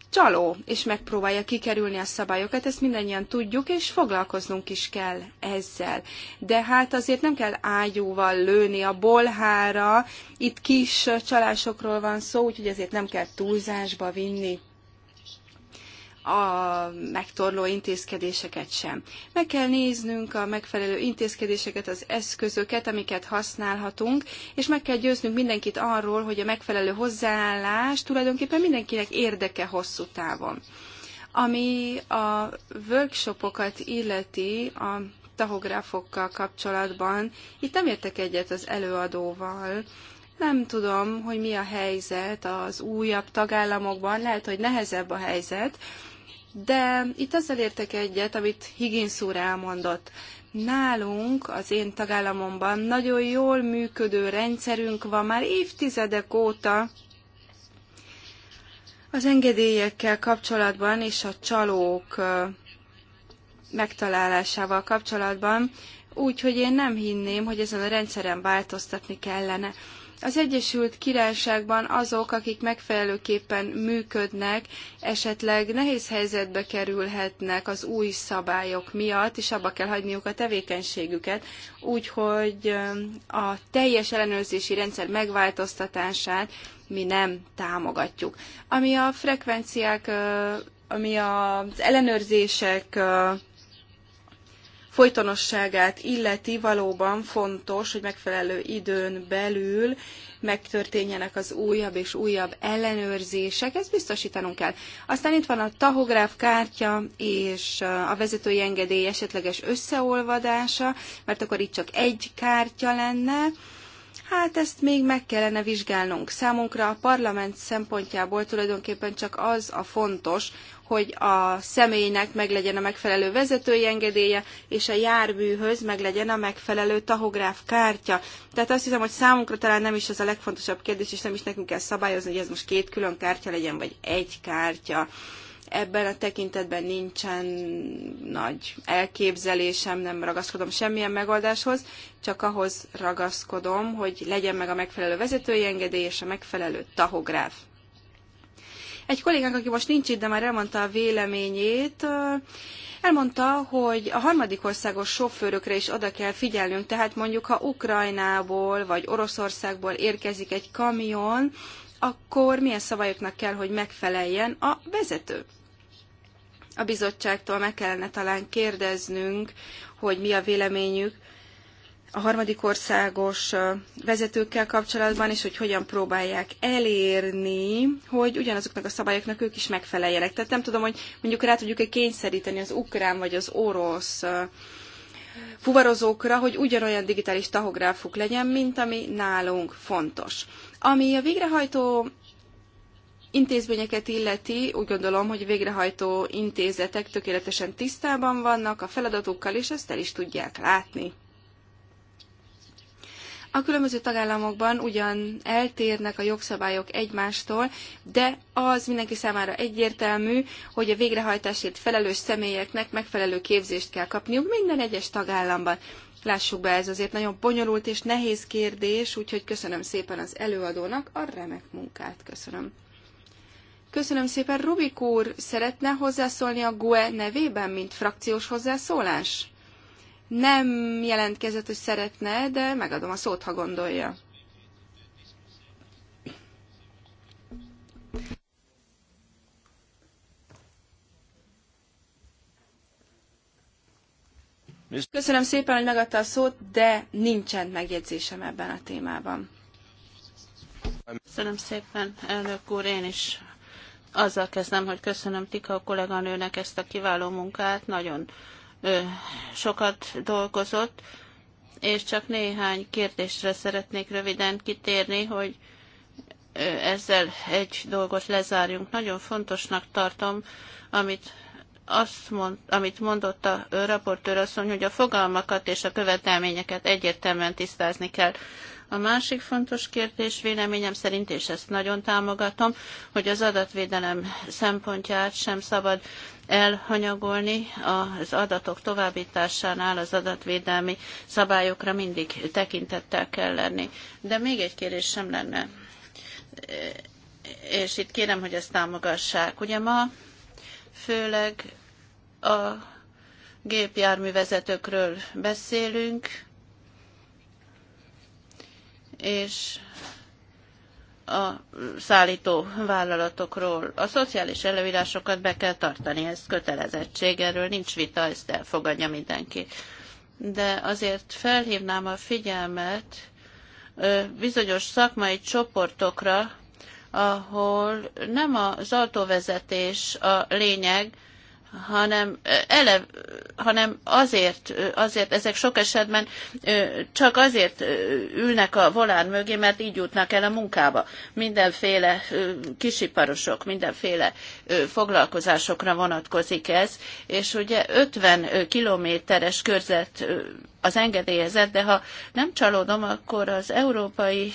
csaló, és megpróbálja kikerülni a szabályokat, ezt mindannyian tudjuk, és foglalkoznunk is kell ezzel. De hát azért nem kell ágyúval lőni a bolhára, itt kis csalásokról van szó, úgyhogy ezért nem kell túlzásba vinni a megtorló intézkedéseket sem. Meg kell néznünk a megfelelő intézkedéseket, az eszközöket, amiket használhatunk, és meg kell győznünk mindenkit arról, hogy a megfelelő hozzáállás tulajdonképpen mindenkinek érdeke hosszú távon. Ami a workshopokat illeti, a tahográfokkal kapcsolatban, itt nem értek egyet az előadóval, nem tudom, hogy mi a helyzet az újabb tagállamokban, lehet, hogy nehezebb a helyzet, de itt azzal értek egyet, amit Higgins úr elmondott. Nálunk, az én tagállamomban nagyon jól működő rendszerünk van már évtizedek óta az engedélyekkel kapcsolatban és a csalók megtalálásával kapcsolatban, úgyhogy én nem hinném, hogy ezen a rendszeren változtatni kellene. Az Egyesült Királyságban azok, akik megfelelőképpen működnek, esetleg nehéz helyzetbe kerülhetnek az új szabályok miatt, és abba kell hagyniuk a tevékenységüket, úgyhogy a teljes ellenőrzési rendszer megváltoztatását mi nem támogatjuk. Ami a frekvenciák, ami az ellenőrzések folytonosságát illeti, valóban fontos, hogy megfelelő időn belül megtörténjenek az újabb és újabb ellenőrzések, ezt biztosítanunk kell. Aztán itt van a tahográf kártya és a vezetői engedély esetleges összeolvadása, mert akkor itt csak egy kártya lenne, Hát ezt még meg kellene vizsgálnunk. Számunkra a parlament szempontjából tulajdonképpen csak az a fontos, hogy a személynek meglegyen a megfelelő vezetői engedélye, és a járműhöz meglegyen a megfelelő tahográf kártya. Tehát azt hiszem, hogy számunkra talán nem is az a legfontosabb kérdés, és nem is nekünk kell szabályozni, hogy ez most két külön kártya legyen, vagy egy kártya. Ebben a tekintetben nincsen nagy elképzelésem, nem ragaszkodom semmilyen megoldáshoz, csak ahhoz ragaszkodom, hogy legyen meg a megfelelő vezetői engedély és a megfelelő tahográf. Egy kollégánk, aki most nincs itt, de már elmondta a véleményét, elmondta, hogy a harmadik országos sofőrökre is oda kell figyelnünk, tehát mondjuk, ha Ukrajnából vagy Oroszországból érkezik egy kamion, akkor milyen szabályoknak kell, hogy megfeleljen a vezető a bizottságtól meg kellene talán kérdeznünk, hogy mi a véleményük a harmadik országos vezetőkkel kapcsolatban, és hogy hogyan próbálják elérni, hogy ugyanazoknak a szabályoknak ők is megfeleljenek. Tehát nem tudom, hogy mondjuk rá tudjuk-e kényszeríteni az ukrán vagy az orosz fuvarozókra, hogy ugyanolyan digitális tahográfuk legyen, mint ami nálunk fontos. Ami a végrehajtó intézményeket illeti, úgy gondolom, hogy végrehajtó intézetek tökéletesen tisztában vannak a feladatukkal, és ezt el is tudják látni. A különböző tagállamokban ugyan eltérnek a jogszabályok egymástól, de az mindenki számára egyértelmű, hogy a végrehajtásért felelős személyeknek megfelelő képzést kell kapniuk minden egyes tagállamban. Lássuk be, ez azért nagyon bonyolult és nehéz kérdés, úgyhogy köszönöm szépen az előadónak a remek munkát. Köszönöm. Köszönöm szépen. Rubik úr szeretne hozzászólni a GUE nevében, mint frakciós hozzászólás? Nem jelentkezett, hogy szeretne, de megadom a szót, ha gondolja. Köszönöm szépen, hogy megadta a szót, de nincsen megjegyzésem ebben a témában. Köszönöm szépen, elnök úr, én is azzal kezdem, hogy köszönöm Tika a kolléganőnek ezt a kiváló munkát, nagyon ö, sokat dolgozott, és csak néhány kérdésre szeretnék röviden kitérni, hogy ö, ezzel egy dolgot lezárjunk. Nagyon fontosnak tartom, amit azt mond, amit mondott a raportőr asszony, hogy a fogalmakat és a követelményeket egyértelműen tisztázni kell. A másik fontos kérdés véleményem szerint, és ezt nagyon támogatom, hogy az adatvédelem szempontját sem szabad elhanyagolni az adatok továbbításánál az adatvédelmi szabályokra mindig tekintettel kell lenni. De még egy kérés sem lenne, és itt kérem, hogy ezt támogassák. Ugye ma főleg a gépjárművezetőkről beszélünk, és a szállító vállalatokról. A szociális előírásokat be kell tartani, ez kötelezettség, erről nincs vita, ezt elfogadja mindenki. De azért felhívnám a figyelmet bizonyos szakmai csoportokra, ahol nem az autóvezetés a lényeg, hanem, ele, hanem azért, azért ezek sok esetben csak azért ülnek a volán mögé, mert így jutnak el a munkába. Mindenféle kisiparosok, mindenféle foglalkozásokra vonatkozik ez, és ugye 50 kilométeres körzet az engedélyezett, de ha nem csalódom, akkor az Európai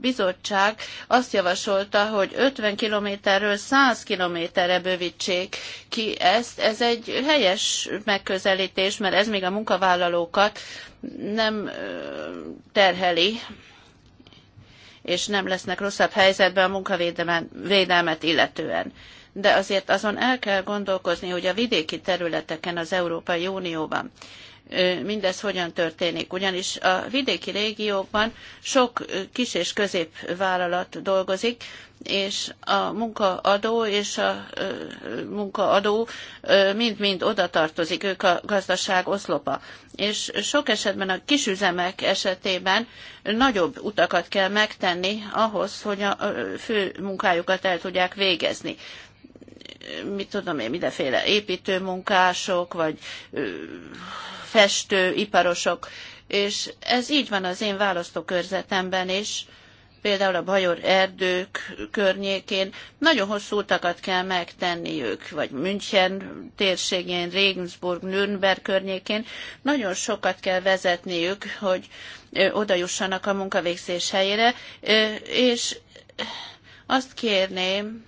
Bizottság azt javasolta, hogy 50 kilométerről 100 kilométerre bővítsék ki ezt. Ez egy helyes megközelítés, mert ez még a munkavállalókat nem terheli és nem lesznek rosszabb helyzetben a munkavédelmet illetően de azért azon el kell gondolkozni, hogy a vidéki területeken az Európai Unióban mindez hogyan történik. Ugyanis a vidéki régiókban sok kis és középvállalat dolgozik, és a munkaadó és a munkaadó mind-mind oda tartozik, ők a gazdaság oszlopa. És sok esetben a kisüzemek esetében nagyobb utakat kell megtenni ahhoz, hogy a fő munkájukat el tudják végezni mit tudom én, mindenféle építőmunkások, vagy festő, iparosok, és ez így van az én választókörzetemben is, például a Bajor erdők környékén nagyon hosszú utakat kell megtenniük, vagy München térségén, Regensburg, Nürnberg környékén nagyon sokat kell vezetniük, hogy oda jussanak a munkavégzés helyére, és azt kérném,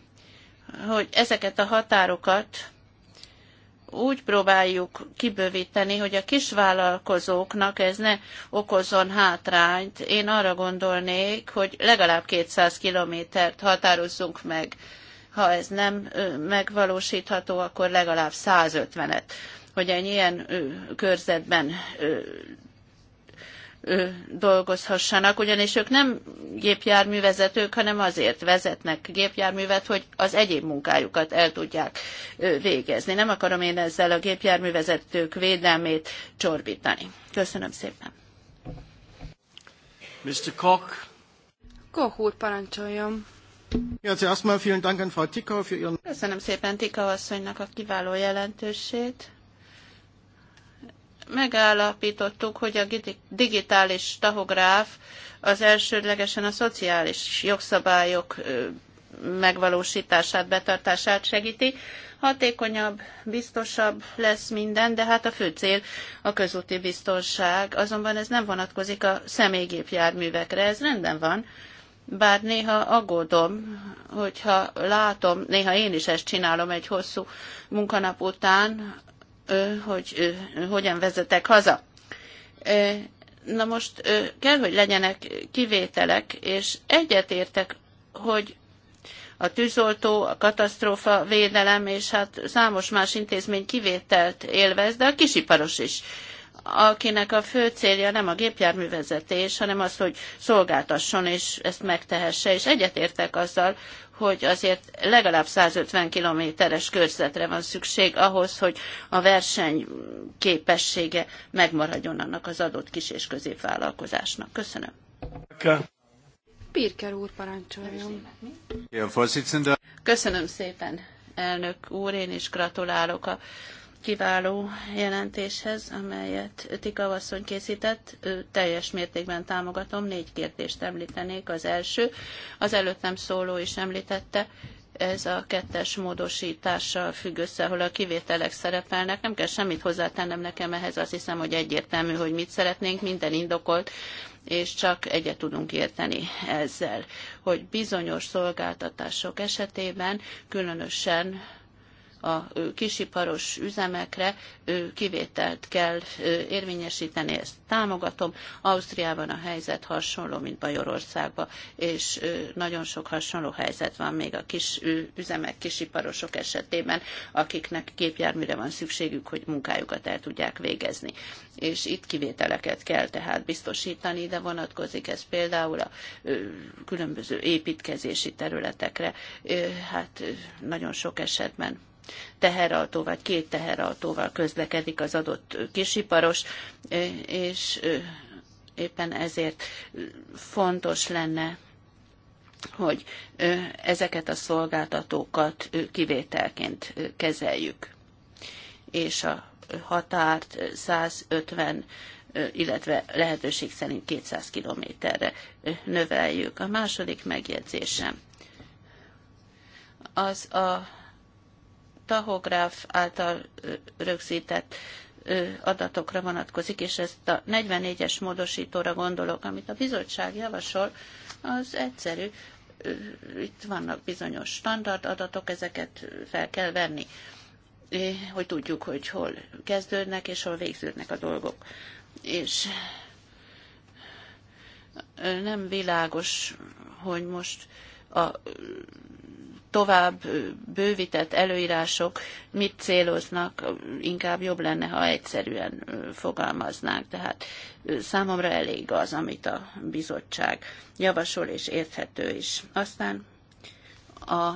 hogy ezeket a határokat úgy próbáljuk kibővíteni, hogy a kisvállalkozóknak ez ne okozzon hátrányt. Én arra gondolnék, hogy legalább 200 kilométert határozzunk meg. Ha ez nem megvalósítható, akkor legalább 150-et, hogy egy ilyen körzetben dolgozhassanak, ugyanis ők nem gépjárművezetők, hanem azért vezetnek gépjárművet, hogy az egyéb munkájukat el tudják végezni. Nem akarom én ezzel a gépjárművezetők védelmét csorbítani. Köszönöm szépen. Mr. Koch. Koch úr, parancsoljon. Köszönöm szépen Tika asszonynak a kiváló jelentősét megállapítottuk, hogy a digitális tahográf az elsődlegesen a szociális jogszabályok megvalósítását, betartását segíti. Hatékonyabb, biztosabb lesz minden, de hát a fő cél a közúti biztonság. Azonban ez nem vonatkozik a személygépjárművekre, ez rendben van. Bár néha aggódom, hogyha látom, néha én is ezt csinálom egy hosszú munkanap után, hogy hogyan vezetek haza. Na most kell, hogy legyenek kivételek, és egyetértek, hogy a tűzoltó, a katasztrófa védelem, és hát számos más intézmény kivételt élvez, de a kisiparos is akinek a fő célja nem a gépjárművezetés, hanem az, hogy szolgáltasson és ezt megtehesse. És egyetértek azzal, hogy azért legalább 150 kilométeres körzetre van szükség ahhoz, hogy a verseny képessége megmaradjon annak az adott kis- és középvállalkozásnak. Köszönöm. Pirker úr parancsoljon. Köszönöm szépen, elnök úr, én is gratulálok a kiváló jelentéshez, amelyet Tika Vasszony készített. Ő teljes mértékben támogatom, négy kérdést említenék. Az első, az előttem szóló is említette, ez a kettes módosítással függ össze, ahol a kivételek szerepelnek. Nem kell semmit hozzátennem nekem ehhez, azt hiszem, hogy egyértelmű, hogy mit szeretnénk, minden indokolt, és csak egyet tudunk érteni ezzel, hogy bizonyos szolgáltatások esetében, különösen a kisiparos üzemekre kivételt kell érvényesíteni, ezt támogatom. Ausztriában a helyzet hasonló, mint Bajorországban, és nagyon sok hasonló helyzet van még a kis üzemek, kisiparosok esetében, akiknek gépjárműre van szükségük, hogy munkájukat el tudják végezni. És itt kivételeket kell tehát biztosítani, de vonatkozik ez például a különböző építkezési területekre. Hát nagyon sok esetben teherautó vagy két teherautóval közlekedik az adott kisiparos, és éppen ezért fontos lenne hogy ezeket a szolgáltatókat kivételként kezeljük. És a határt 150 illetve lehetőség szerint 200 kilométerre növeljük. A második megjegyzésem az a tahográf által rögzített adatokra vonatkozik, és ezt a 44-es módosítóra gondolok, amit a bizottság javasol, az egyszerű. Itt vannak bizonyos standard adatok, ezeket fel kell venni, hogy tudjuk, hogy hol kezdődnek és hol végződnek a dolgok. És nem világos, hogy most a tovább bővített előírások mit céloznak, inkább jobb lenne, ha egyszerűen fogalmaznánk. Tehát számomra elég az, amit a bizottság javasol, és érthető is. Aztán a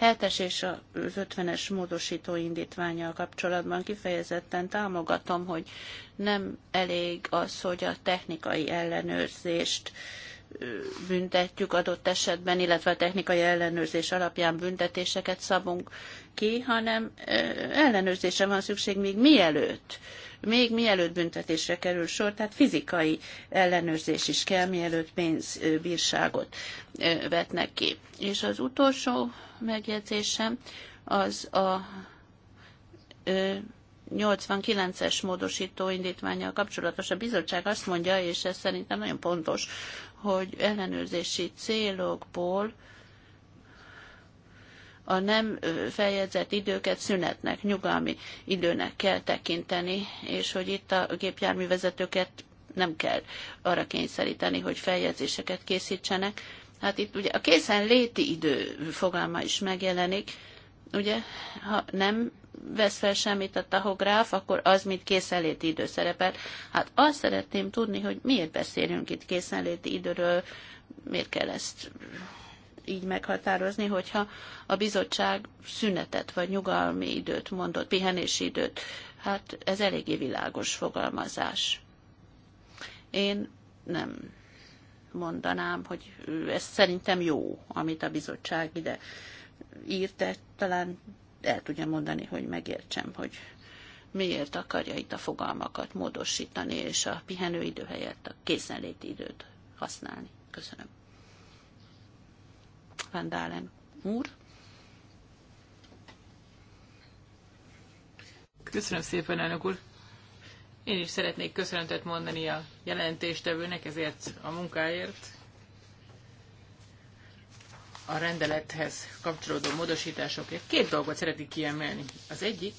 7-es és a 50-es módosító indítványjal kapcsolatban kifejezetten támogatom, hogy nem elég az, hogy a technikai ellenőrzést büntetjük adott esetben, illetve a technikai ellenőrzés alapján büntetéseket szabunk ki, hanem ellenőrzésre van szükség még mielőtt, még mielőtt büntetésre kerül sor, tehát fizikai ellenőrzés is kell, mielőtt pénzbírságot vetnek ki. És az utolsó megjegyzésem az a 89-es módosító indítványjal kapcsolatos. A bizottság azt mondja, és ez szerintem nagyon pontos, hogy ellenőrzési célokból a nem feljegyzett időket szünetnek, nyugalmi időnek kell tekinteni, és hogy itt a gépjárművezetőket nem kell arra kényszeríteni, hogy feljegyzéseket készítsenek. Hát itt ugye a készen léti idő fogalma is megjelenik, ugye, ha nem vesz fel semmit a tahográf, akkor az, mint készenléti idő szerepel. Hát azt szeretném tudni, hogy miért beszélünk itt készenléti időről, miért kell ezt így meghatározni, hogyha a bizottság szünetet vagy nyugalmi időt mondott, pihenési időt. Hát ez eléggé világos fogalmazás. Én nem mondanám, hogy ez szerintem jó, amit a bizottság ide írt, talán el tudja mondani, hogy megértsem, hogy miért akarja itt a fogalmakat módosítani, és a pihenőidő helyett a készenléti időt használni. Köszönöm. Van Dálen úr. Köszönöm szépen, elnök úr. Én is szeretnék köszönetet mondani a jelentéstevőnek ezért a munkáért a rendelethez kapcsolódó módosításokért. Két dolgot szeretnék kiemelni. Az egyik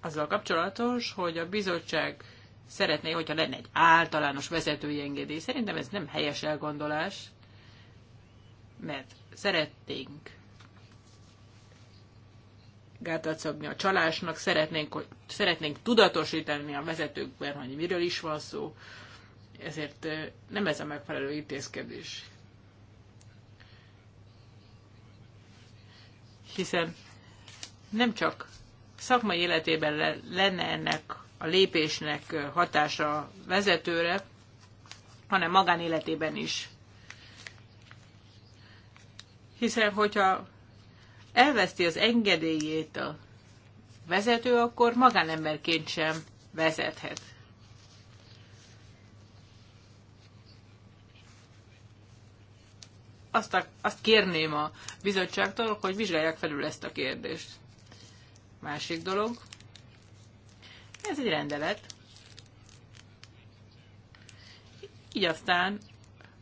azzal kapcsolatos, hogy a bizottság szeretné, hogyha lenne egy általános vezetői engedély. Szerintem ez nem helyes elgondolás, mert szeretnénk gátat szabni a csalásnak, szeretnénk, hogy, szeretnénk tudatosítani a vezetőkben, hogy miről is van szó, ezért nem ez a megfelelő intézkedés. hiszen nem csak szakmai életében lenne ennek a lépésnek hatása vezetőre, hanem magánéletében is. Hiszen, hogyha elveszti az engedélyét a vezető, akkor magánemberként sem vezethet. azt, a, azt kérném a bizottságtól, hogy vizsgálják felül ezt a kérdést. Másik dolog, ez egy rendelet. Így aztán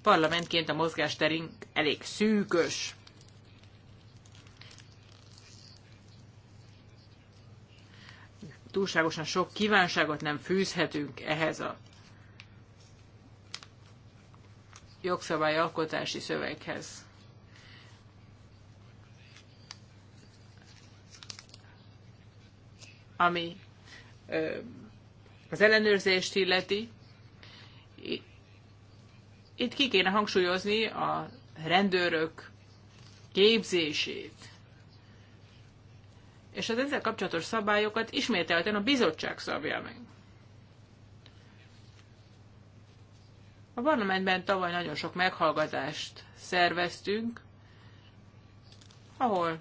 parlamentként a mozgásterünk elég szűkös. Túlságosan sok kívánságot nem fűzhetünk ehhez a jogszabályalkotási szöveghez. Ami az ellenőrzést illeti, itt ki kéne hangsúlyozni a rendőrök képzését. És az ezzel kapcsolatos szabályokat ismételten a bizottság szabja meg. A parlamentben tavaly nagyon sok meghallgatást szerveztünk, ahol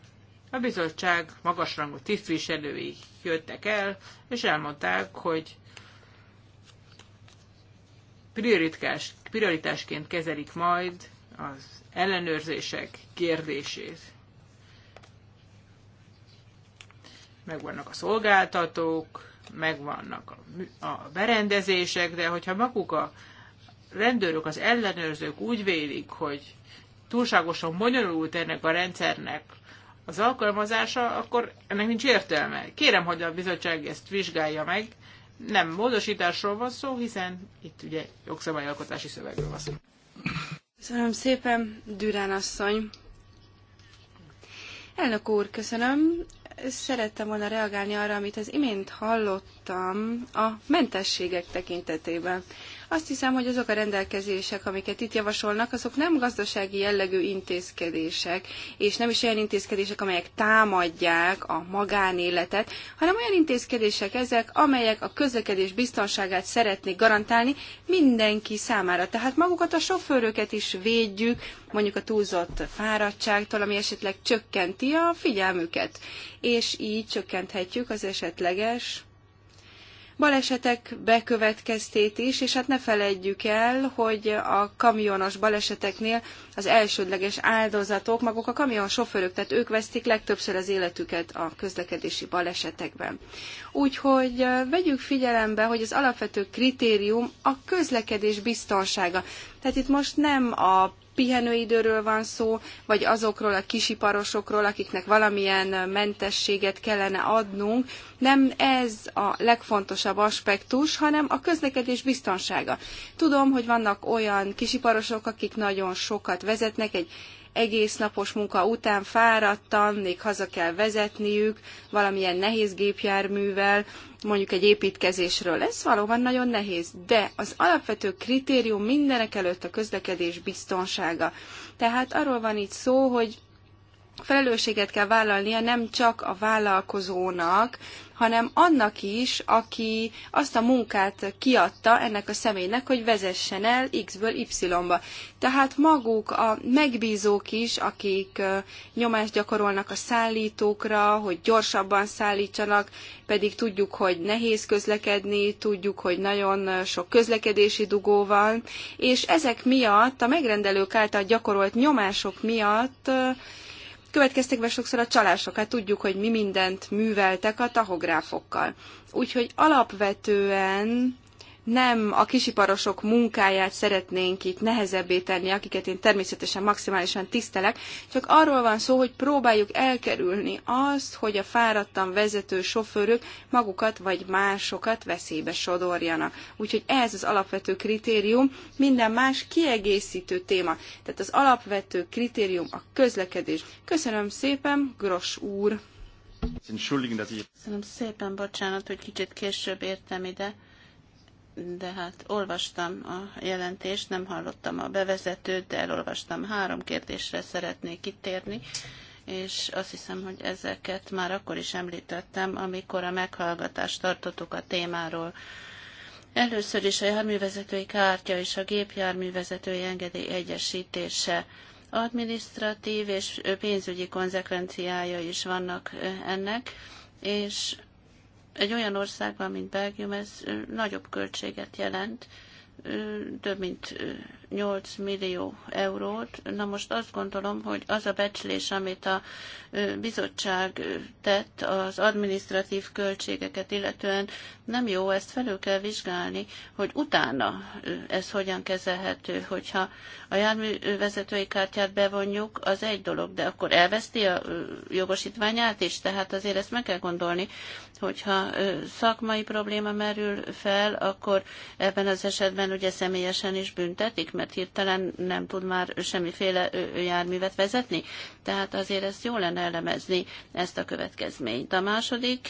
a bizottság magasrangú tisztviselői jöttek el, és elmondták, hogy prioritásként kezelik majd az ellenőrzések kérdését. Megvannak a szolgáltatók, megvannak a, a berendezések, de hogyha maguk a rendőrök, az ellenőrzők úgy vélik, hogy túlságosan bonyolult ennek a rendszernek az alkalmazása, akkor ennek nincs értelme. Kérem, hogy a bizottság ezt vizsgálja meg. Nem módosításról van szó, hiszen itt ugye jogszabályalkotási szövegről van szó. Köszönöm szépen, Dürán asszony. Elnök úr, köszönöm. Szerettem volna reagálni arra, amit az imént hallott kaptam a mentességek tekintetében. Azt hiszem, hogy azok a rendelkezések, amiket itt javasolnak, azok nem gazdasági jellegű intézkedések, és nem is olyan intézkedések, amelyek támadják a magánéletet, hanem olyan intézkedések ezek, amelyek a közlekedés biztonságát szeretnék garantálni mindenki számára. Tehát magukat a sofőröket is védjük, mondjuk a túlzott fáradtságtól, ami esetleg csökkenti a figyelmüket. És így csökkenthetjük az esetleges balesetek bekövetkeztét is, és hát ne feledjük el, hogy a kamionos baleseteknél az elsődleges áldozatok maguk a kamionsofőrök, tehát ők vesztik legtöbbször az életüket a közlekedési balesetekben. Úgyhogy vegyük figyelembe, hogy az alapvető kritérium a közlekedés biztonsága. Tehát itt most nem a pihenőidőről van szó, vagy azokról a kisiparosokról, akiknek valamilyen mentességet kellene adnunk. Nem ez a legfontosabb aspektus, hanem a közlekedés biztonsága. Tudom, hogy vannak olyan kisiparosok, akik nagyon sokat vezetnek, egy egész napos munka után fáradtan, még haza kell vezetniük valamilyen nehéz gépjárművel, mondjuk egy építkezésről. Ez valóban nagyon nehéz, de az alapvető kritérium mindenek előtt a közlekedés biztonsága. Tehát arról van itt szó, hogy felelősséget kell vállalnia nem csak a vállalkozónak, hanem annak is, aki azt a munkát kiadta ennek a személynek, hogy vezessen el X-ből Y-ba. Tehát maguk a megbízók is, akik nyomást gyakorolnak a szállítókra, hogy gyorsabban szállítsanak, pedig tudjuk, hogy nehéz közlekedni, tudjuk, hogy nagyon sok közlekedési dugó van, és ezek miatt, a megrendelők által gyakorolt nyomások miatt következtek be sokszor a csalások. Hát tudjuk, hogy mi mindent műveltek a tahográfokkal. Úgyhogy alapvetően nem a kisiparosok munkáját szeretnénk itt nehezebbé tenni, akiket én természetesen maximálisan tisztelek, csak arról van szó, hogy próbáljuk elkerülni azt, hogy a fáradtan vezető sofőrök magukat vagy másokat veszélybe sodorjanak. Úgyhogy ez az alapvető kritérium, minden más kiegészítő téma. Tehát az alapvető kritérium a közlekedés. Köszönöm szépen, Gros úr! Köszönöm szépen, bocsánat, hogy kicsit később értem ide de hát olvastam a jelentést, nem hallottam a bevezetőt, de elolvastam. Három kérdésre szeretnék kitérni, és azt hiszem, hogy ezeket már akkor is említettem, amikor a meghallgatást tartottuk a témáról. Először is a járművezetői kártya és a gépjárművezetői engedély egyesítése administratív és pénzügyi konzekvenciája is vannak eh, ennek, és egy olyan országban, mint Belgium, ez nagyobb költséget jelent, több mint 8 millió eurót. Na most azt gondolom, hogy az a becslés, amit a bizottság tett az administratív költségeket illetően nem jó, ezt felül kell vizsgálni, hogy utána ez hogyan kezelhető, hogyha a járművezetői kártyát bevonjuk, az egy dolog, de akkor elveszti a jogosítványát is, tehát azért ezt meg kell gondolni, hogyha szakmai probléma merül fel, akkor ebben az esetben ugye személyesen is büntetik, mert hirtelen nem tud már semmiféle járművet vezetni. Tehát azért ezt jól lenne elemezni, ezt a következményt. A második,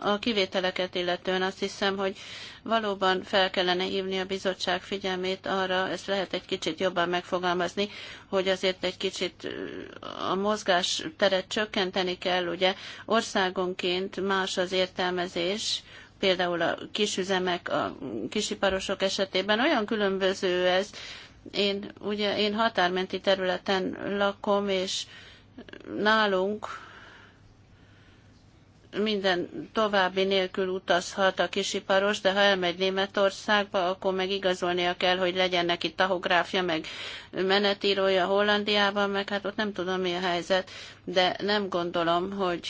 a kivételeket illetően azt hiszem, hogy valóban fel kellene hívni a bizottság figyelmét arra, ezt lehet egy kicsit jobban megfogalmazni, hogy azért egy kicsit a mozgás teret csökkenteni kell, ugye országonként más az értelmezés, például a kisüzemek, a kisiparosok esetében olyan különböző ez. Én, ugye, én határmenti területen lakom, és nálunk minden további nélkül utazhat a kisiparos, de ha elmegy Németországba, akkor meg igazolnia kell, hogy legyen neki tahográfja, meg menetírója Hollandiában, meg hát ott nem tudom mi a helyzet, de nem gondolom, hogy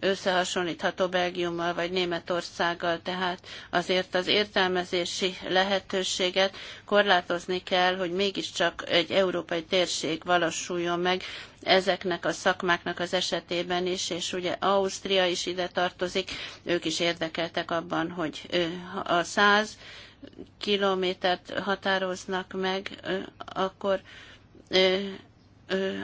összehasonlítható Belgiummal vagy Németországgal, tehát azért az értelmezési lehetőséget korlátozni kell, hogy mégiscsak egy európai térség valósuljon meg ezeknek a szakmáknak az esetében is, és ugye Ausztria is ide tartozik, ők is érdekeltek abban, hogy a száz kilométert határoznak meg, akkor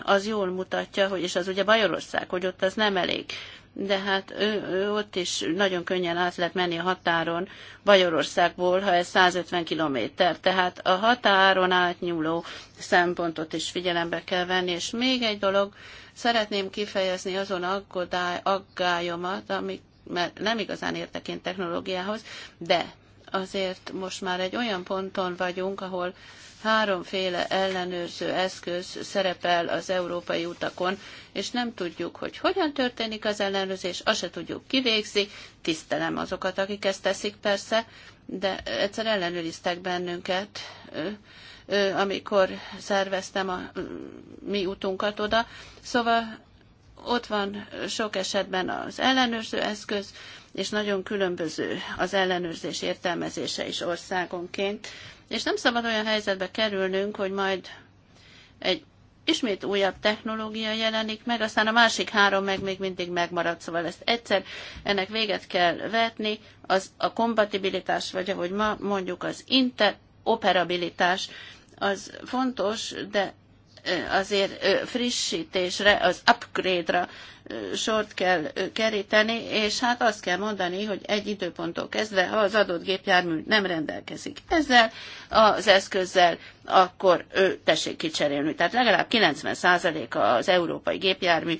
az jól mutatja, hogy, és az ugye Bajorország, hogy ott az nem elég de hát ő, ő ott is nagyon könnyen át lehet menni a határon Bajorországból, ha ez 150 kilométer. Tehát a határon átnyúló szempontot is figyelembe kell venni. És még egy dolog, szeretném kifejezni azon aggodály, aggályomat, amik, mert nem igazán értek én technológiához, de azért most már egy olyan ponton vagyunk, ahol háromféle ellenőrző eszköz szerepel az európai utakon, és nem tudjuk, hogy hogyan történik az ellenőrzés, azt se tudjuk, ki végzi. Tisztelem azokat, akik ezt teszik persze, de egyszer ellenőriztek bennünket, amikor szerveztem a mi utunkat oda. Szóval ott van sok esetben az ellenőrző eszköz, és nagyon különböző az ellenőrzés értelmezése is országonként. És nem szabad olyan helyzetbe kerülnünk, hogy majd egy ismét újabb technológia jelenik meg, aztán a másik három meg még mindig megmarad, szóval ezt egyszer ennek véget kell vetni, az a kompatibilitás, vagy ahogy ma mondjuk az interoperabilitás, az fontos, de azért frissítésre, az upgrade-ra sort kell keríteni, és hát azt kell mondani, hogy egy időponttól kezdve, ha az adott gépjármű nem rendelkezik ezzel az eszközzel, akkor ő tessék kicserélni. Tehát legalább 90%-a az európai gépjármű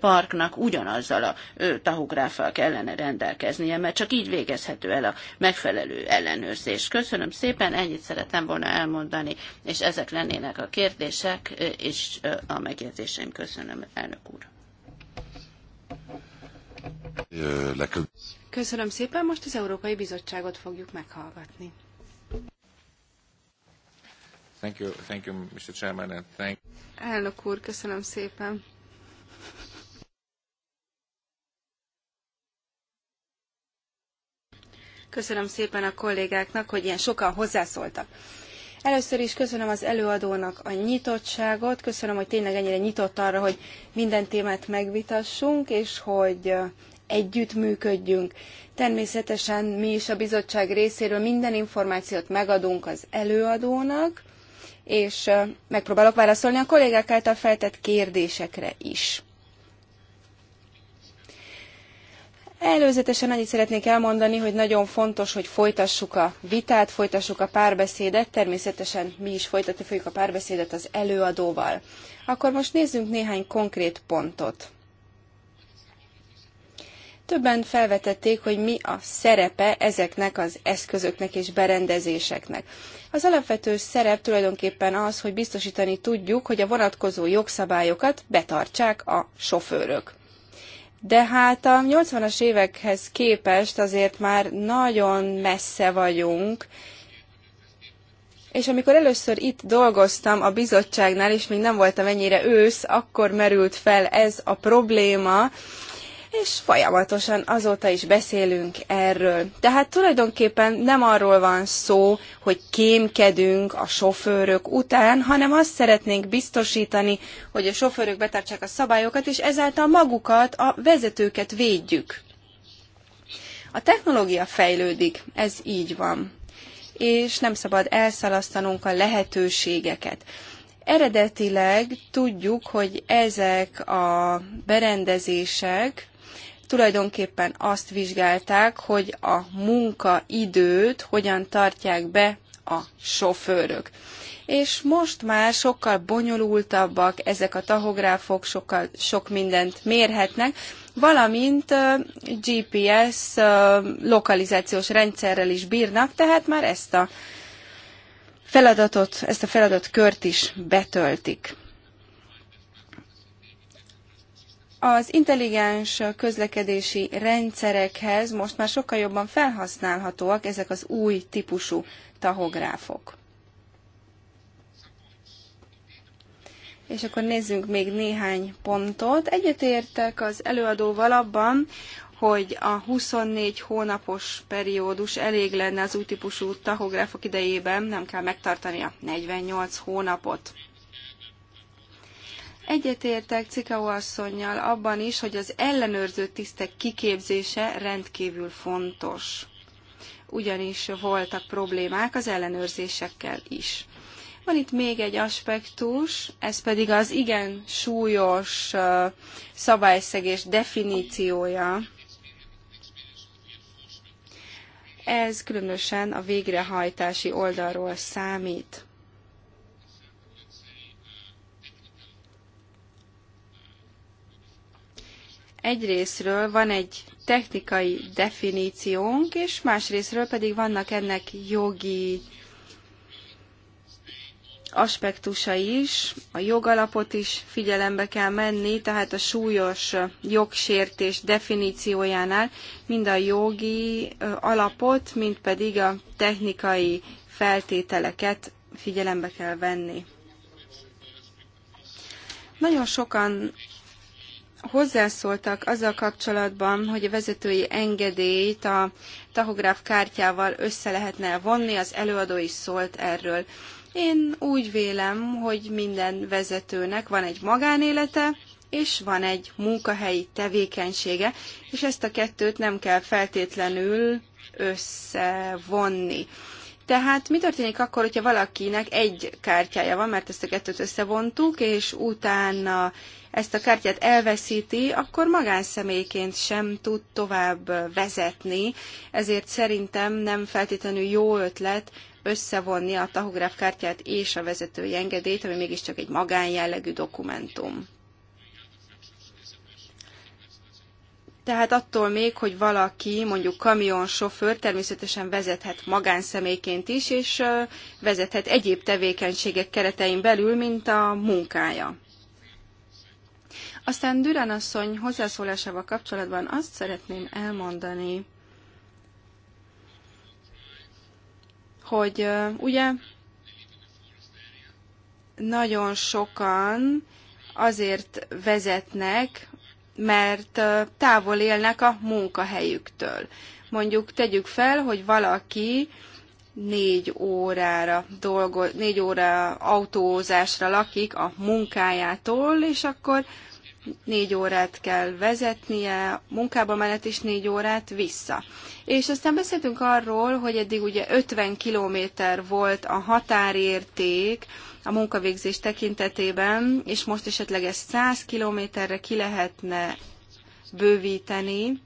parknak ugyanazzal a tahográffal kellene rendelkeznie, mert csak így végezhető el a megfelelő ellenőrzés. Köszönöm szépen, ennyit szerettem volna elmondani, és ezek lennének a kérdések és a megjegyzéseim. Köszönöm, elnök úr. Köszönöm szépen, most az Európai Bizottságot fogjuk meghallgatni. Thank you, thank you, Mr. Chairman, and thank... Elnök úr, köszönöm szépen. Köszönöm szépen a kollégáknak, hogy ilyen sokan hozzászóltak. Először is köszönöm az előadónak a nyitottságot, köszönöm, hogy tényleg ennyire nyitott arra, hogy minden témát megvitassunk, és hogy együttműködjünk. Természetesen mi is a bizottság részéről minden információt megadunk az előadónak, és megpróbálok válaszolni a kollégák által feltett kérdésekre is. Előzetesen annyit szeretnék elmondani, hogy nagyon fontos, hogy folytassuk a vitát, folytassuk a párbeszédet, természetesen mi is folytatni fogjuk a párbeszédet az előadóval. Akkor most nézzünk néhány konkrét pontot. Többen felvetették, hogy mi a szerepe ezeknek az eszközöknek és berendezéseknek. Az alapvető szerep tulajdonképpen az, hogy biztosítani tudjuk, hogy a vonatkozó jogszabályokat betartsák a sofőrök de hát a 80-as évekhez képest azért már nagyon messze vagyunk, és amikor először itt dolgoztam a bizottságnál, és még nem voltam ennyire ősz, akkor merült fel ez a probléma, és folyamatosan azóta is beszélünk erről. Tehát tulajdonképpen nem arról van szó, hogy kémkedünk a sofőrök után, hanem azt szeretnénk biztosítani, hogy a sofőrök betartsák a szabályokat, és ezáltal magukat, a vezetőket védjük. A technológia fejlődik, ez így van. És nem szabad elszalasztanunk a lehetőségeket. Eredetileg tudjuk, hogy ezek a berendezések tulajdonképpen azt vizsgálták, hogy a munkaidőt hogyan tartják be a sofőrök. És most már sokkal bonyolultabbak ezek a tahográfok, sokkal, sok mindent mérhetnek, valamint GPS lokalizációs rendszerrel is bírnak, tehát már ezt a feladatot, ezt a feladatkört is betöltik. az intelligens közlekedési rendszerekhez most már sokkal jobban felhasználhatóak ezek az új típusú tahográfok. És akkor nézzünk még néhány pontot. Egyetértek az előadóval abban, hogy a 24 hónapos periódus elég lenne az új típusú tahográfok idejében, nem kell megtartani a 48 hónapot. Egyetértek Cikau asszonynal abban is, hogy az ellenőrző tisztek kiképzése rendkívül fontos. Ugyanis voltak problémák az ellenőrzésekkel is. Van itt még egy aspektus, ez pedig az igen súlyos szabályszegés definíciója. Ez különösen a végrehajtási oldalról számít. egyrésztről van egy technikai definíciónk, és másrésztről pedig vannak ennek jogi aspektusa is, a jogalapot is figyelembe kell menni, tehát a súlyos jogsértés definíciójánál mind a jogi alapot, mind pedig a technikai feltételeket figyelembe kell venni. Nagyon sokan hozzászóltak azzal kapcsolatban, hogy a vezetői engedélyt a tahográf kártyával össze lehetne vonni, az előadó is szólt erről. Én úgy vélem, hogy minden vezetőnek van egy magánélete, és van egy munkahelyi tevékenysége, és ezt a kettőt nem kell feltétlenül összevonni. Tehát mi történik akkor, hogyha valakinek egy kártyája van, mert ezt a kettőt összevontuk, és utána ezt a kártyát elveszíti, akkor magánszemélyként sem tud tovább vezetni, ezért szerintem nem feltétlenül jó ötlet összevonni a tahográf kártyát és a vezetői engedélyt, ami mégiscsak egy magánjellegű dokumentum. Tehát attól még, hogy valaki, mondjuk kamionsofőr, természetesen vezethet magánszemélyként is, és vezethet egyéb tevékenységek keretein belül, mint a munkája. Aztán Dürán asszony hozzászólásával kapcsolatban azt szeretném elmondani, hogy ugye nagyon sokan azért vezetnek, mert távol élnek a munkahelyüktől. Mondjuk tegyük fel, hogy valaki négy órára dolgo, négy óra autózásra lakik a munkájától, és akkor négy órát kell vezetnie, munkába menet is négy órát vissza. És aztán beszéltünk arról, hogy eddig ugye 50 kilométer volt a határérték a munkavégzés tekintetében, és most esetleg ezt 100 kilométerre ki lehetne bővíteni,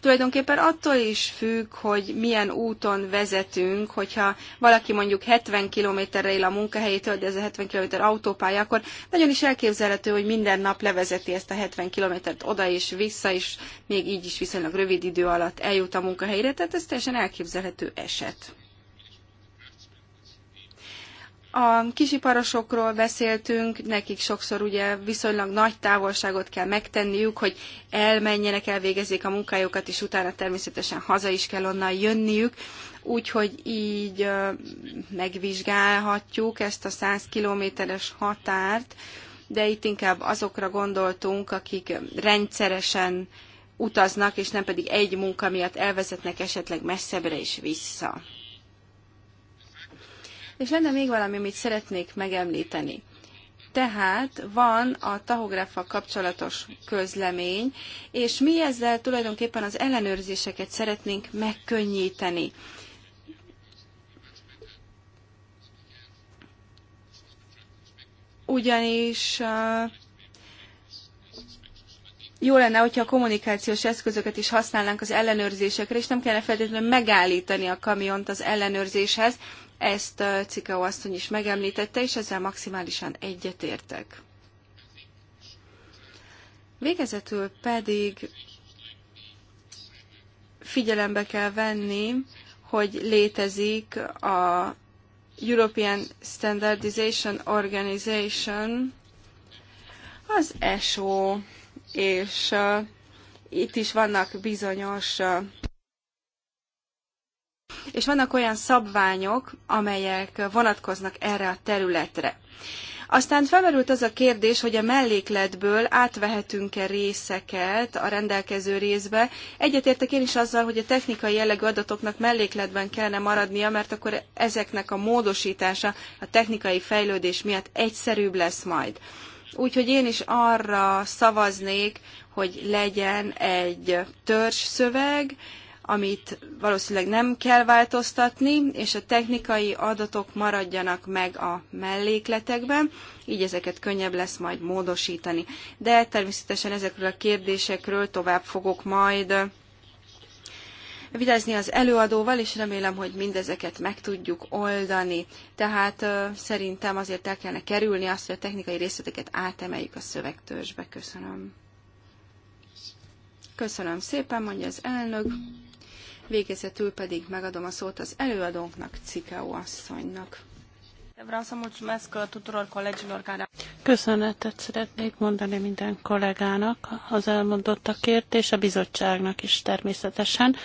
tulajdonképpen attól is függ, hogy milyen úton vezetünk, hogyha valaki mondjuk 70 kilométerre él a munkahelyétől, de ez a 70 km autópálya, akkor nagyon is elképzelhető, hogy minden nap levezeti ezt a 70 kilométert oda és vissza, és még így is viszonylag rövid idő alatt eljut a munkahelyére, tehát ez teljesen elképzelhető eset. A kisiparosokról beszéltünk, nekik sokszor ugye viszonylag nagy távolságot kell megtenniük, hogy elmenjenek, elvégezzék a munkájukat, és utána természetesen haza is kell onnan jönniük, úgyhogy így megvizsgálhatjuk ezt a 100 kilométeres határt, de itt inkább azokra gondoltunk, akik rendszeresen utaznak, és nem pedig egy munka miatt elvezetnek esetleg messzebbre és vissza. És lenne még valami, amit szeretnék megemlíteni. Tehát van a tahográfa kapcsolatos közlemény, és mi ezzel tulajdonképpen az ellenőrzéseket szeretnénk megkönnyíteni. Ugyanis jó lenne, hogyha a kommunikációs eszközöket is használnánk az ellenőrzésekre, és nem kellene feltétlenül megállítani a kamiont az ellenőrzéshez, ezt Cikau asszony is megemlítette, és ezzel maximálisan egyetértek. Végezetül pedig figyelembe kell venni, hogy létezik a European Standardization Organization, az ESO, és itt is vannak bizonyos és vannak olyan szabványok, amelyek vonatkoznak erre a területre. Aztán felmerült az a kérdés, hogy a mellékletből átvehetünk-e részeket a rendelkező részbe. Egyetértek én is azzal, hogy a technikai jellegű adatoknak mellékletben kellene maradnia, mert akkor ezeknek a módosítása a technikai fejlődés miatt egyszerűbb lesz majd. Úgyhogy én is arra szavaznék, hogy legyen egy törzs szöveg, amit valószínűleg nem kell változtatni, és a technikai adatok maradjanak meg a mellékletekben, így ezeket könnyebb lesz majd módosítani. De természetesen ezekről a kérdésekről tovább fogok majd vitázni az előadóval, és remélem, hogy mindezeket meg tudjuk oldani. Tehát szerintem azért el kellene kerülni azt, hogy a technikai részleteket átemeljük a szövegtörzsbe. Köszönöm. Köszönöm szépen, mondja az elnök. Végezetül pedig megadom a szót az előadónknak, Cikeó asszonynak. Köszönetet szeretnék mondani minden kollégának az elmondottakért, és a bizottságnak is természetesen.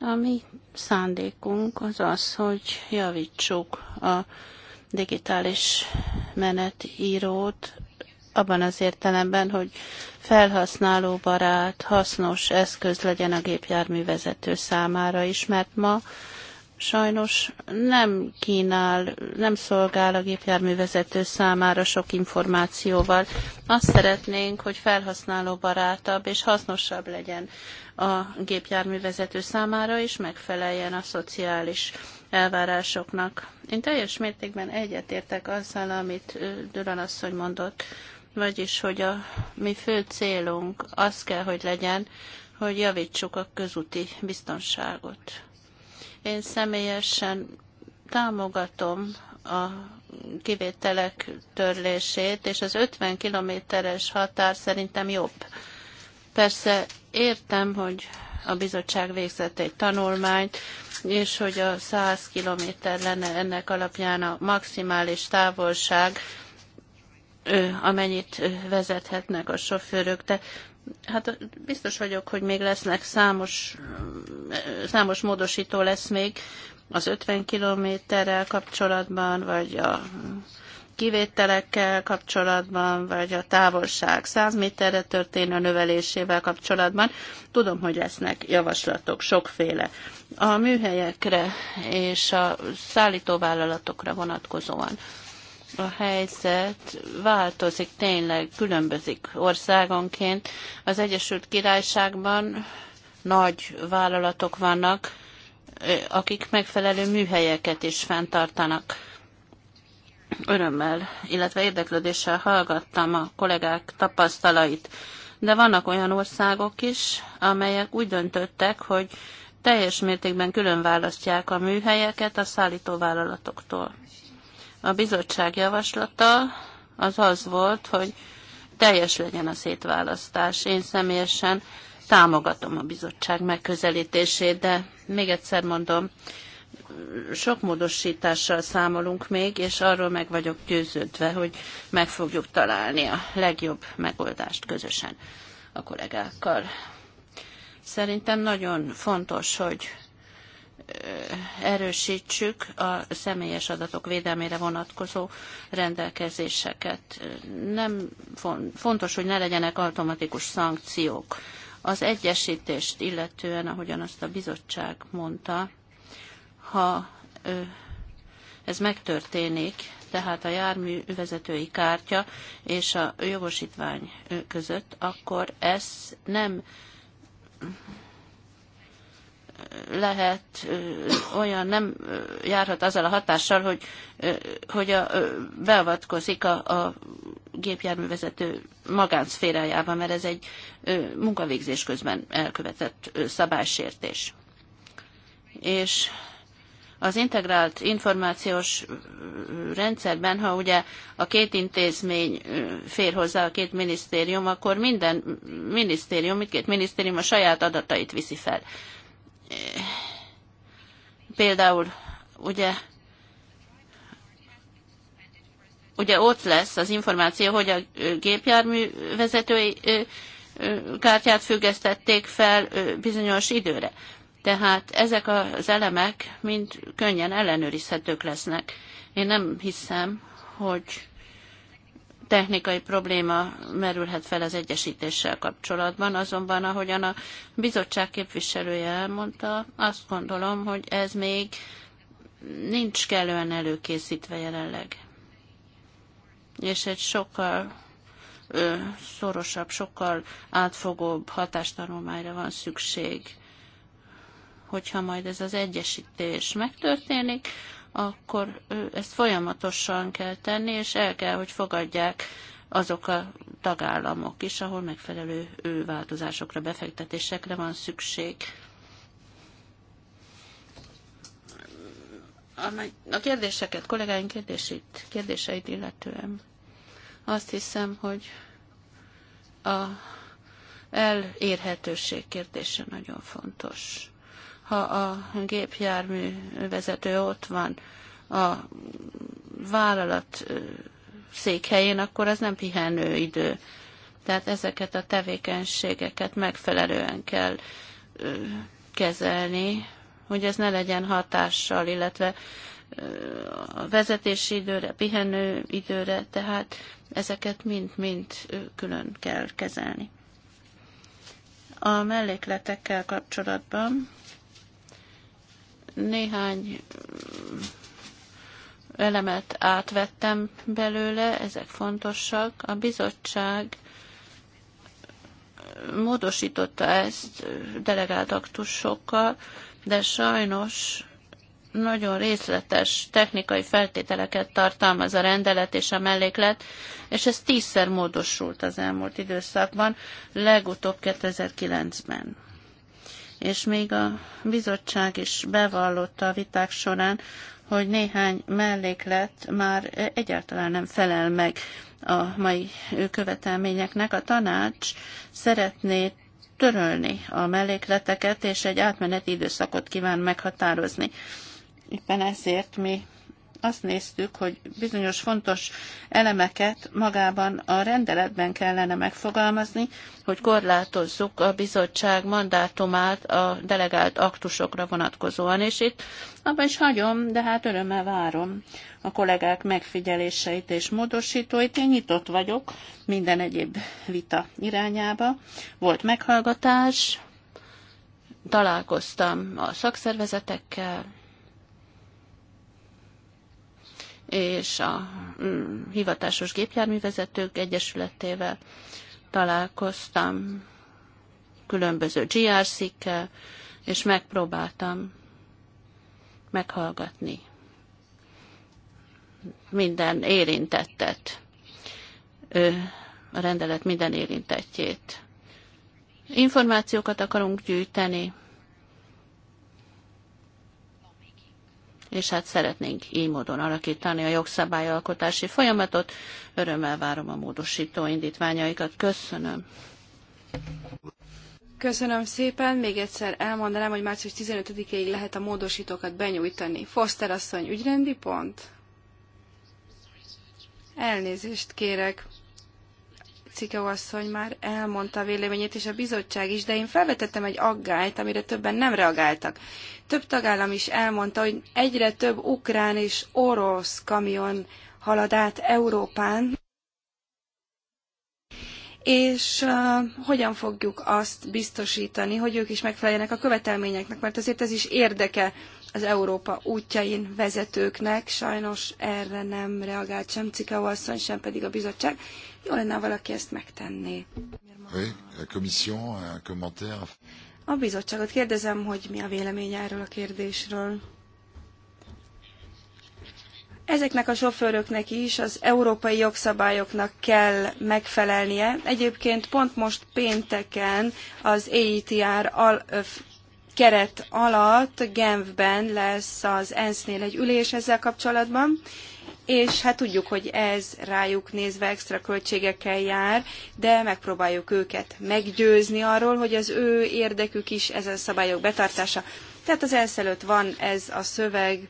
A mi szándékunk az az, hogy javítsuk a digitális menetírót, abban az értelemben, hogy felhasználóbarát, hasznos eszköz legyen a gépjárművezető számára is, mert ma sajnos nem kínál, nem szolgál a gépjárművezető számára sok információval. Azt szeretnénk, hogy felhasználóbarátabb és hasznosabb legyen a gépjárművezető számára, is, megfeleljen a szociális elvárásoknak. Én teljes mértékben egyetértek azzal, amit Düran asszony mondott vagyis, hogy a mi fő célunk az kell, hogy legyen, hogy javítsuk a közúti biztonságot. Én személyesen támogatom a kivételek törlését, és az 50 kilométeres határ szerintem jobb. Persze értem, hogy a bizottság végzett egy tanulmányt, és hogy a 100 kilométer lenne ennek alapján a maximális távolság, amennyit vezethetnek a sofőrök, de Hát biztos vagyok, hogy még lesznek számos, számos módosító lesz még az 50 kilométerrel kapcsolatban, vagy a kivételekkel kapcsolatban, vagy a távolság 100 méterre történő növelésével kapcsolatban. Tudom, hogy lesznek javaslatok sokféle. A műhelyekre és a szállítóvállalatokra vonatkozóan a helyzet változik, tényleg különbözik országonként. Az Egyesült Királyságban nagy vállalatok vannak, akik megfelelő műhelyeket is fenntartanak. Örömmel, illetve érdeklődéssel hallgattam a kollégák tapasztalait, de vannak olyan országok is, amelyek úgy döntöttek, hogy teljes mértékben külön választják a műhelyeket a szállítóvállalatoktól. A bizottság javaslata az az volt, hogy teljes legyen a szétválasztás. Én személyesen támogatom a bizottság megközelítését, de még egyszer mondom, sok módosítással számolunk még, és arról meg vagyok győződve, hogy meg fogjuk találni a legjobb megoldást közösen a kollégákkal. Szerintem nagyon fontos, hogy erősítsük a személyes adatok védelmére vonatkozó rendelkezéseket. Nem fontos, hogy ne legyenek automatikus szankciók. Az egyesítést illetően, ahogyan azt a bizottság mondta, ha ez megtörténik, tehát a jármű vezetői kártya és a jogosítvány között, akkor ez nem lehet olyan, nem járhat azzal a hatással, hogy, hogy a, beavatkozik a, a gépjárművezető magánszférájába, mert ez egy munkavégzés közben elkövetett szabálysértés. És az integrált információs rendszerben, ha ugye a két intézmény fér hozzá, a két minisztérium, akkor minden minisztérium, mindkét minisztérium a saját adatait viszi fel például ugye ugye ott lesz az információ, hogy a gépjármű vezetői kártyát függesztették fel bizonyos időre. Tehát ezek az elemek mind könnyen ellenőrizhetők lesznek. Én nem hiszem, hogy technikai probléma merülhet fel az egyesítéssel kapcsolatban, azonban ahogyan a bizottság képviselője elmondta, azt gondolom, hogy ez még nincs kellően előkészítve jelenleg. És egy sokkal ö, szorosabb, sokkal átfogóbb hatástanulmányra van szükség. Hogyha majd ez az egyesítés megtörténik, akkor ezt folyamatosan kell tenni, és el kell, hogy fogadják azok a tagállamok is, ahol megfelelő változásokra, befektetésekre van szükség. A kérdéseket, kollégáink kérdését, kérdéseit illetően azt hiszem, hogy a elérhetőség kérdése nagyon fontos ha a gépjármű vezető ott van a vállalat székhelyén, akkor az nem pihenő idő. Tehát ezeket a tevékenységeket megfelelően kell kezelni, hogy ez ne legyen hatással, illetve a vezetési időre, pihenő időre, tehát ezeket mind-mind külön kell kezelni. A mellékletekkel kapcsolatban néhány elemet átvettem belőle, ezek fontosak. A bizottság módosította ezt delegált aktusokkal, de sajnos nagyon részletes technikai feltételeket tartalmaz a rendelet és a melléklet, és ez tízszer módosult az elmúlt időszakban, legutóbb 2009-ben és még a bizottság is bevallotta a viták során, hogy néhány melléklet már egyáltalán nem felel meg a mai követelményeknek. A tanács szeretné törölni a mellékleteket, és egy átmeneti időszakot kíván meghatározni. Éppen ezért mi azt néztük, hogy bizonyos fontos elemeket magában a rendeletben kellene megfogalmazni, hogy korlátozzuk a bizottság mandátumát a delegált aktusokra vonatkozóan, és itt abban is hagyom, de hát örömmel várom a kollégák megfigyeléseit és módosítóit. Én nyitott vagyok minden egyéb vita irányába. Volt meghallgatás, találkoztam a szakszervezetekkel, és a mm, hivatásos gépjárművezetők egyesületével találkoztam, különböző GRC-kkel, és megpróbáltam meghallgatni minden érintettet, a rendelet minden érintettjét. Információkat akarunk gyűjteni és hát szeretnénk így módon alakítani a jogszabályalkotási folyamatot. Örömmel várom a módosító indítványaikat. Köszönöm. Köszönöm szépen. Még egyszer elmondanám, hogy március 15-ig lehet a módosítókat benyújtani. Foster asszony, ügyrendi pont? Elnézést kérek. Cikeu asszony már elmondta a véleményét, és a bizottság is, de én felvetettem egy aggályt, amire többen nem reagáltak. Több tagállam is elmondta, hogy egyre több ukrán és orosz kamion halad át Európán, és uh, hogyan fogjuk azt biztosítani, hogy ők is megfeleljenek a követelményeknek, mert azért ez is érdeke az Európa útjain vezetőknek. Sajnos erre nem reagált sem Cikau asszony, sem pedig a bizottság. Jó lenne, valaki ezt megtenné. A bizottságot kérdezem, hogy mi a vélemény erről a kérdésről. Ezeknek a sofőröknek is az európai jogszabályoknak kell megfelelnie. Egyébként pont most pénteken az EITR al- keret alatt Genfben lesz az ENSZ-nél egy ülés ezzel kapcsolatban, és hát tudjuk, hogy ez rájuk nézve extra költségekkel jár, de megpróbáljuk őket meggyőzni arról, hogy az ő érdekük is ezen szabályok betartása. Tehát az ENSZ előtt van ez a szöveg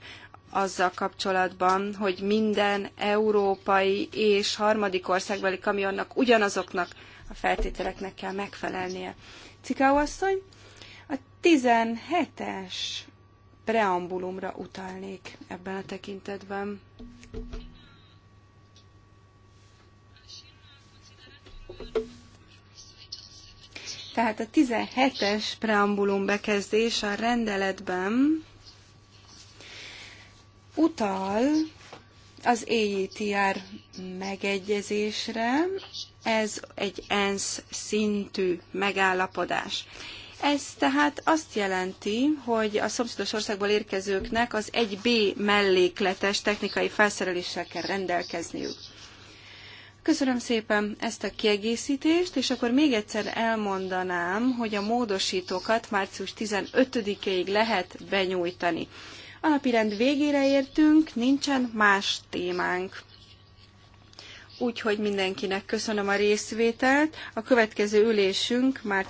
azzal kapcsolatban, hogy minden európai és harmadik országbeli kamionnak ugyanazoknak a feltételeknek kell megfelelnie. Cikáó asszony? 17-es preambulumra utalnék ebben a tekintetben. Tehát a 17-es preambulum bekezdés a rendeletben utal az EITR megegyezésre, ez egy ENSZ szintű megállapodás. Ez tehát azt jelenti, hogy a szomszédos országból érkezőknek az 1B mellékletes technikai felszereléssel kell rendelkezniük. Köszönöm szépen ezt a kiegészítést, és akkor még egyszer elmondanám, hogy a módosítókat március 15-ig lehet benyújtani. A napirend végére értünk, nincsen más témánk. Úgyhogy mindenkinek köszönöm a részvételt. A következő ülésünk március